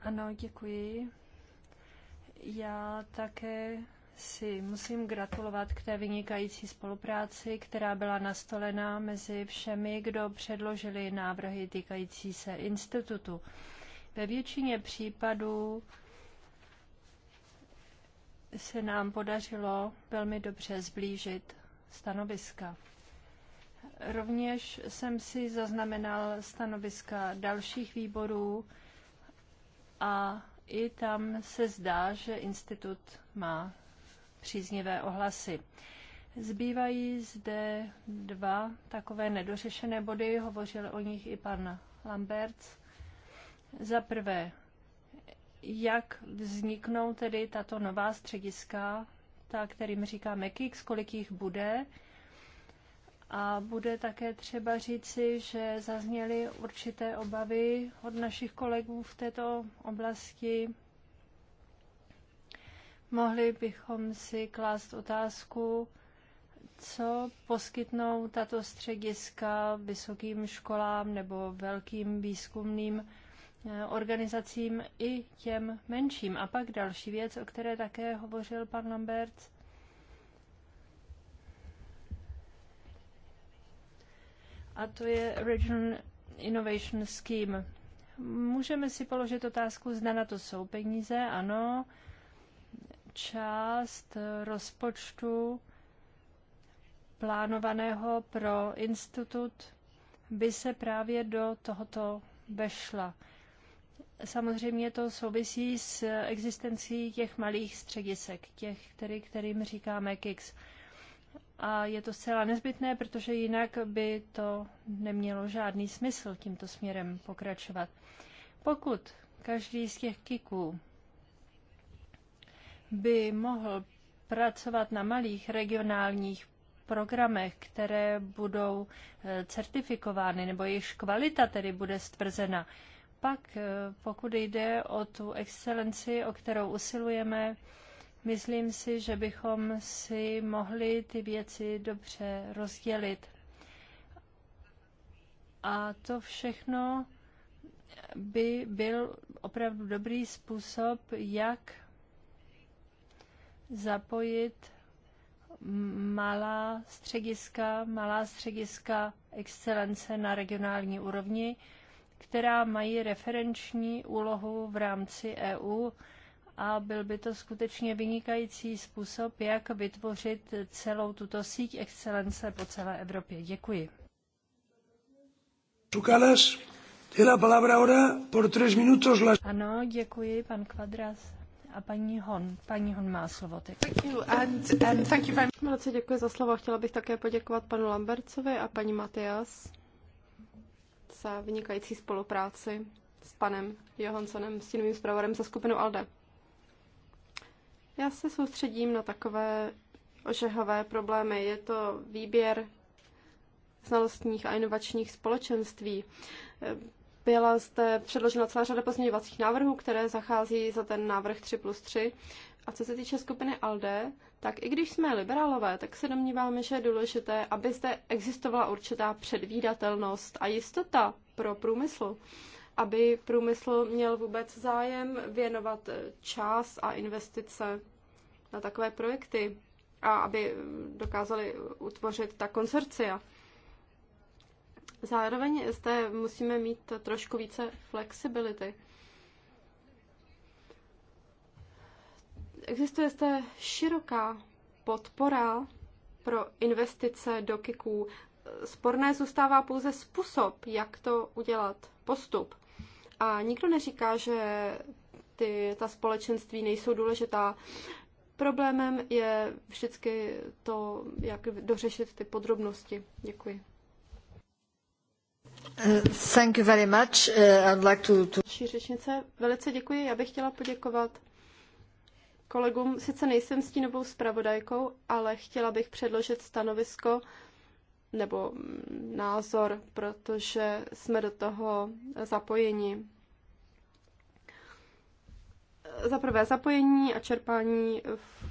Ano, děkuji. Já také si musím gratulovat k té vynikající spolupráci, která byla nastolena mezi všemi, kdo předložili návrhy týkající se institutu. Ve většině případů se nám podařilo velmi dobře zblížit stanoviska. Rovněž jsem si zaznamenal stanoviska dalších výborů a i tam se zdá, že institut má příznivé ohlasy. Zbývají zde dva takové nedořešené body, hovořil o nich i pan Lamberts. Za prvé, jak vzniknou tedy tato nová střediska, ta, kterým říkáme KIX, kolik jich bude, a bude také třeba říci, že zazněly určité obavy od našich kolegů v této oblasti. Mohli bychom si klást otázku, co poskytnou tato střediska vysokým školám nebo velkým výzkumným eh, organizacím i těm menším. A pak další věc, o které také hovořil pan Lambert, a to je Regional Innovation Scheme. Můžeme si položit otázku, zda na to jsou peníze, ano. Část rozpočtu plánovaného pro institut by se právě do tohoto vešla. Samozřejmě to souvisí s existencí těch malých středisek, těch, který, kterým říkáme KICS a je to zcela nezbytné, protože jinak by to nemělo žádný smysl tímto směrem pokračovat. Pokud každý z těch kiků by mohl pracovat na malých regionálních programech, které budou eh, certifikovány, nebo jejich kvalita tedy bude stvrzena, pak eh, pokud jde o tu excelenci, o kterou usilujeme, Myslím si, že bychom si mohli ty věci dobře rozdělit. A to všechno by byl opravdu dobrý způsob, jak zapojit malá střediska, malá střediska excelence na regionální úrovni, která mají referenční úlohu v rámci EU a byl by to skutečně vynikající způsob, jak vytvořit celou tuto síť excelence po celé Evropě. Děkuji. Tukalas, la palabra ahora por tres minutos. La... Ano, děkuji, pan Kvadras. A paní Hon, paní Hon má slovo teď. Thank you and, and thank you very much. děkuji za slovo. Chtěla bych také poděkovat panu Lambercovi a paní Matias za vynikající spolupráci s panem Johanssonem, stínovým zpravodem za skupinu ALDE. Já se soustředím na takové ožehové problémy. Je to výběr znalostních a inovačních společenství. Byla zde předložena celá řada pozměňovacích návrhů, které zachází za ten návrh 3 plus 3. A co se týče skupiny ALDE, tak i když jsme liberálové, tak se domníváme, že je důležité, aby zde existovala určitá předvídatelnost a jistota pro průmysl aby průmysl měl vůbec zájem věnovat čas a investice na takové projekty a aby dokázali utvořit ta konsorcia. Zároveň zde musíme mít trošku více flexibility. Existuje zde široká podpora pro investice do kiků. Sporné zůstává pouze způsob, jak to udělat, postup. A nikdo neříká, že ty, ta společenství nejsou důležitá. Problémem je vždycky to, jak dořešit ty podrobnosti. Děkuji. Uh, thank you very much. Uh, I'd like to, to... řečnice, velice děkuji. Já bych chtěla poděkovat kolegům. Sice nejsem stínovou zpravodajkou, ale chtěla bych předložit stanovisko nebo názor, protože jsme do toho zapojeni. Za prvé zapojení a čerpání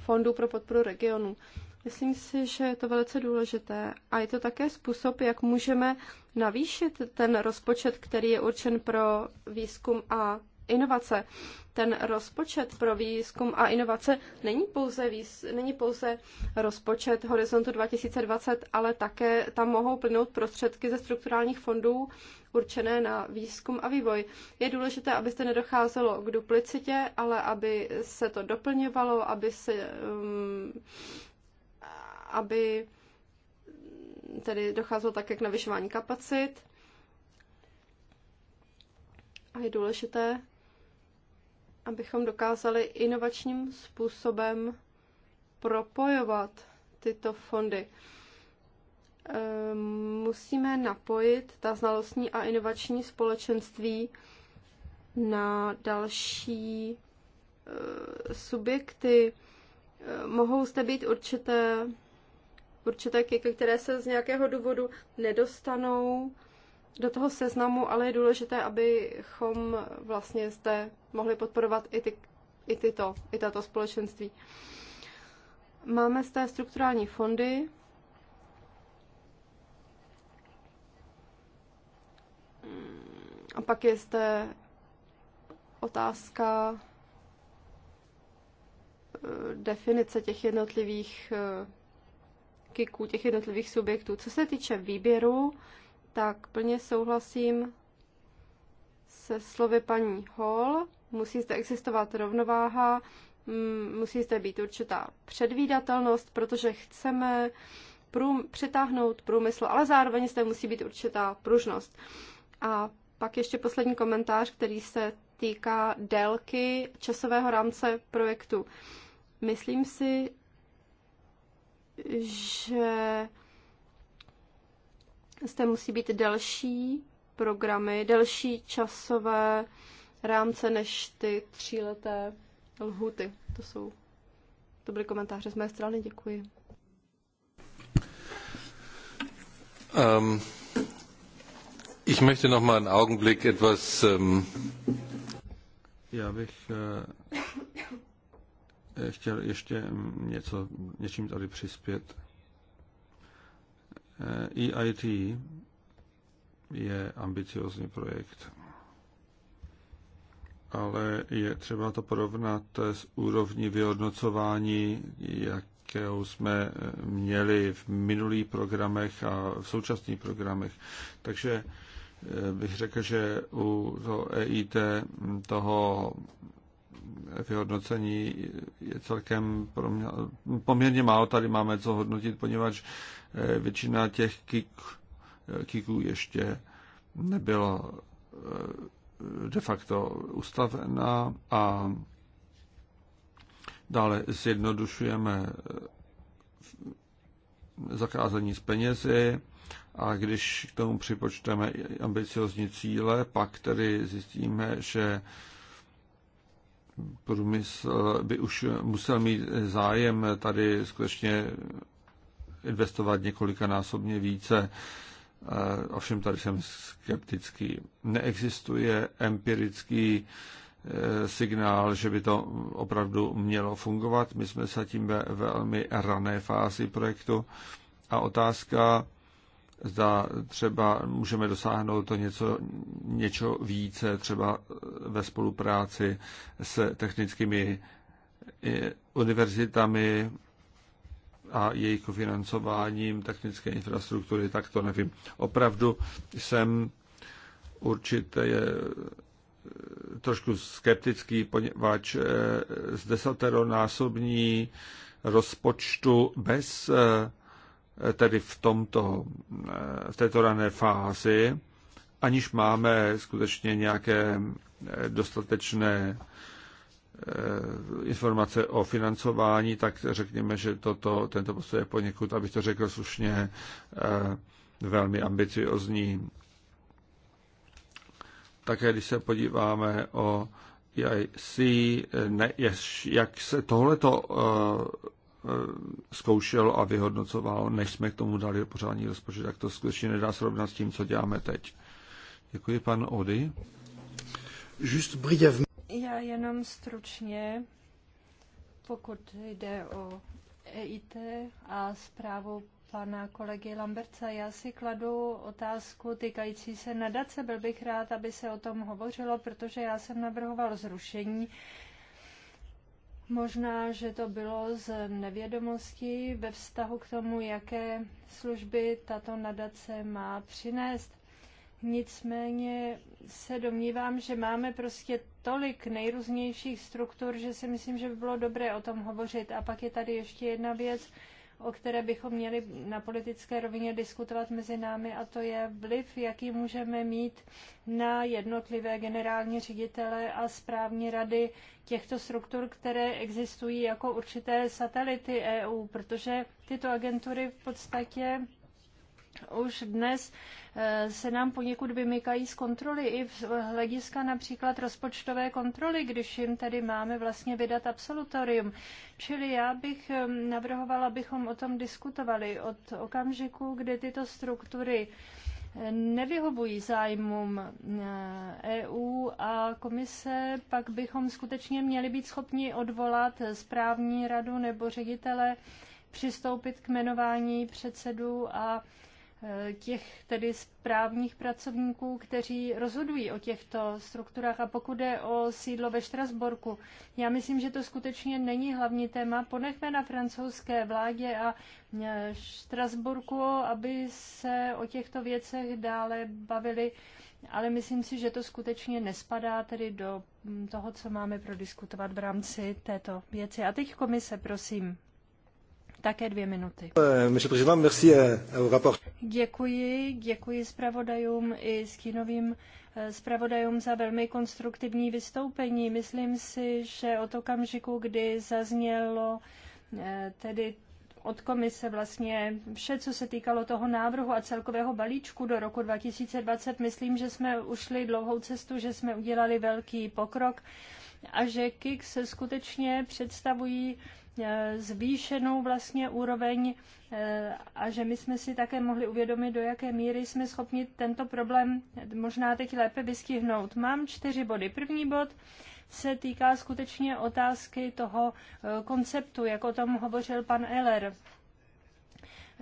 fondů pro podporu regionu. Myslím si, že je to velice důležité a je to také způsob, jak můžeme navýšit ten rozpočet, který je určen pro výzkum a inovace. Ten rozpočet pro výzkum a inovace není pouze, výz, není pouze rozpočet Horizontu 2020, ale také tam mohou plynout prostředky ze strukturálních fondů určené na výzkum a vývoj. Je důležité, aby se nedocházelo k duplicitě, ale aby se to doplňovalo, aby se. Um, aby tedy docházelo také k navyšování kapacit. A je důležité, abychom dokázali inovačním způsobem propojovat tyto fondy. Ehm, musíme napojit ta znalostní a inovační společenství na další eh, subjekty. Ehm, mohou zde být určité, určité kiky, které se z nějakého důvodu nedostanou do toho seznamu, ale je důležité, abychom vlastně jste mohli podporovat i, ty, i tyto, i tato společenství. Máme té strukturální fondy, A pak je zde otázka eh, definice těch jednotlivých eh, kiků, těch jednotlivých subjektů. Co se týče výběru, tak plně souhlasím se slovy paní Hall. Musí zde existovat rovnováha, mm, musí zde být určitá předvídatelnost, protože chceme prům, přitáhnout průmysl, ale zároveň zde musí být určitá pružnost. A pak ještě poslední komentář, který se týká délky časového rámce projektu. Myslím si, že zde musí být delší programy, delší časové rámce než ty tříleté lhuty. To jsou to byly komentáře z mé strany, děkuji. Um, ich möchte noch mal einen Augenblick etwas... Um... Já bych uh, chtěl ještě něco, něčím tady přispět. EIT eh, e je ambiciozní projekt, ale je třeba to porovnat s úrovní vyhodnocování, jakého jsme eh, měli v minulých programech a v současných programech. Takže eh, bych řekl, že u toho EIT toho vyhodnocení je celkem poměrně málo. Tady máme co hodnotit, poněvadž Eh, většina těch kik, eh, kicků ještě nebyla eh, de facto ustavená a dále zjednodušujeme zakázení z penězi a když k tomu připočteme ambiciozní cíle, pak tedy zjistíme, že průmysl by už musel mít zájem tady skutečně investovat několikanásobně více. Eh, ovšem tady jsem skeptický. Neexistuje empirický eh, signál, že by to opravdu mělo fungovat. My jsme zatím ve velmi rané fázi projektu a otázka, zda třeba můžeme dosáhnout to něco, něco více, třeba eh, ve spolupráci s technickými univerzitami, a jejich financováním technické infrastruktury, tak to nevím. Opravdu jsem určitě eh, trošku skeptický, poněvadž eh, z desateronásobní rozpočtu bez eh, tedy v, tomto, v této rané fázi, aniž máme skutečně nějaké dostatečné Eh, informace o financování, tak řekněme, že toto, tento postoj je poněkud, abych to řekl slušně, eh, velmi ambiciozní. Také když se podíváme o EIC, ne, jak se tohleto eh, zkoušel a vyhodnocoval, než jsme k tomu dali pořádní rozpočet, tak to skutečně nedá srovnat s tím, co děláme teď. Děkuji, pan Ody. Just brièvement. Já jenom stručně, pokud jde o EIT a zprávu pana kolegy Lamberca. Já si kladu otázku týkající se nadace. Byl bych rád, aby se o tom hovořilo, protože já jsem navrhoval zrušení. Možná, že to bylo z nevědomosti ve vztahu k tomu, jaké služby tato nadace má přinést. Nicméně se domnívám, že máme prostě tolik nejrůznějších struktur, že si myslím, že by bylo dobré o tom hovořit. A pak je tady ještě jedna věc, o které bychom měli na politické rovině diskutovat mezi námi, a to je vliv, jaký můžeme mít na jednotlivé generální ředitele a správní rady těchto struktur, které existují jako určité satelity EU, protože tyto agentury v podstatě už dnes eh, se nám poněkud vymykají z kontroly i z hlediska například rozpočtové kontroly, když jim tady máme vlastně vydat absolutorium. Čili já bych eh, navrhovala, abychom o tom diskutovali od okamžiku, kdy tyto struktury eh, nevyhovují zájmům EU e a komise, pak bychom skutečně měli být schopni odvolat správní radu nebo ředitele, přistoupit k jmenování předsedů a Eh, těch tedy správních pracovníků, kteří rozhodují o těchto strukturách. A pokud je o sídlo ve Štrasborku, já myslím, že to skutečně není hlavní téma. Ponechme na francouzské vládě a eh, Štrasburku, aby se o těchto věcech dále bavili, ale myslím si, že to skutečně nespadá tedy do mm, toho, co máme prodiskutovat v rámci této věci. A teď komise, prosím také dvě minuty. Eh, eh, děkuji, děkuji zpravodajům i stínovým eh, zpravodajům za velmi konstruktivní vystoupení. Myslím si, že od okamžiku, kdy zaznělo tedy od komise vlastně vše, co se týkalo toho návrhu a celkového balíčku do roku 2020, myslím, že jsme ušli dlouhou cestu, že jsme udělali velký pokrok a že KIK se skutečně představují Eh, zvýšenou vlastně úroveň eh, a že my jsme si také mohli uvědomit, do jaké míry jsme schopni tento problém možná teď lépe vystihnout. Mám čtyři body. První bod se týká skutečně otázky toho eh, konceptu, jak o tom hovořil pan Eller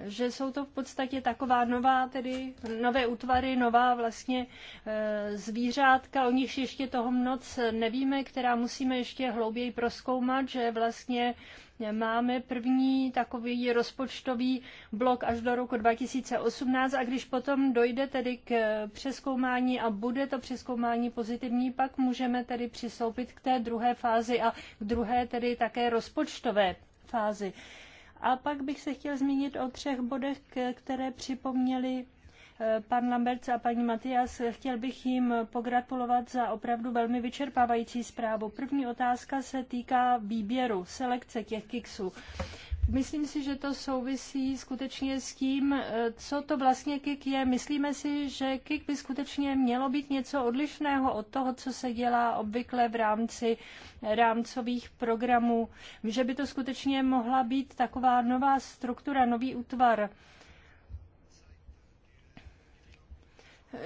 že jsou to v podstatě taková nová, tedy nové útvary, nová vlastně e, zvířátka, o nich ještě toho moc nevíme, která musíme ještě hlouběji proskoumat, že vlastně máme první takový rozpočtový blok až do roku 2018 a když potom dojde tedy k přeskoumání a bude to přeskoumání pozitivní, pak můžeme tedy přistoupit k té druhé fázi a k druhé tedy také rozpočtové fázi. A pak bych se chtěl zmínit o třech bodech, které připomněli eh, pan Lamberts a paní Matias. Chtěl bych jim pogratulovat za opravdu velmi vyčerpávající zprávu. První otázka se týká výběru, selekce těch kiksů. Myslím si, že to souvisí skutečně s tím, eh, co to vlastně KIK je. Myslíme si, že KIK by skutečně mělo být něco odlišného od toho, co se dělá obvykle v rámci rámcových programů. Že by to skutečně mohla být taková nová struktura, nový útvar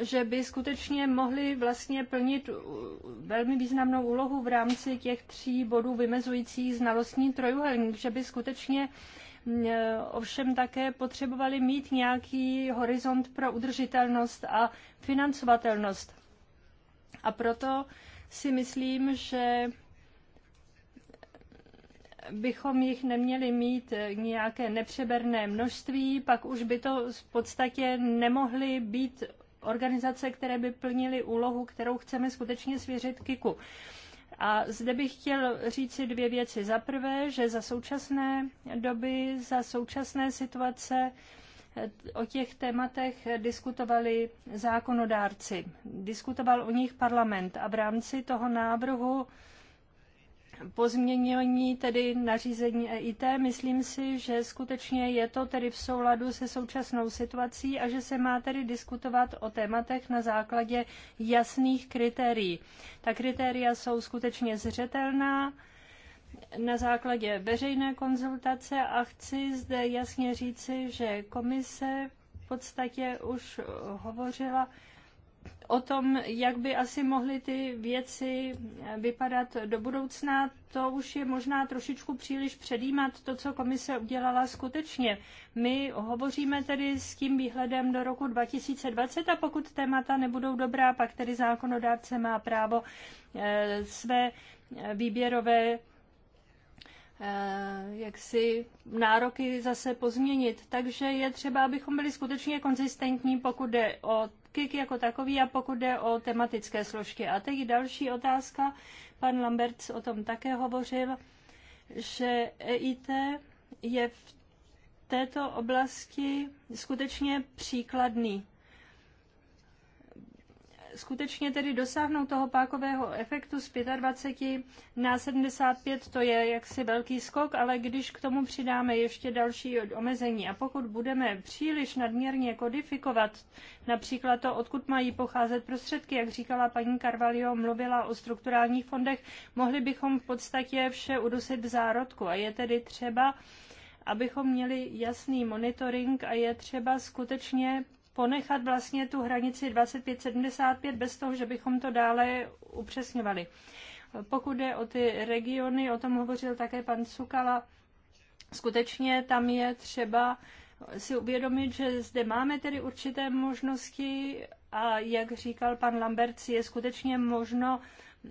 že by skutečně mohli vlastně plnit velmi významnou úlohu v rámci těch tří bodů vymezujících znalostní trojuhelník, že by skutečně ovšem také potřebovali mít nějaký horizont pro udržitelnost a financovatelnost. A proto si myslím, že bychom jich neměli mít e, nějaké nepřeberné množství, pak už by to v podstatě nemohly být organizace, které by plnily úlohu, kterou chceme skutečně svěřit KIKu. A zde bych chtěl říci dvě věci. Za prvé, že za současné doby, za současné situace eh, o těch tématech diskutovali zákonodárci. Diskutoval o nich parlament a v rámci toho návrhu pozměnění tedy nařízení EIT. Myslím si, že skutečně je to tedy v souladu se současnou situací a že se má tedy diskutovat o tématech na základě jasných kritérií. Ta kritéria jsou skutečně zřetelná na základě veřejné konzultace a chci zde jasně říci, že komise v podstatě už hovořila o tom, jak by asi mohly ty věci vypadat do budoucna, to už je možná trošičku příliš předjímat to, co komise udělala skutečně. My hovoříme tedy s tím výhledem do roku 2020 a pokud témata nebudou dobrá, pak tedy zákonodárce má právo eh, své eh, výběrové Eh, jak si nároky zase pozměnit. Takže je třeba, abychom byli skutečně konzistentní, pokud jde o KIK jako takový a pokud jde o tematické složky. A teď další otázka. Pan Lambert o tom také hovořil, že EIT je v této oblasti skutečně příkladný skutečně tedy dosáhnout toho pákového efektu z 25 na 75, to je jaksi velký skok, ale když k tomu přidáme ještě další omezení a pokud budeme příliš nadměrně kodifikovat například to, odkud mají pocházet prostředky, jak říkala paní Carvalho, mluvila o strukturálních fondech, mohli bychom v podstatě vše udusit v zárodku a je tedy třeba abychom měli jasný monitoring a je třeba skutečně ponechat vlastně tu hranici 2575 bez toho, že bychom to dále upřesňovali. Pokud jde o ty regiony, o tom hovořil také pan Sukala, skutečně tam je třeba si uvědomit, že zde máme tedy určité možnosti a jak říkal pan Lamberci, je skutečně možno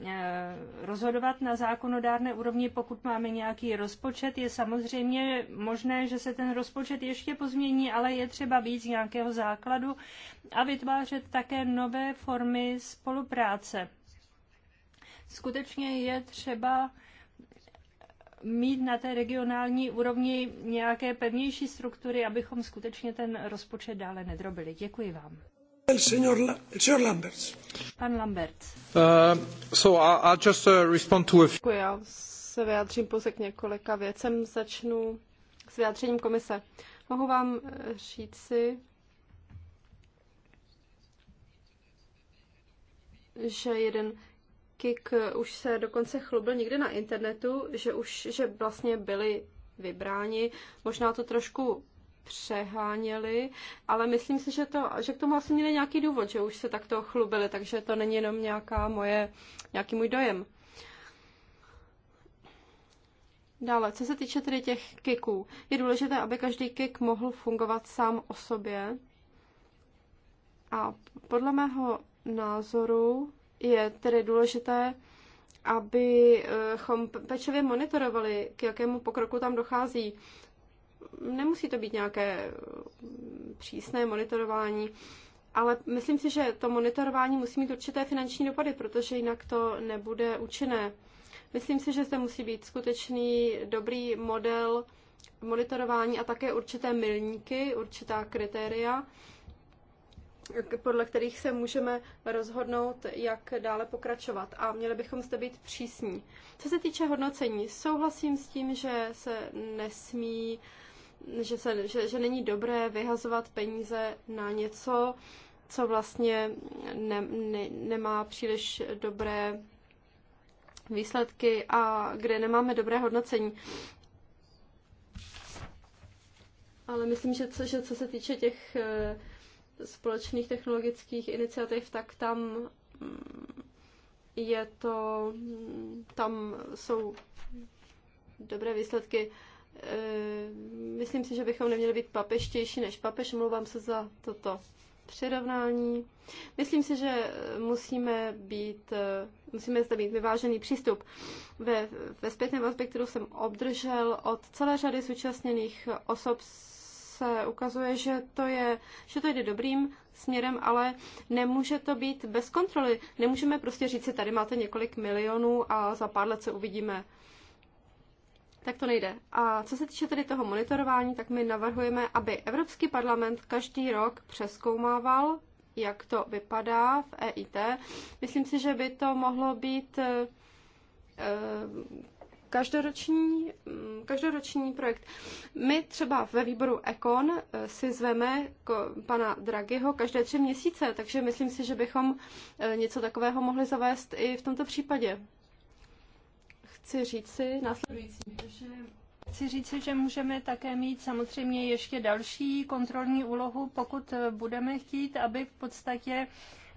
Eh, rozhodovat na zákonodárné úrovni, pokud máme nějaký rozpočet. Je samozřejmě možné, že se ten rozpočet ještě pozmění, ale je třeba z nějakého základu a vytvářet také nové formy spolupráce. Skutečně je třeba mít na té regionální úrovni nějaké pevnější struktury, abychom skutečně ten rozpočet dále nedrobili. Děkuji vám. Já se vyjádřím pouze k několika věcem. Začnu s vyjádřením komise. Mohu vám eh, říci, že jeden Kik eh, už se dokonce chlubil někde na internetu, že už že vlastně byli vybráni. Možná to trošku přeháněli, ale myslím si, že, to, že k tomu asi měli nějaký důvod, že už se takto chlubili, takže to není jenom nějaká moje, nějaký můj dojem. Dále, co se týče tedy těch kiků, je důležité, aby každý kik mohl fungovat sám o sobě. A podle mého názoru je tedy důležité, abychom eh, pečlivě monitorovali, k jakému pokroku tam dochází nemusí to být nějaké eh, přísné monitorování, ale myslím si, že to monitorování musí mít určité finanční dopady, protože jinak to nebude účinné. Myslím si, že zde musí být skutečný dobrý model monitorování a také určité milníky, určitá kritéria, podle kterých se můžeme rozhodnout, jak dále pokračovat. A měli bychom zde být přísní. Co se týče hodnocení, souhlasím s tím, že se nesmí uh, že, se, že, že není dobré vyhazovat peníze na něco, co vlastně ne, ne, nemá příliš dobré výsledky a kde nemáme dobré hodnocení. Ale myslím, že co, že co se týče těch eh, společných technologických iniciativ, tak tam mm, je to, mm, tam jsou dobré výsledky. Eh, myslím si, že bychom neměli být papeštější než papež, mluvám se za toto přirovnání. Myslím si, že musíme být, eh, musíme zde mít vyvážený přístup. Ve, ve zpětném vazbě, kterou jsem obdržel od celé řady zúčastněných osob, se ukazuje, že to, je, že to jde dobrým směrem, ale nemůže to být bez kontroly. Nemůžeme prostě říct si, tady máte několik milionů a za pár let se uvidíme tak to nejde. A co se týče tedy toho monitorování, tak my navrhujeme, aby Evropský parlament každý rok přeskoumával, jak to vypadá v EIT. Myslím si, že by to mohlo být eh, eh, každoroční, mm, každoroční projekt. My třeba ve výboru Econ eh, si zveme pana Draghiho každé tři měsíce, takže myslím si, že bychom něco takového mohli zavést i v tomto případě chci si následující. Chci říci, že můžeme také mít samozřejmě ještě další kontrolní úlohu, pokud budeme chtít, aby v podstatě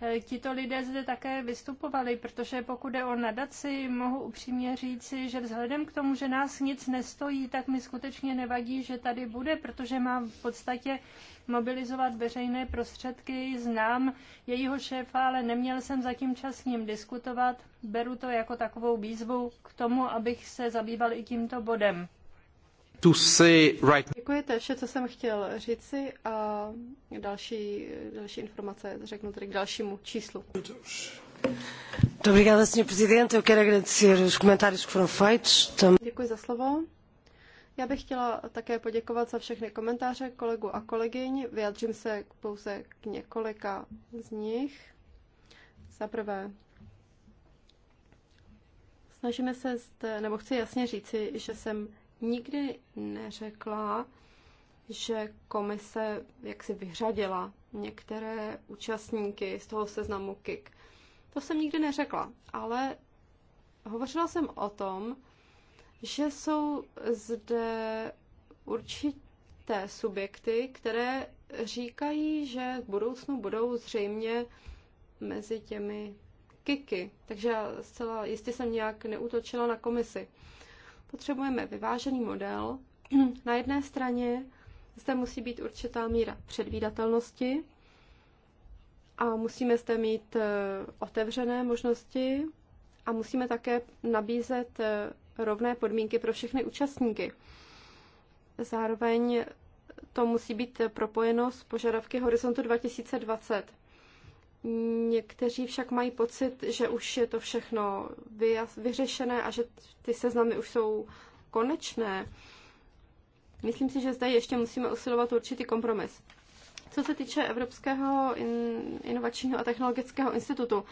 Eh, tito lidé zde také vystupovali, protože pokud jde o nadaci, mohu upřímně říci, že vzhledem k tomu, že nás nic nestojí, tak mi skutečně nevadí, že tady bude, protože mám v podstatě mobilizovat veřejné prostředky, znám jejího šéfa, ale neměl jsem zatím čas s ním diskutovat. Beru to jako takovou výzvu k tomu, abych se zabýval i tímto bodem to say right... Děkuji, to je vše, co jsem chtěl říci a další, další informace řeknu tedy k dalšímu číslu. obrigada, Sr. Presidente. Eu quero agradecer os comentários que foram feitos. Děkuji za slovo. Já bych chtěla také poděkovat za všechny komentáře kolegu a kolegyň. Vyjadřím se pouze k několika z nich. Za prvé, snažíme se, zde, nebo chci jasně říci, že jsem nikdy neřekla, že komise jaksi vyřadila některé účastníky z toho seznamu KIK. To jsem nikdy neřekla, ale hovořila jsem o tom, že jsou zde určité subjekty, které říkají, že v budoucnu budou zřejmě mezi těmi kiky. Takže já zcela jistě jsem nějak neutočila na komisi potřebujeme vyvážený model. Na jedné straně zde musí být určitá míra předvídatelnosti a musíme zde mít e, otevřené možnosti a musíme také nabízet e, rovné podmínky pro všechny účastníky. Zároveň to musí být propojeno s požadavky Horizontu 2020. Někteří však mají pocit, že už je to všechno vyřešené a že ty seznamy už jsou konečné. Myslím si, že zde ještě musíme usilovat určitý kompromis. Co se týče Evropského inovačního a technologického institutu,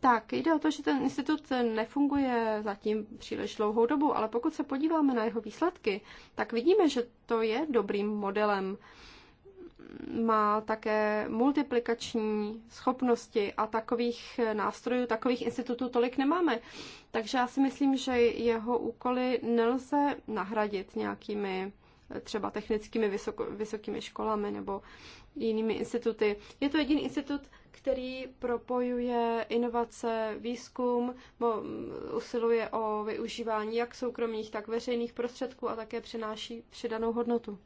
tak jde o to, že ten institut nefunguje zatím příliš dlouhou dobu, ale pokud se podíváme na jeho výsledky, tak vidíme, že to je dobrým modelem má také multiplikační schopnosti a takových nástrojů, takových institutů tolik nemáme. Takže já si myslím, že jeho úkoly nelze nahradit nějakými eh, třeba technickými vysoko, vysokými školami nebo jinými instituty. Je to jediný institut, který propojuje inovace, výzkum, bo mm, usiluje o využívání jak soukromých, tak veřejných prostředků a také přináší přidanou hodnotu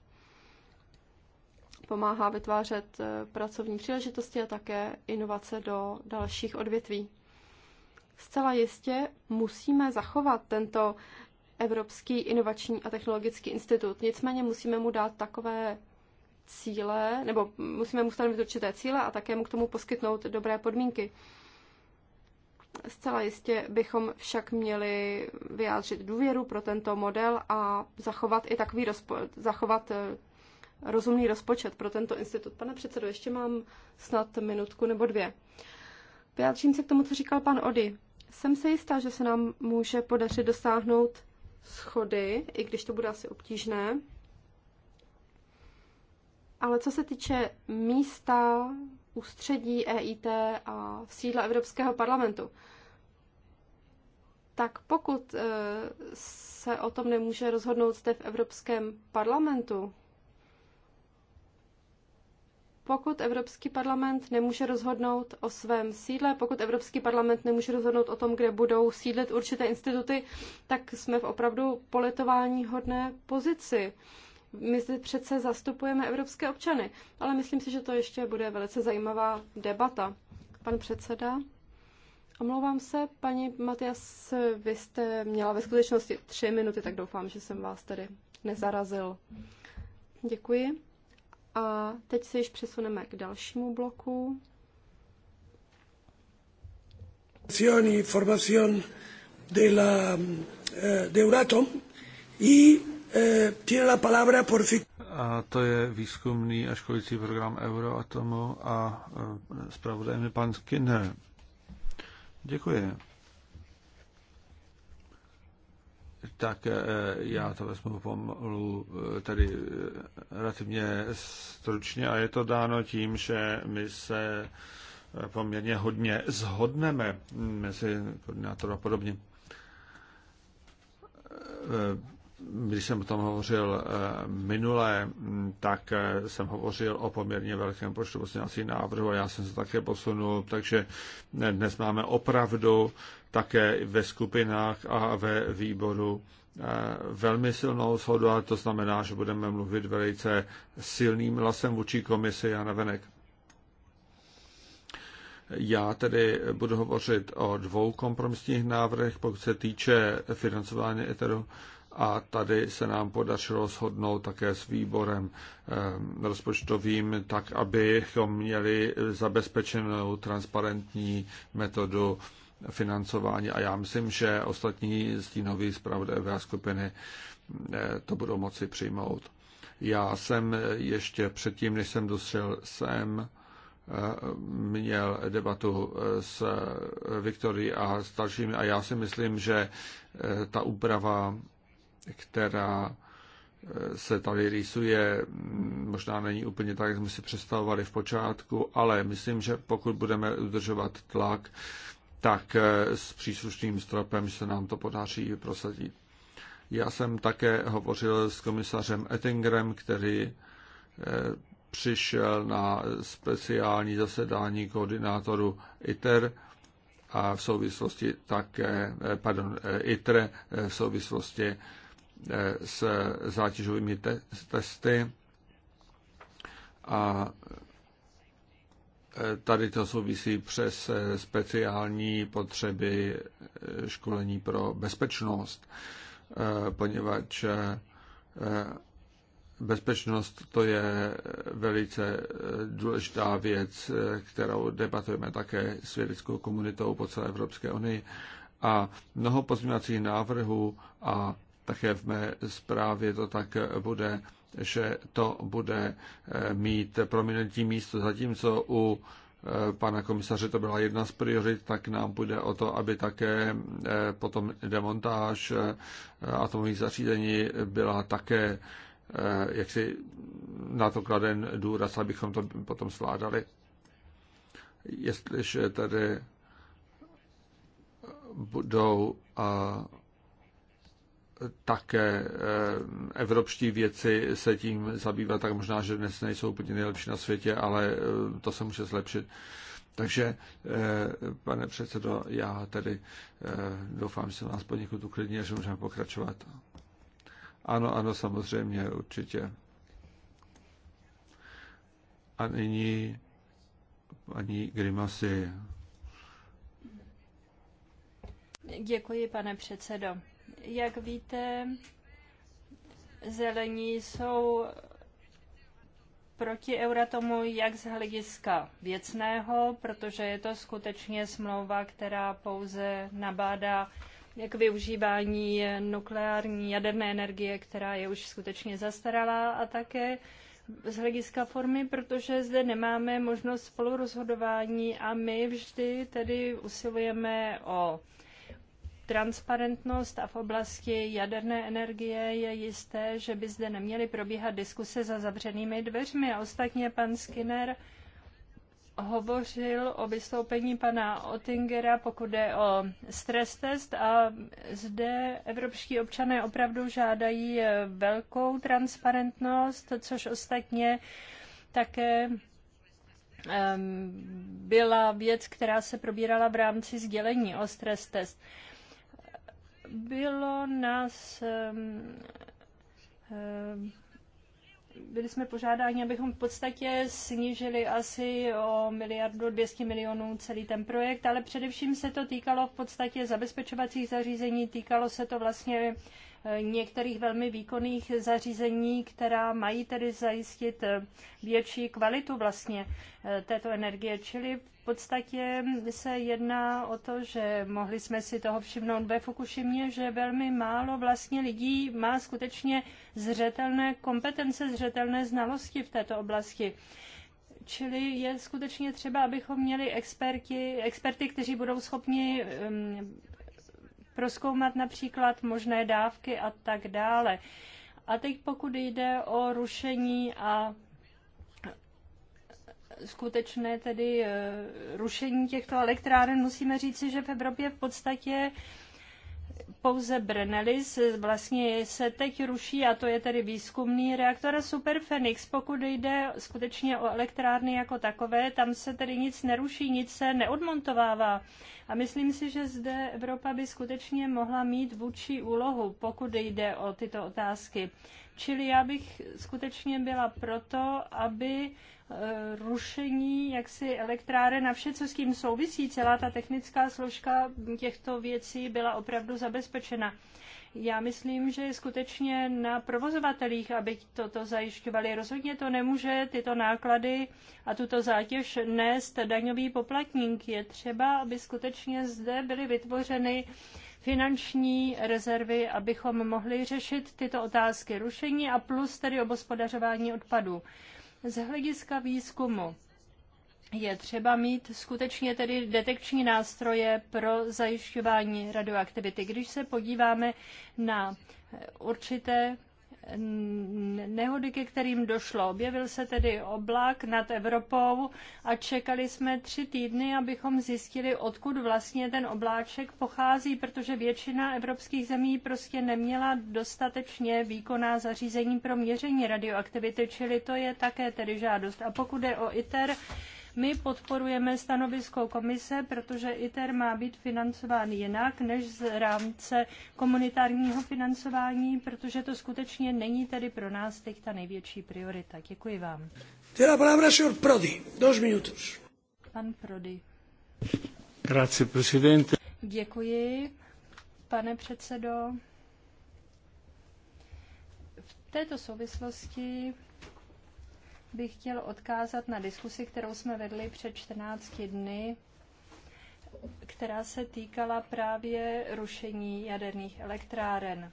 pomáhá vytvářet eh, pracovní příležitosti a také inovace do dalších odvětví. Zcela jistě musíme zachovat tento Evropský inovační a technologický institut. Nicméně musíme mu dát takové cíle, nebo musíme mu stanovit určité cíle a také mu k tomu poskytnout dobré podmínky. Zcela jistě bychom však měli vyjádřit důvěru pro tento model a zachovat i takový rozpo- zachovat eh, rozumný rozpočet pro tento institut. Pane předsedo, ještě mám snad minutku nebo dvě. Vyjádřím se k tomu, co říkal pan Ody. Jsem se jistá, že se nám může podařit dosáhnout schody, i když to bude asi obtížné. Ale co se týče místa, ústředí EIT a sídla Evropského parlamentu, tak pokud eh, se o tom nemůže rozhodnout zde v Evropském parlamentu, pokud Evropský parlament nemůže rozhodnout o svém sídle, pokud Evropský parlament nemůže rozhodnout o tom, kde budou sídlet určité instituty, tak jsme v opravdu politování hodné pozici. My zde přece zastupujeme evropské občany, ale myslím si, že to ještě bude velice zajímavá debata. Pan předseda, omlouvám se, paní Matias, vy jste měla ve skutečnosti tři minuty, tak doufám, že jsem vás tedy nezarazil. Děkuji. A teď se již přesuneme k dalšímu bloku. y de la eh, de Euratom eh, tiene la palabra por a to je výzkumný a školící program Euroatomu a eh, zpravodajem je pan Skinner. Děkuji. tak eh, já to vezmu pomalu eh, tady eh, relativně stručně a je to dáno tím, že my se poměrně hodně zhodneme mezi koordinátorem a podobně. Když jsem o tom hovořil minule, tak jsem hovořil o poměrně velkém počtu pozměňovacích návrhů a já jsem se také posunul, takže dnes máme opravdu také ve skupinách a ve výboru eh, velmi silnou shodu a to znamená, že budeme mluvit velice silným hlasem vůči komisi a navenek. Já tedy budu hovořit o dvou kompromisních návrhech, pokud se týče financování Etheru a tady se nám podařilo shodnout také s výborem eh, rozpočtovým, tak abychom měli zabezpečenou transparentní metodu financování a já myslím, že ostatní stínoví zpravodajové skupiny eh, to budou moci přijmout. Já jsem ještě předtím, než jsem dostřel sem, eh, měl debatu eh, s Viktorií a s dalšími a já si myslím, že ta úprava, která se tady rýsuje, mm, možná není úplně tak, jak jsme si představovali v počátku, ale myslím, že pokud budeme udržovat tlak, tak eh, s příslušným stropem se nám to podaří prosadit. Já jsem také hovořil s komisařem Ettingerem, který eh, přišel na speciální zasedání koordinátoru ITER a v souvislosti také, eh, pardon, ITER v souvislosti s zátěžovými testy. A Tady to souvisí přes eh, speciální potřeby eh, školení pro bezpečnost, eh, poněvadž bezpečnost to je velice důležitá věc, kterou debatujeme také s vědeckou komunitou po celé Evropské unii. A mnoho pozměňovacích návrhů a také v mé zprávě to tak bude, že to bude eh, mít prominentní místo, zatímco u eh, pana komisaře to byla jedna z priorit, tak nám půjde o to, aby také eh, potom demontáž atomových zařízení byla také jak si na to kladen důraz, abychom to potom zvládali. Jestliže tady budou a také eh, evropští věci se tím zabývat, tak možná, že dnes nejsou úplně nejlepší na světě, ale eh, to se může zlepšit. Takže, eh, pane předsedo, já tedy doufám, že jsem vás poněkud uklidnil, že můžeme pokračovat. Ano, ano, samozřejmě, určitě. A nyní paní Grimasi. Děkuji, pane předsedo. Jak víte, zelení jsou proti Euratomu jak z hlediska věcného, protože je to skutečně smlouva, která pouze nabádá k využívání nukleární jaderné energie, která je už skutečně zastaralá a také z hlediska formy, protože zde nemáme možnost spolurozhodování a my vždy tedy usilujeme o transparentnost a v oblasti jaderné energie je jisté, že by zde neměly probíhat diskuse za zavřenými dveřmi. A ostatně pan Skinner hovořil o vystoupení pana Ottingera, pokud jde o stres test a zde evropští občané opravdu žádají velkou transparentnost, což ostatně také byla věc, která se probírala v rámci sdělení o stres test. Bylo nás byli jsme požádáni, abychom v podstatě snížili asi o miliardu 200 milionů celý ten projekt, ale především se to týkalo v podstatě zabezpečovacích zařízení, týkalo se to vlastně některých velmi výkonných zařízení, která mají tedy zajistit eh, větší kvalitu vlastně eh, této energie. Čili v podstatě se jedná o to, že mohli jsme si toho všimnout ve Fukušimě, že velmi málo vlastně lidí má skutečně zřetelné kompetence, zřetelné znalosti v této oblasti. Čili je skutečně třeba, abychom měli experti, experty, kteří budou schopni proskoumat například možné dávky a tak dále. A teď pokud jde o rušení a skutečné tedy e, rušení těchto elektráren, musíme říci, že v Evropě v podstatě pouze Brenelis vlastně se teď ruší a to je tedy výzkumný reaktor Superfenix. Pokud jde skutečně o elektrárny jako takové, tam se tedy nic neruší, nic se neodmontovává. A myslím si, že zde Evropa by skutečně mohla mít vůči úlohu, pokud jde o tyto otázky. Čili já bych skutečně byla proto, aby Eh, rušení jaksi elektráre na vše, co s tím souvisí. Celá ta technická složka těchto věcí byla opravdu zabezpečena. Já myslím, že je skutečně na provozovatelích, aby toto zajišťovali. Rozhodně to nemůže tyto náklady a tuto zátěž nést daňový poplatník. Je třeba, aby skutečně zde byly vytvořeny finanční rezervy, abychom mohli řešit tyto otázky rušení a plus tedy obospodařování odpadů. Z hlediska výzkumu je třeba mít skutečně tedy detekční nástroje pro zajišťování radioaktivity. Když se podíváme na určité nehody, ke kterým došlo. Objevil se tedy oblak nad Evropou a čekali jsme tři týdny, abychom zjistili, odkud vlastně ten obláček pochází, protože většina evropských zemí prostě neměla dostatečně výkonná zařízení pro měření radioaktivity, čili to je také tedy žádost. A pokud je o ITER, my podporujeme stanovisko komise, protože ITER má být financován jinak než z rámce komunitárního financování, protože to skutečně není tedy pro nás teď ta největší priorita. Děkuji vám. Teda la palabra Prodi. Dos minutos. Pan Prodi. Grazie, presidente. Děkuji, pane předsedo. V této souvislosti bych chtěl odkázat na diskusi, kterou jsme vedli před 14 dny, která se týkala právě rušení jaderných elektráren.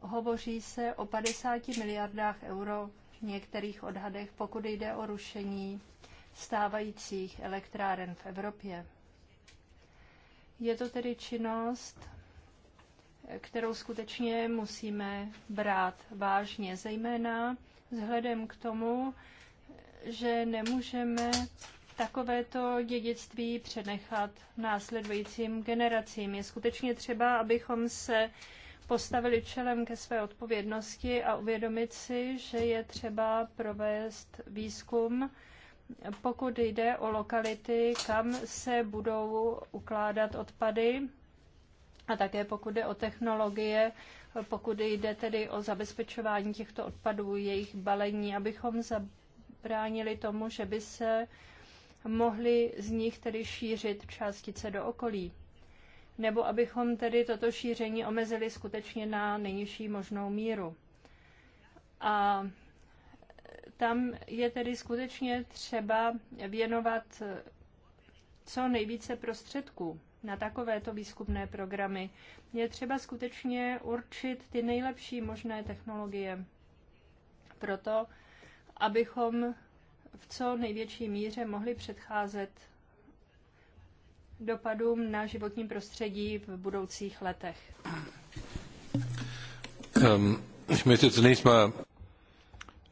Hovoří se o 50 miliardách euro v některých odhadech, pokud jde o rušení stávajících elektráren v Evropě. Je to tedy činnost, kterou skutečně musíme brát vážně, zejména vzhledem k tomu, že nemůžeme takovéto dědictví přenechat následujícím generacím. Je skutečně třeba, abychom se postavili čelem ke své odpovědnosti a uvědomit si, že je třeba provést výzkum, pokud jde o lokality, kam se budou ukládat odpady a také pokud jde o technologie, pokud jde tedy o zabezpečování těchto odpadů, jejich balení, abychom zabránili tomu, že by se mohly z nich tedy šířit částice do okolí. Nebo abychom tedy toto šíření omezili skutečně na nejnižší možnou míru. A tam je tedy skutečně třeba věnovat co nejvíce prostředků na takovéto výzkumné programy. Je třeba skutečně určit ty nejlepší možné technologie proto, abychom v co největší míře mohli předcházet dopadům na životní prostředí v budoucích letech. Um, ich möchte zunächst mal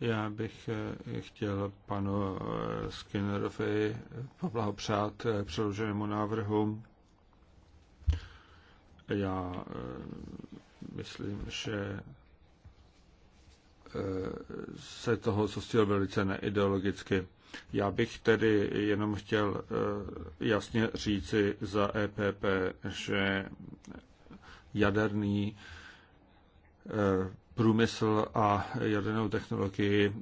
já bych eh, chtěl panu eh, Skinnerovi poblahopřát eh, předloženému návrhu. Já eh, myslím, že eh, se toho zhostil velice neideologicky. Já bych tedy jenom chtěl eh, jasně říci za EPP, že jaderný průmysl a jadernou technologii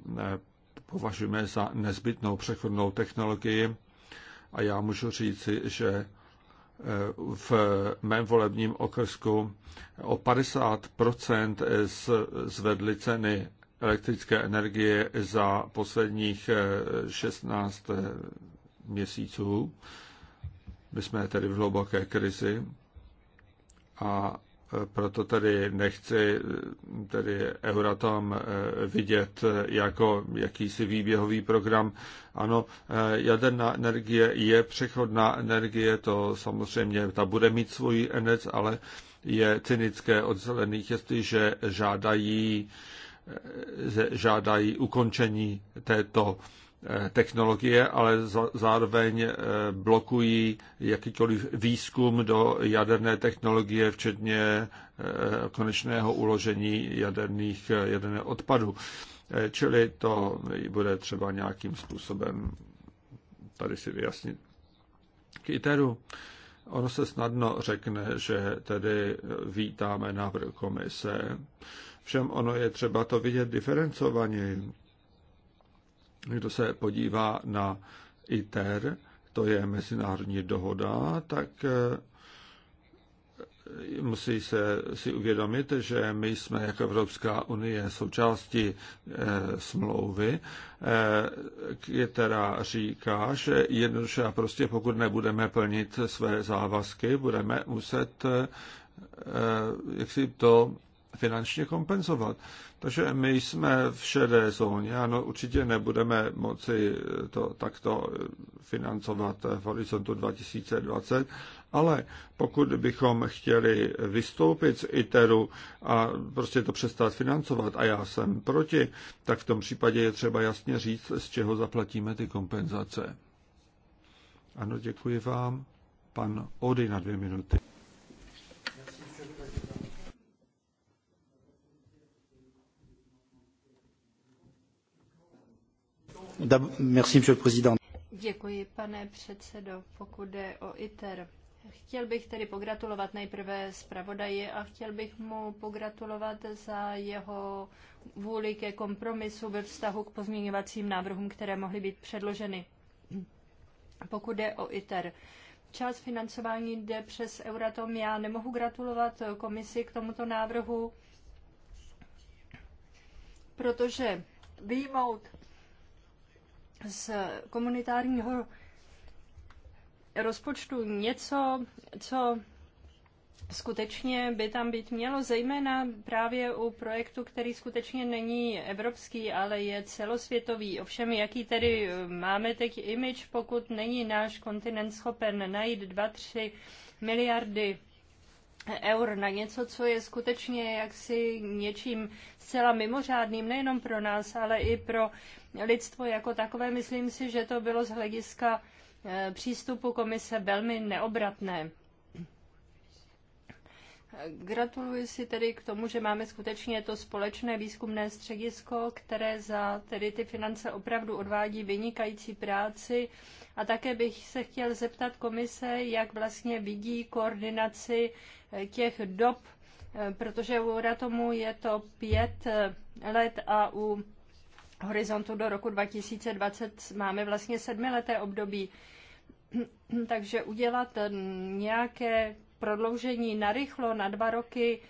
považujeme za nezbytnou přechodnou technologii a já můžu říci, že v mém volebním okrsku o 50 zvedly ceny elektrické energie za posledních 16 eh, eh, měsíců. My jsme tedy v hluboké krizi a proto tedy nechci tedy Euratom eh, vidět jako jakýsi výběhový program. Ano, eh, jaderná energie je přechodná energie, to samozřejmě, ta bude mít svůj enec, ale je cynické od zelených, jestliže žádají, eh, žádají ukončení této technologie, ale zároveň eh, blokují jakýkoliv výzkum do jaderné technologie, včetně eh, konečného uložení jaderných, eh, jaderné odpadu. Čili to bude třeba nějakým způsobem tady si vyjasnit. K ITERu ono se snadno řekne, že tedy vítáme návrh komise, všem ono je třeba to vidět diferencovaně kdo se podívá na ITER, to je mezinárodní dohoda, tak eh, musí se si uvědomit, že my jsme jako Evropská unie součástí e, smlouvy, e, která říká, že jednoduše a prostě pokud nebudeme plnit své závazky, budeme muset e, jak si to finančně kompenzovat. Takže my jsme v šedé zóně, ano, určitě nebudeme moci to takto financovat v horizontu 2020, ale pokud bychom chtěli vystoupit z ITERu a prostě to přestat financovat, a já jsem proti, tak v tom případě je třeba jasně říct, z čeho zaplatíme ty kompenzace. Ano, děkuji vám. Pan Ody na dvě minuty. monsieur le président. Děkuji, pane předsedo. Pokud jde o ITER, Chtěl bych tedy pogratulovat nejprve zpravodaji a chtěl bych mu pogratulovat za jeho vůli ke kompromisu ve vztahu k pozměňovacím návrhům, které mohly být předloženy. Pokud jde o ITER, část financování jde přes Euratom. Já nemohu gratulovat komisi k tomuto návrhu, protože výjmout z komunitárního rozpočtu něco, co skutečně by tam být mělo, zejména právě u projektu, který skutečně není evropský, ale je celosvětový. Ovšem, jaký tedy eh, máme teď image, pokud není náš kontinent schopen najít 2-3 miliardy eur na něco, co je skutečně jaksi něčím zcela mimořádným, nejenom pro nás, ale i pro lidstvo jako takové. Myslím si, že to bylo z hlediska eh, přístupu komise velmi neobratné. Gratuluji si tedy k tomu, že máme skutečně to společné výzkumné středisko, které za tedy ty finance opravdu odvádí vynikající práci. A také bych se chtěl zeptat komise, jak vlastně vidí koordinaci eh, těch dob, eh, protože u Ratomu je to pět eh, let a u horizontu do roku 2020 máme vlastně sedmileté období. *clears throat* Takže udělat nějaké prodloužení narychlo na dva roky,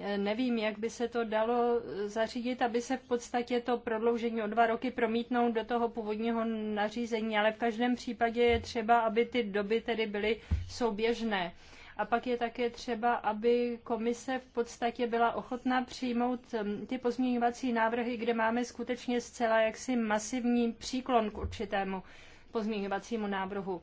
eh, nevím, jak by se to dalo eh, zařídit, aby se v podstatě to prodloužení o dva roky promítnout do toho původního nařízení, ale v každém případě je třeba, aby ty doby tedy byly souběžné. A pak je také třeba, aby komise v podstatě byla ochotná přijmout eh, ty pozměňovací návrhy, kde máme skutečně zcela jaksi masivní příklon k určitému pozměňovacímu návrhu.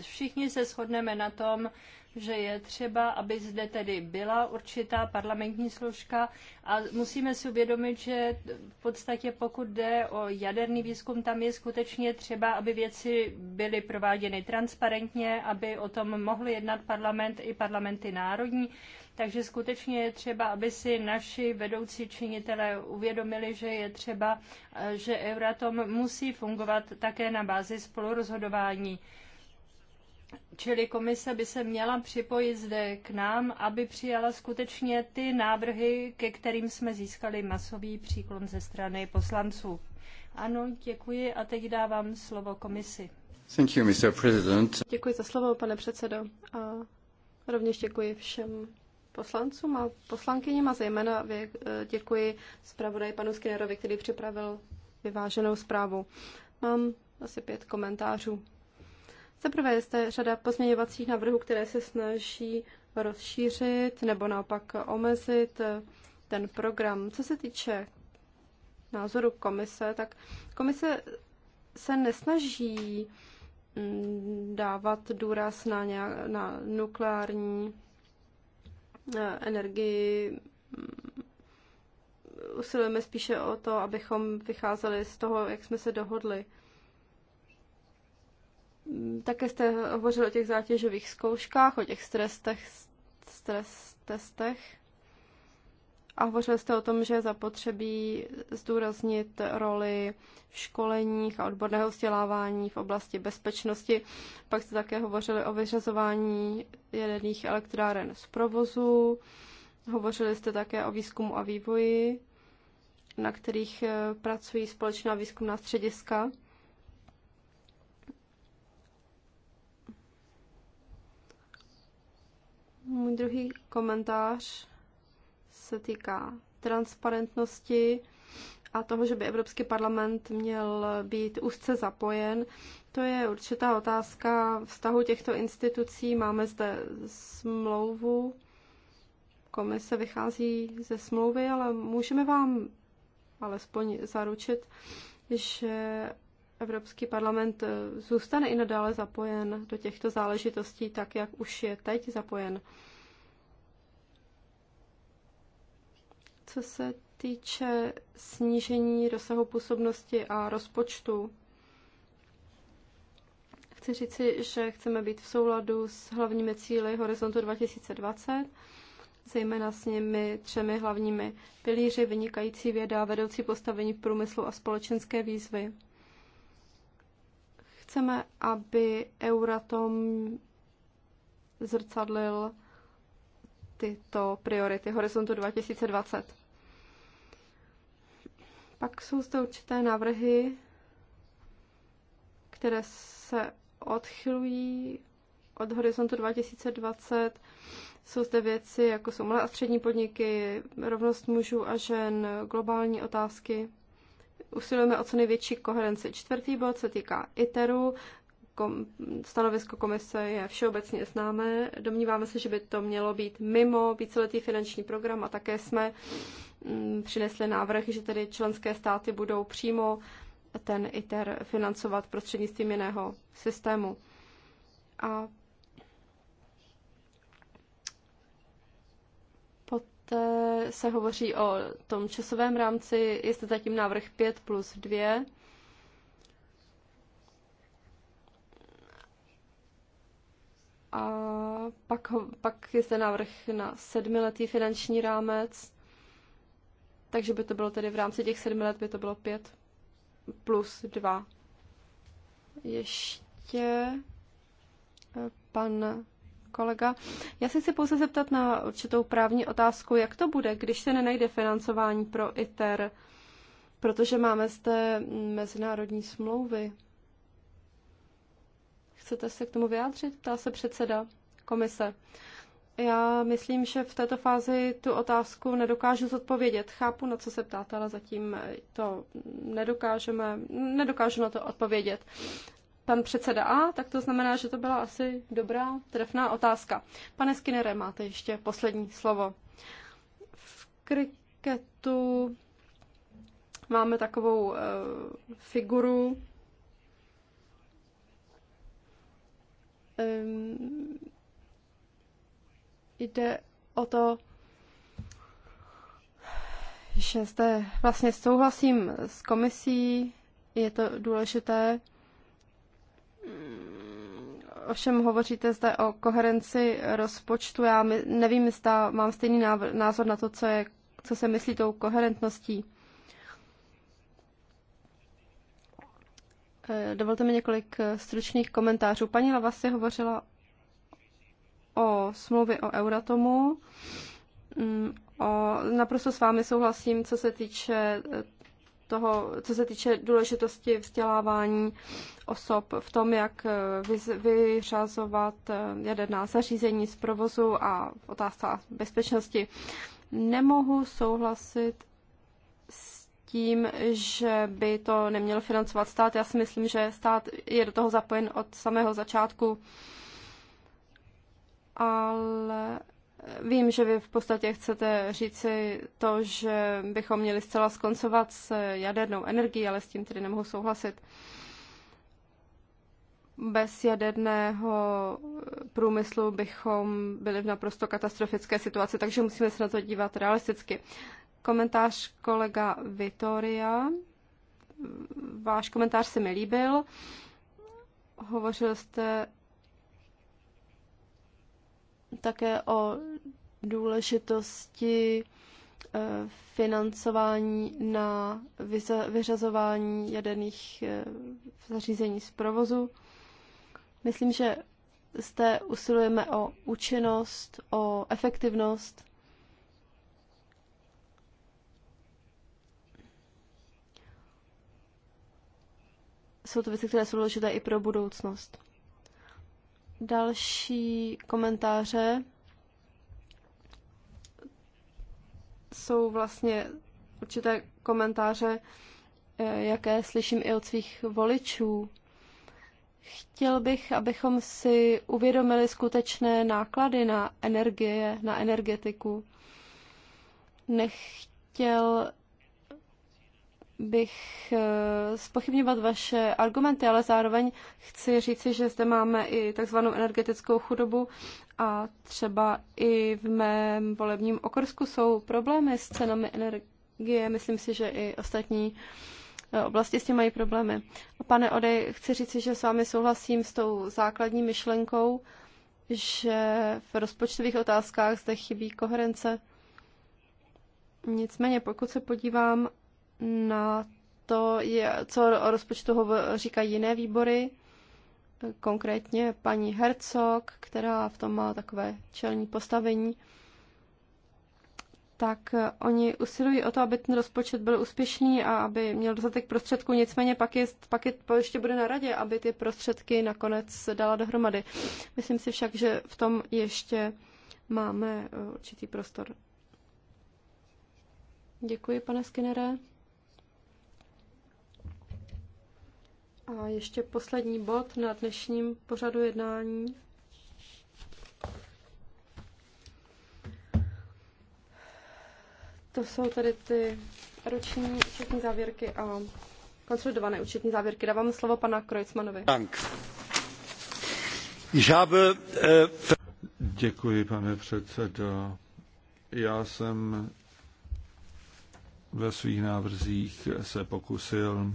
Všichni se shodneme na tom, že je třeba, aby zde tedy byla určitá parlamentní složka a musíme si uvědomit, že v podstatě pokud jde o jaderný výzkum, tam je skutečně třeba, aby věci byly prováděny transparentně, aby o tom mohl jednat parlament i parlamenty národní. Takže skutečně je třeba, aby si naši vedoucí činitelé uvědomili, že je třeba, že Euratom musí fungovat také na bázi spolurozhodování. Čili komise by se měla připojit zde k nám, aby přijala skutečně ty návrhy, ke kterým jsme získali masový příklon ze strany poslanců. Ano, děkuji a teď dávám slovo komisi. Thank you, Mr. President. Děkuji za slovo, pane předsedo. A rovněž děkuji všem poslancům a poslankyním a zejména děkuji zpravodaji panu Skinnerovi, který připravil vyváženou zprávu. Mám asi pět komentářů. Zaprvé je zde řada pozměňovacích návrhů, které se snaží rozšířit nebo naopak omezit eh, ten program. Co se týče názoru komise, tak komise se nesnaží mm, dávat důraz na, nějak, na nukleární eh, energii. Mm, usilujeme spíše o to, abychom vycházeli z toho, jak jsme se dohodli. Také jste hovořil o těch zátěžových zkouškách, o těch stres, tech, stres testech a hovořil jste o tom, že je zapotřebí zdůraznit roli v školeních a odborného vzdělávání v oblasti bezpečnosti. Pak jste také hovořili o vyřazování jaderných elektráren z provozu. Hovořili jste také o výzkumu a vývoji, na kterých eh, pracují společná výzkumná střediska. Můj druhý komentář se týká transparentnosti a toho, že by Evropský parlament měl být úzce zapojen. To je určitá otázka vztahu těchto institucí. Máme zde smlouvu, komise vychází ze smlouvy, ale můžeme vám alespoň zaručit, že Evropský parlament eh, zůstane i nadále zapojen do těchto záležitostí, tak jak už je teď zapojen. Co se týče snížení rozsahu působnosti a rozpočtu, chci říci, že chceme být v souladu s hlavními cíly Horizontu 2020, zejména s nimi třemi hlavními pilíři vynikající věda, vedoucí postavení v průmyslu a společenské výzvy. Chceme, aby Euratom zrcadlil tyto priority Horizontu 2020. Pak jsou zde určité návrhy, které se odchylují od Horizontu 2020. Jsou zde věci, jako jsou malé a střední podniky, rovnost mužů a žen, globální otázky usilujeme o co největší koherenci. Čtvrtý bod se týká ITERu. Kom, stanovisko komise je všeobecně známé. Domníváme se, že by to mělo být mimo víceletý finanční program a také jsme mm, přinesli návrh, že tedy členské státy budou přímo ten ITER financovat prostřednictvím jiného systému. A poté eh, se hovoří o tom časovém rámci, jestli zatím návrh 5 plus 2. A pak, pak je zde návrh na sedmiletý finanční rámec, takže by to bylo tedy v rámci těch sedmi let by to bylo 5 plus 2. Ještě eh, pan kolega. Já si chci pouze zeptat na určitou právní otázku, jak to bude, když se nenajde financování pro ITER, protože máme zde mezinárodní smlouvy. Chcete se k tomu vyjádřit? Ptá se předseda komise. Já myslím, že v této fázi tu otázku nedokážu zodpovědět. Chápu, na co se ptáte, ale zatím to nedokážeme, nedokážu na to odpovědět. Pan předseda A, tak to znamená, že to byla asi dobrá, trefná otázka. Pane Skinnere, máte ještě poslední slovo. V kriketu máme takovou uh, figuru. Um, jde o to, že zde vlastně souhlasím s komisí, je to důležité, Ovšem hovoříte zde o koherenci rozpočtu. Já nevím, zda mám stejný názor na to, co, je, co se myslí tou koherentností. Eh, dovolte mi několik eh, stručných komentářů. Paní Lavasi hovořila o smlouvě o Euratomu. Mm, o, naprosto s vámi souhlasím, co se týče eh, toho, co se týče důležitosti vzdělávání osob v tom, jak vyřazovat eh, jaderná zařízení z provozu a v otázkách bezpečnosti. Nemohu souhlasit s tím, že by to neměl financovat stát. Já si myslím, že stát je do toho zapojen od samého začátku ale Vím, že vy v podstatě chcete říci to, že bychom měli zcela skoncovat s jadernou energií, ale s tím tedy nemohu souhlasit. Bez jaderného průmyslu bychom byli v naprosto katastrofické situaci, takže musíme se na to dívat realisticky. Komentář kolega Vitoria. Váš komentář se mi líbil. Hovořil jste také o důležitosti eh, financování na vyřazování jaderných eh, zařízení z provozu. Myslím, že zde usilujeme o účinnost, o efektivnost. Jsou to věci, které jsou důležité i pro budoucnost. Další komentáře jsou vlastně určité komentáře, eh, jaké slyším i od svých voličů. Chtěl bych, abychom si uvědomili skutečné náklady na energie, na energetiku. Nechtěl bych eh, spochybňovat vaše argumenty, ale zároveň chci říci, že zde máme i takzvanou energetickou chudobu a třeba i v mém volebním okrsku jsou problémy s cenami energie. Myslím si, že i ostatní eh, oblasti s tím mají problémy. A pane Odej, chci říci, že s vámi souhlasím s tou základní myšlenkou, že v rozpočtových otázkách zde chybí koherence. Nicméně, pokud se podívám na to, co o rozpočtu říkají jiné výbory, konkrétně paní Hercog, která v tom má takové čelní postavení, tak eh, oni usilují o to, aby ten rozpočet byl úspěšný a aby měl dostatek prostředků, nicméně pak, je, pak je, ještě bude na radě, aby ty prostředky nakonec dala dohromady. Myslím si však, že v tom ještě máme eh, určitý prostor. Děkuji, pane Skinnere. A ještě poslední bod na dnešním pořadu jednání. To jsou tady ty roční účetní závěrky a konsolidované účetní závěrky. Dávám slovo pana Krojcmanovi. Dank. Äh, Děkuji, pane předsedo. Já jsem ve svých návrzích se pokusil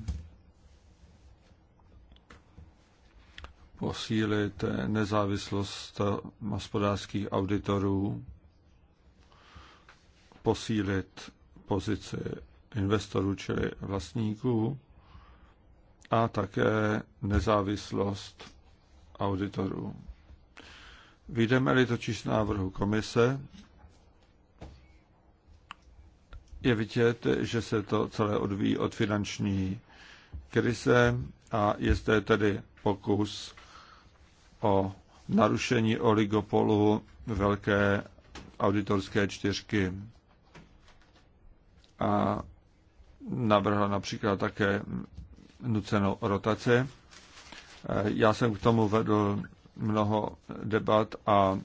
posílit nezávislost hospodářských auditorů, posílit pozici investorů, čili vlastníků, a také nezávislost auditorů. Vyjdeme-li totiž z návrhu komise, je vidět, že se to celé odvíjí od finanční krize a je zde tedy pokus o narušení oligopolu velké auditorské čtyřky. A navrhla například také nucenou rotaci. Já jsem k tomu vedl mnoho debat a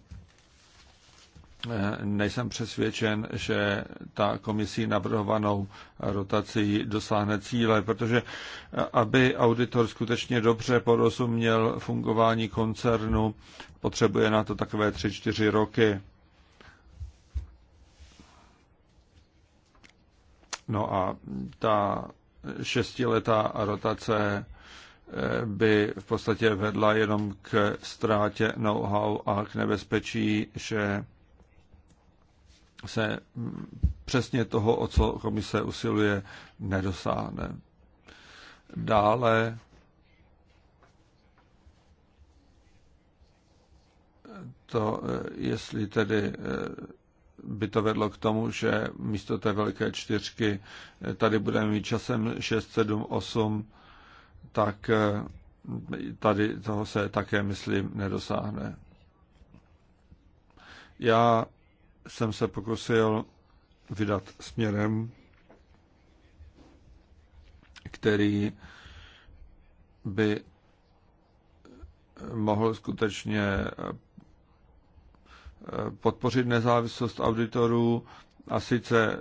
Eh, nejsem přesvědčen, že ta komisí navrhovanou rotací dosáhne cíle, protože eh, aby auditor skutečně dobře porozuměl fungování koncernu, potřebuje na to takové 3-4 roky. No a ta šestiletá rotace eh, by v podstatě vedla jenom k ztrátě know-how a k nebezpečí, že se mm, přesně toho, o co komise usiluje, nedosáhne. Dále to, eh, jestli tedy eh, by to vedlo k tomu, že místo té velké čtyřky eh, tady budeme mít časem 6, 7, 8, tak tady toho se také, myslím, nedosáhne. Já jsem se pokusil vydat směrem, který by mohl skutečně eh, podpořit nezávislost auditorů a sice eh,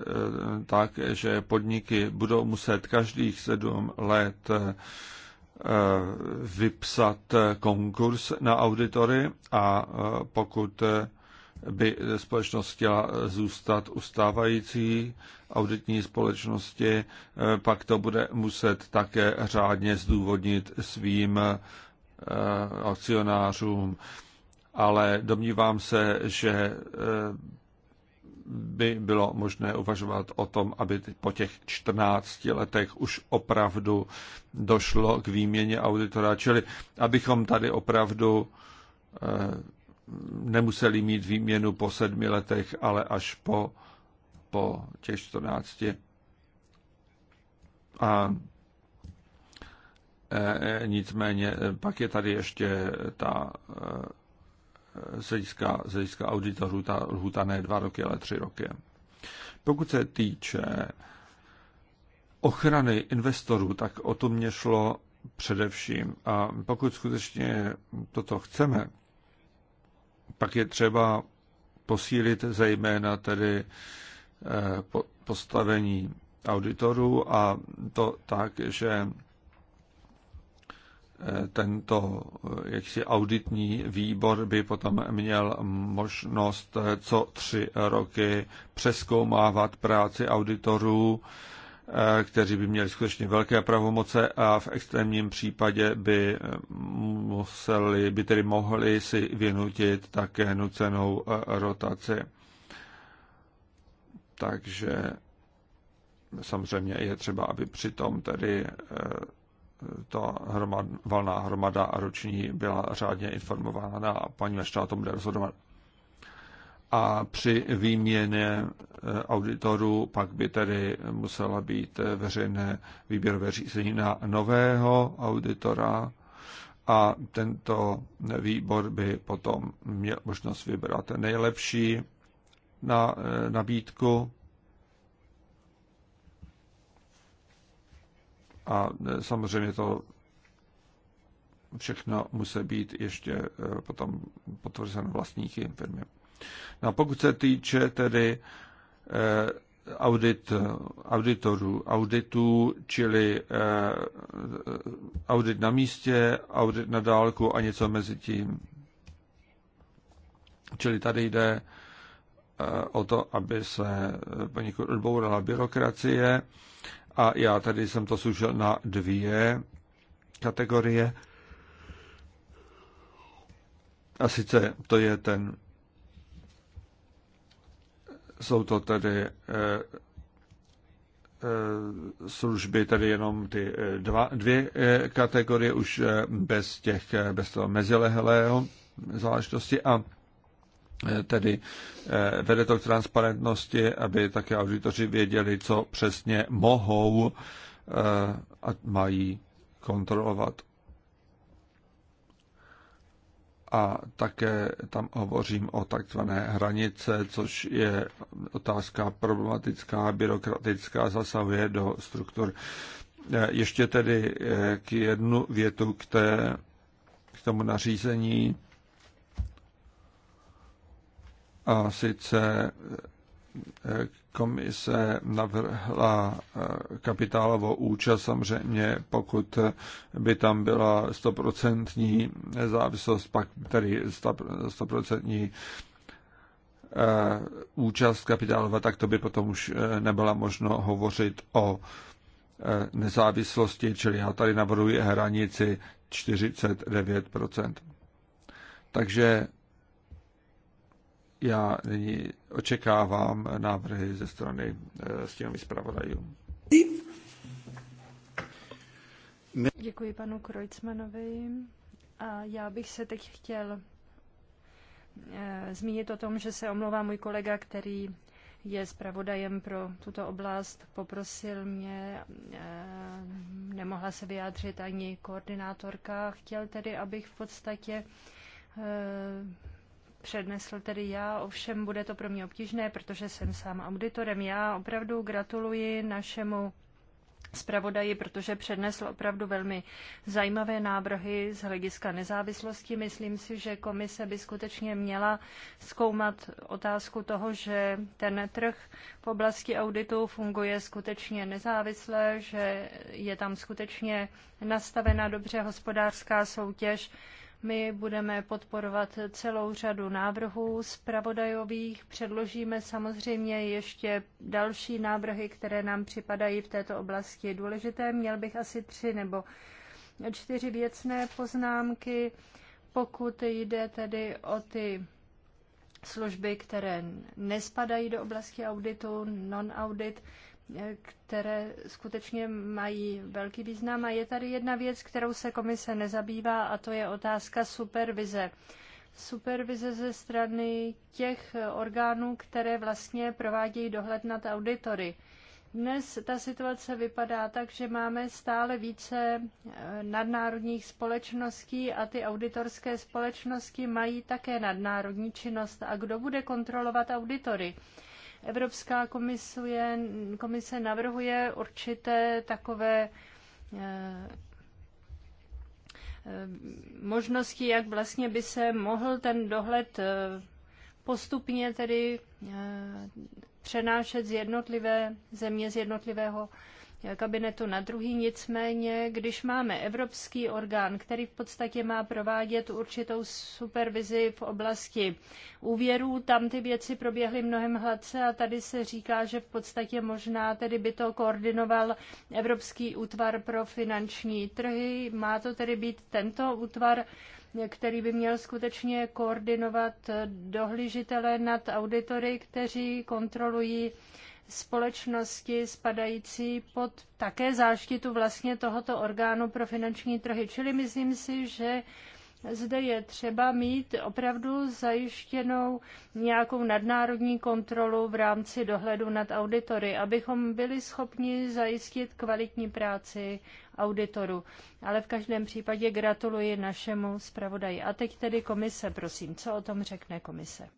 tak, že podniky budou muset každých sedm let eh, vypsat konkurs na auditory a pokud by společnost chtěla zůstat stávající auditní společnosti, eh, pak to bude muset také řádně zdůvodnit svým eh, akcionářům. Ale domnívám se, že eh, by bylo možné uvažovat o tom, aby po těch 14 letech už opravdu došlo k výměně auditora, čili abychom tady opravdu nemuseli mít výměnu po sedmi letech, ale až po, po těch 14. A e, nicméně e, pak je tady ještě ta e, z auditoru auditorů ta lhuta ne dva roky, ale tři roky. Pokud se týče ochrany investorů, tak o to mě šlo především. A pokud skutečně toto chceme, pak je třeba posílit zejména tedy eh, postavení auditorů a to tak, že eh, tento eh, jaksi auditní výbor by potom měl možnost co tři roky přeskoumávat práci auditorů Eh, kteří by měli skutečně velké pravomoce a v extrémním případě by eh, museli, by tedy mohli si vynutit také nucenou eh, rotaci. Takže samozřejmě je třeba, aby přitom tedy ta hromad, valná hromada a roční byla řádně informována a paní Vešta o tom bude rozhodovat a při výměně eh, auditorů pak by tedy musela být eh, veřejné výběrové řízení na nového auditora a tento výbor by potom měl možnost vybrat nejlepší na eh, nabídku a samozřejmě to všechno musí být ještě potom potvrzeno vlastníky firmy. No a pokud se týče tedy eh, audit, auditorů, auditů, čili eh, audit na místě, audit na dálku a něco mezi tím. Čili tady jde eh, o to, aby se poněkud odbourala byrokracie a já tady jsem to služil na dvě kategorie. A sice to je ten jsou to tedy eh, eh, služby, tedy jenom ty eh, dva, dvě kategorie, už bez, těch, bez toho mezilehlého záležitosti a tedy vede to k transparentnosti, aby také auditoři věděli, co přesně mohou a mají kontrolovat a také tam hovořím o takzvané hranice, což je otázka problematická, byrokratická, zasahuje do struktur. E, ještě tedy e, k jednu větu k, té, k tomu nařízení. A sice komise navrhla eh, kapitálovou účast, samozřejmě pokud by tam byla stoprocentní závislost, pak tedy stoprocentní eh, účast kapitálova, tak to by potom už eh, nebyla možno hovořit o nezávislosti, čili já tady navrhuji hranici 49%. Takže já nyní očekávám návrhy ze strany eh, stínových zpravodajů. Děkuji panu Krojcmanovi. A já bych se teď chtěl eh, zmínit o tom, že se omlouvá můj kolega, který je zpravodajem pro tuto oblast, poprosil mě, eh, nemohla se vyjádřit ani koordinátorka, chtěl tedy, abych v podstatě přednesl tedy já, ovšem bude to pro mě obtížné, protože jsem sám auditorem. Já opravdu gratuluji našemu zpravodaji, protože přednesl opravdu velmi zajímavé návrhy z hlediska nezávislosti. Myslím si, že komise by skutečně měla zkoumat otázku toho, že ten trh v oblasti auditu funguje skutečně nezávisle, že je tam skutečně nastavena dobře hospodářská soutěž my budeme podporovat celou řadu návrhů zpravodajových. Předložíme samozřejmě ještě další návrhy, které nám připadají v této oblasti důležité. Měl bych asi tři nebo čtyři věcné poznámky. Pokud jde tedy o ty služby, které nespadají do oblasti auditu, non-audit, které skutečně mají velký význam. A je tady jedna věc, kterou se komise nezabývá, a to je otázka supervize. Supervize ze strany těch orgánů, které vlastně provádějí dohled nad auditory. Dnes ta situace vypadá tak, že máme stále více e, nadnárodních společností a ty auditorské společnosti mají také nadnárodní činnost. A kdo bude kontrolovat auditory? Evropská komisuje, komise navrhuje určité takové eh, eh, možnosti, jak vlastně by se mohl ten dohled eh, postupně tedy přenášet z jednotlivé země, z jednotlivého kabinetu na druhý. Nicméně, když máme evropský orgán, který v podstatě má provádět určitou supervizi v oblasti úvěrů, tam ty věci proběhly mnohem hladce a tady se říká, že v podstatě možná tedy by to koordinoval Evropský útvar pro finanční trhy. Má to tedy být tento útvar, který by měl skutečně koordinovat dohlížitele nad auditory, kteří kontrolují společnosti spadající pod také záštitu vlastně tohoto orgánu pro finanční trhy. Čili myslím si, že zde je třeba mít opravdu zajištěnou nějakou nadnárodní kontrolu v rámci dohledu nad auditory, abychom byli schopni zajistit kvalitní práci auditoru. Ale v každém případě gratuluji našemu zpravodaji. A teď tedy komise, prosím, co o tom řekne komise?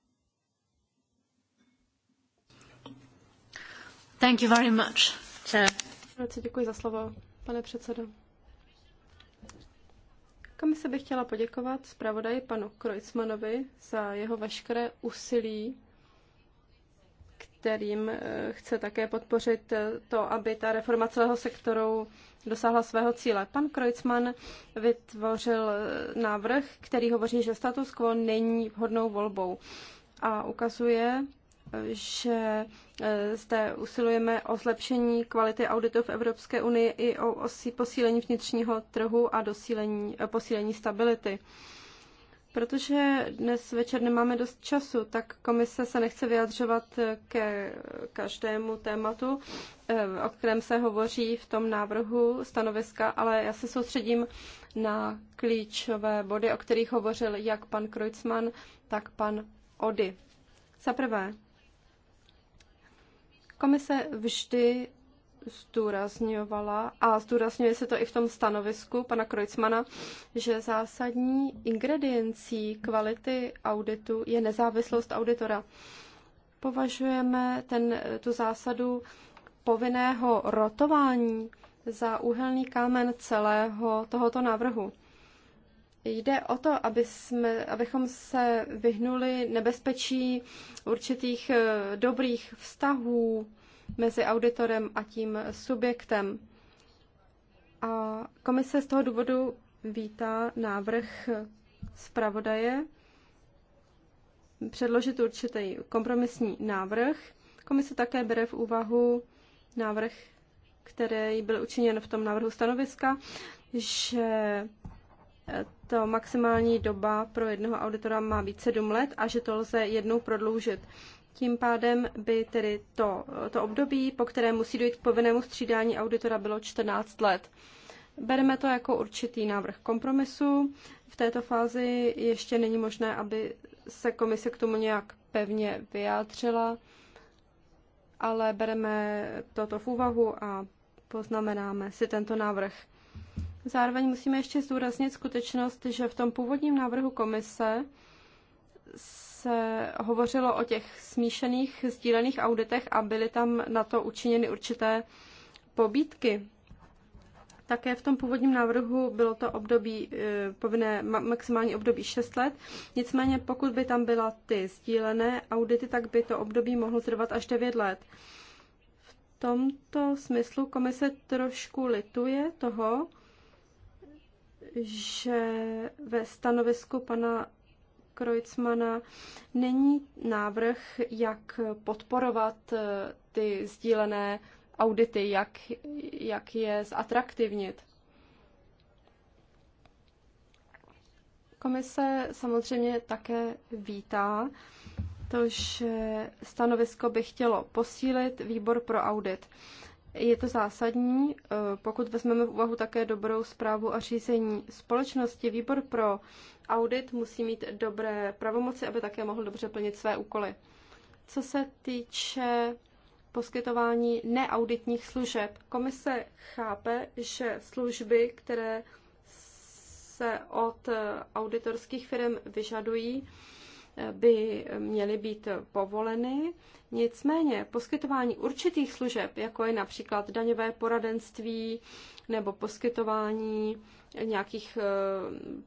za slovo, pane předsedo. Komise bych chtěla poděkovat zpravodaji panu Krojcmanovi za jeho veškeré úsilí, kterým eh, chce také podpořit eh, to, aby ta reforma celého sektoru dosáhla svého cíle. Pan Krojcman vytvořil eh, návrh, který hovoří, že status quo není vhodnou volbou a ukazuje, že eh, zde usilujeme o zlepšení kvality auditu v Evropské unii i o posílení vnitřního trhu a dosílení, eh, posílení stability. Protože dnes večer nemáme dost času, tak komise se nechce vyjadřovat eh, ke každému tématu, o kterém se hovoří v tom návrhu stanoviska, ale já se soustředím na klíčové body, o kterých hovořil jak pan Kreutzmann, tak pan Ody. Za prvé, Komise vždy zdůrazňovala, a zdůrazňuje se to i v tom stanovisku pana Krojcmana, že zásadní ingrediencí kvality auditu je nezávislost auditora. Považujeme ten, tu zásadu povinného rotování za úhelný kámen celého tohoto návrhu. Jde o to, aby jsme, abychom se vyhnuli nebezpečí určitých eh, dobrých vztahů mezi auditorem a tím subjektem. A komise z toho důvodu vítá návrh zpravodaje předložit určitý kompromisní návrh. Komise také bere v úvahu návrh, který byl učiněn v tom návrhu stanoviska, že to maximální doba pro jednoho auditora má být 7 let a že to lze jednou prodloužit. Tím pádem by tedy to, to období, po které musí dojít k povinnému střídání auditora, bylo 14 let. Bereme to jako určitý návrh kompromisu. V této fázi ještě není možné, aby se komise k tomu nějak pevně vyjádřila, ale bereme toto v úvahu a poznamenáme si tento návrh. Zároveň musíme ještě zdůraznit skutečnost, že v tom původním návrhu komise se hovořilo o těch smíšených sdílených auditech a byly tam na to učiněny určité pobídky. Také v tom původním návrhu bylo to období, eh, povinné maximální období 6 let. Nicméně pokud by tam byla ty sdílené audity, tak by to období mohlo trvat až 9 let. V tomto smyslu komise trošku lituje toho, že ve stanovisku pana Kreutzmana není návrh, jak podporovat eh, ty sdílené audity, jak, jak je zatraktivnit. Komise samozřejmě také vítá to, že stanovisko by chtělo posílit výbor pro audit. Je to zásadní, eh, pokud vezmeme v úvahu také dobrou zprávu a řízení společnosti. Výbor pro audit musí mít dobré pravomoci, aby také mohl dobře plnit své úkoly. Co se týče poskytování neauditních služeb, komise chápe, že služby, které se od eh, auditorských firm vyžadují, eh, by měly být povoleny. Nicméně poskytování určitých služeb, jako je například daňové poradenství nebo poskytování nějakých eh,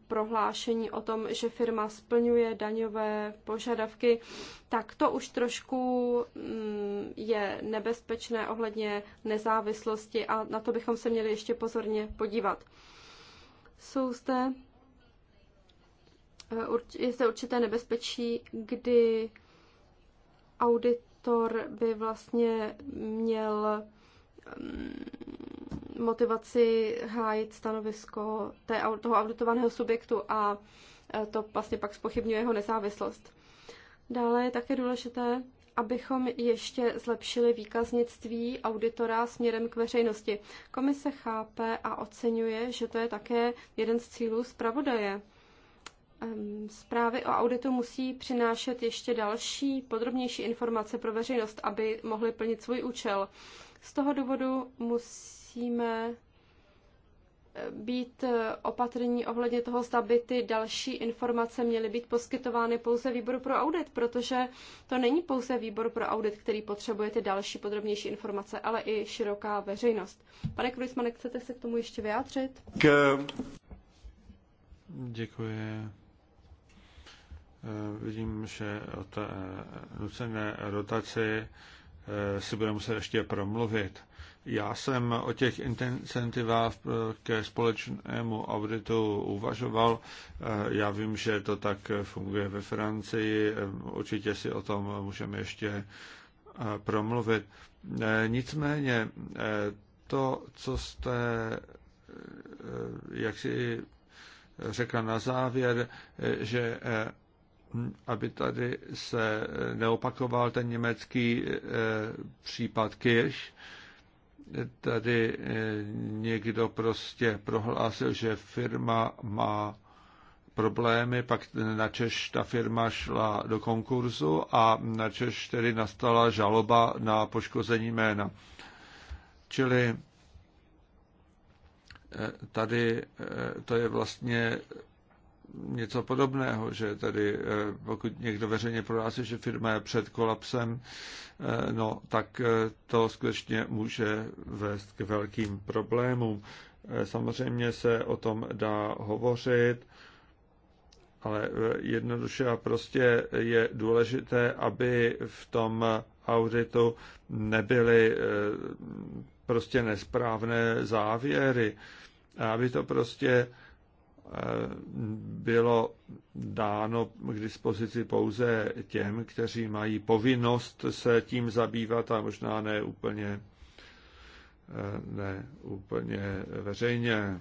prohlášení o tom, že firma splňuje daňové požadavky, tak to už trošku mm, je nebezpečné ohledně nezávislosti a na to bychom se měli ještě pozorně podívat. Jsou zde, eh, je zde určité nebezpečí, kdy audit sektor by vlastně měl mm, motivaci hájit stanovisko té, toho auditovaného subjektu a e, to vlastně pak spochybňuje jeho nezávislost. Dále je také důležité, abychom ještě zlepšili výkaznictví auditora směrem k veřejnosti. Komise chápe a oceňuje, že to je také jeden z cílů zpravodaje Ehm, zprávy o auditu musí přinášet ještě další, podrobnější informace pro veřejnost, aby mohly plnit svůj účel. Z toho důvodu musíme eh, být eh, opatrní ohledně toho, zda by ty další informace měly být poskytovány pouze výboru pro audit, protože to není pouze výbor pro audit, který potřebuje ty další podrobnější informace, ale i široká veřejnost. Pane Krujsmane, chcete se k tomu ještě vyjádřit? K... Děkuji Vidím, že o té nucené rotaci eh, si bude muset ještě promluvit. Já jsem o těch incentivách eh, ke společnému auditu uvažoval. Eh, já vím, že to tak funguje ve Francii. Určitě si o tom můžeme ještě promluvit. Nicméně to, co jste jak si řekla na závěr, že aby tady se neopakoval ten německý eh, případ Kirch. Tady eh, někdo prostě prohlásil, že firma má problémy, pak na Češ ta firma šla do konkurzu a na Češ tedy nastala žaloba na poškození jména. Čili eh, tady to je vlastně něco podobného, že tady eh, pokud někdo veřejně prohlásí, že firma je před kolapsem, eh, no tak eh, to skutečně může vést k velkým problémům. Samozřejmě se o tom dá hovořit, ale jednoduše a prostě je důležité, aby v tom auditu nebyly prostě nesprávné závěry, aby to prostě Eh, bylo dáno k dispozici pouze těm, kteří mají povinnost se tím zabývat a možná ne úplně, eh, ne úplně veřejně.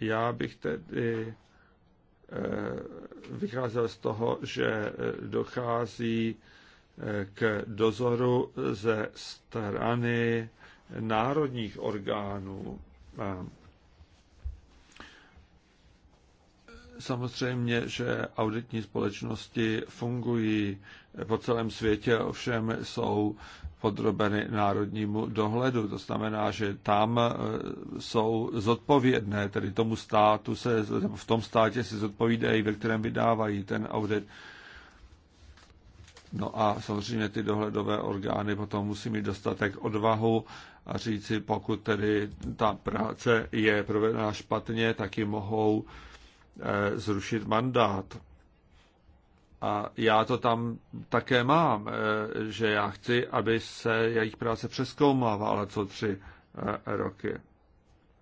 Já bych tedy eh, vycházel z toho, že dochází k dozoru ze strany národních orgánů Samozřejmě, že auditní společnosti fungují po celém světě, ovšem jsou podrobeny národnímu dohledu. To znamená, že tam e, jsou zodpovědné, tedy tomu státu se, v tom státě se zodpovídají, ve kterém vydávají ten audit. No a samozřejmě ty dohledové orgány potom musí mít dostatek odvahu a říci, pokud tedy ta práce je provedena špatně, tak ji mohou Eh, zrušit mandát. A já to tam také mám, eh, že já chci, aby se jejich práce přeskoumávala co tři eh, roky.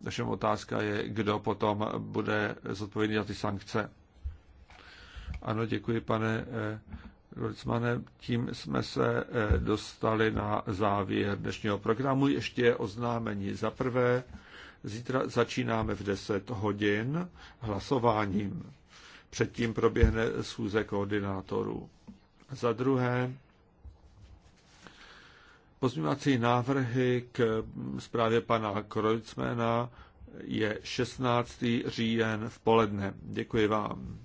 Naše otázka je, kdo potom bude zodpovědný za ty sankce. Ano, děkuji, pane Rolicmane. Tím jsme se dostali na závěr dnešního programu. Ještě oznámení za prvé. Zítra začínáme v 10 hodin hlasováním. Předtím proběhne schůze koordinátorů. Za druhé, pozměňovací návrhy k zprávě pana Krojcmena je 16. říjen v poledne. Děkuji vám.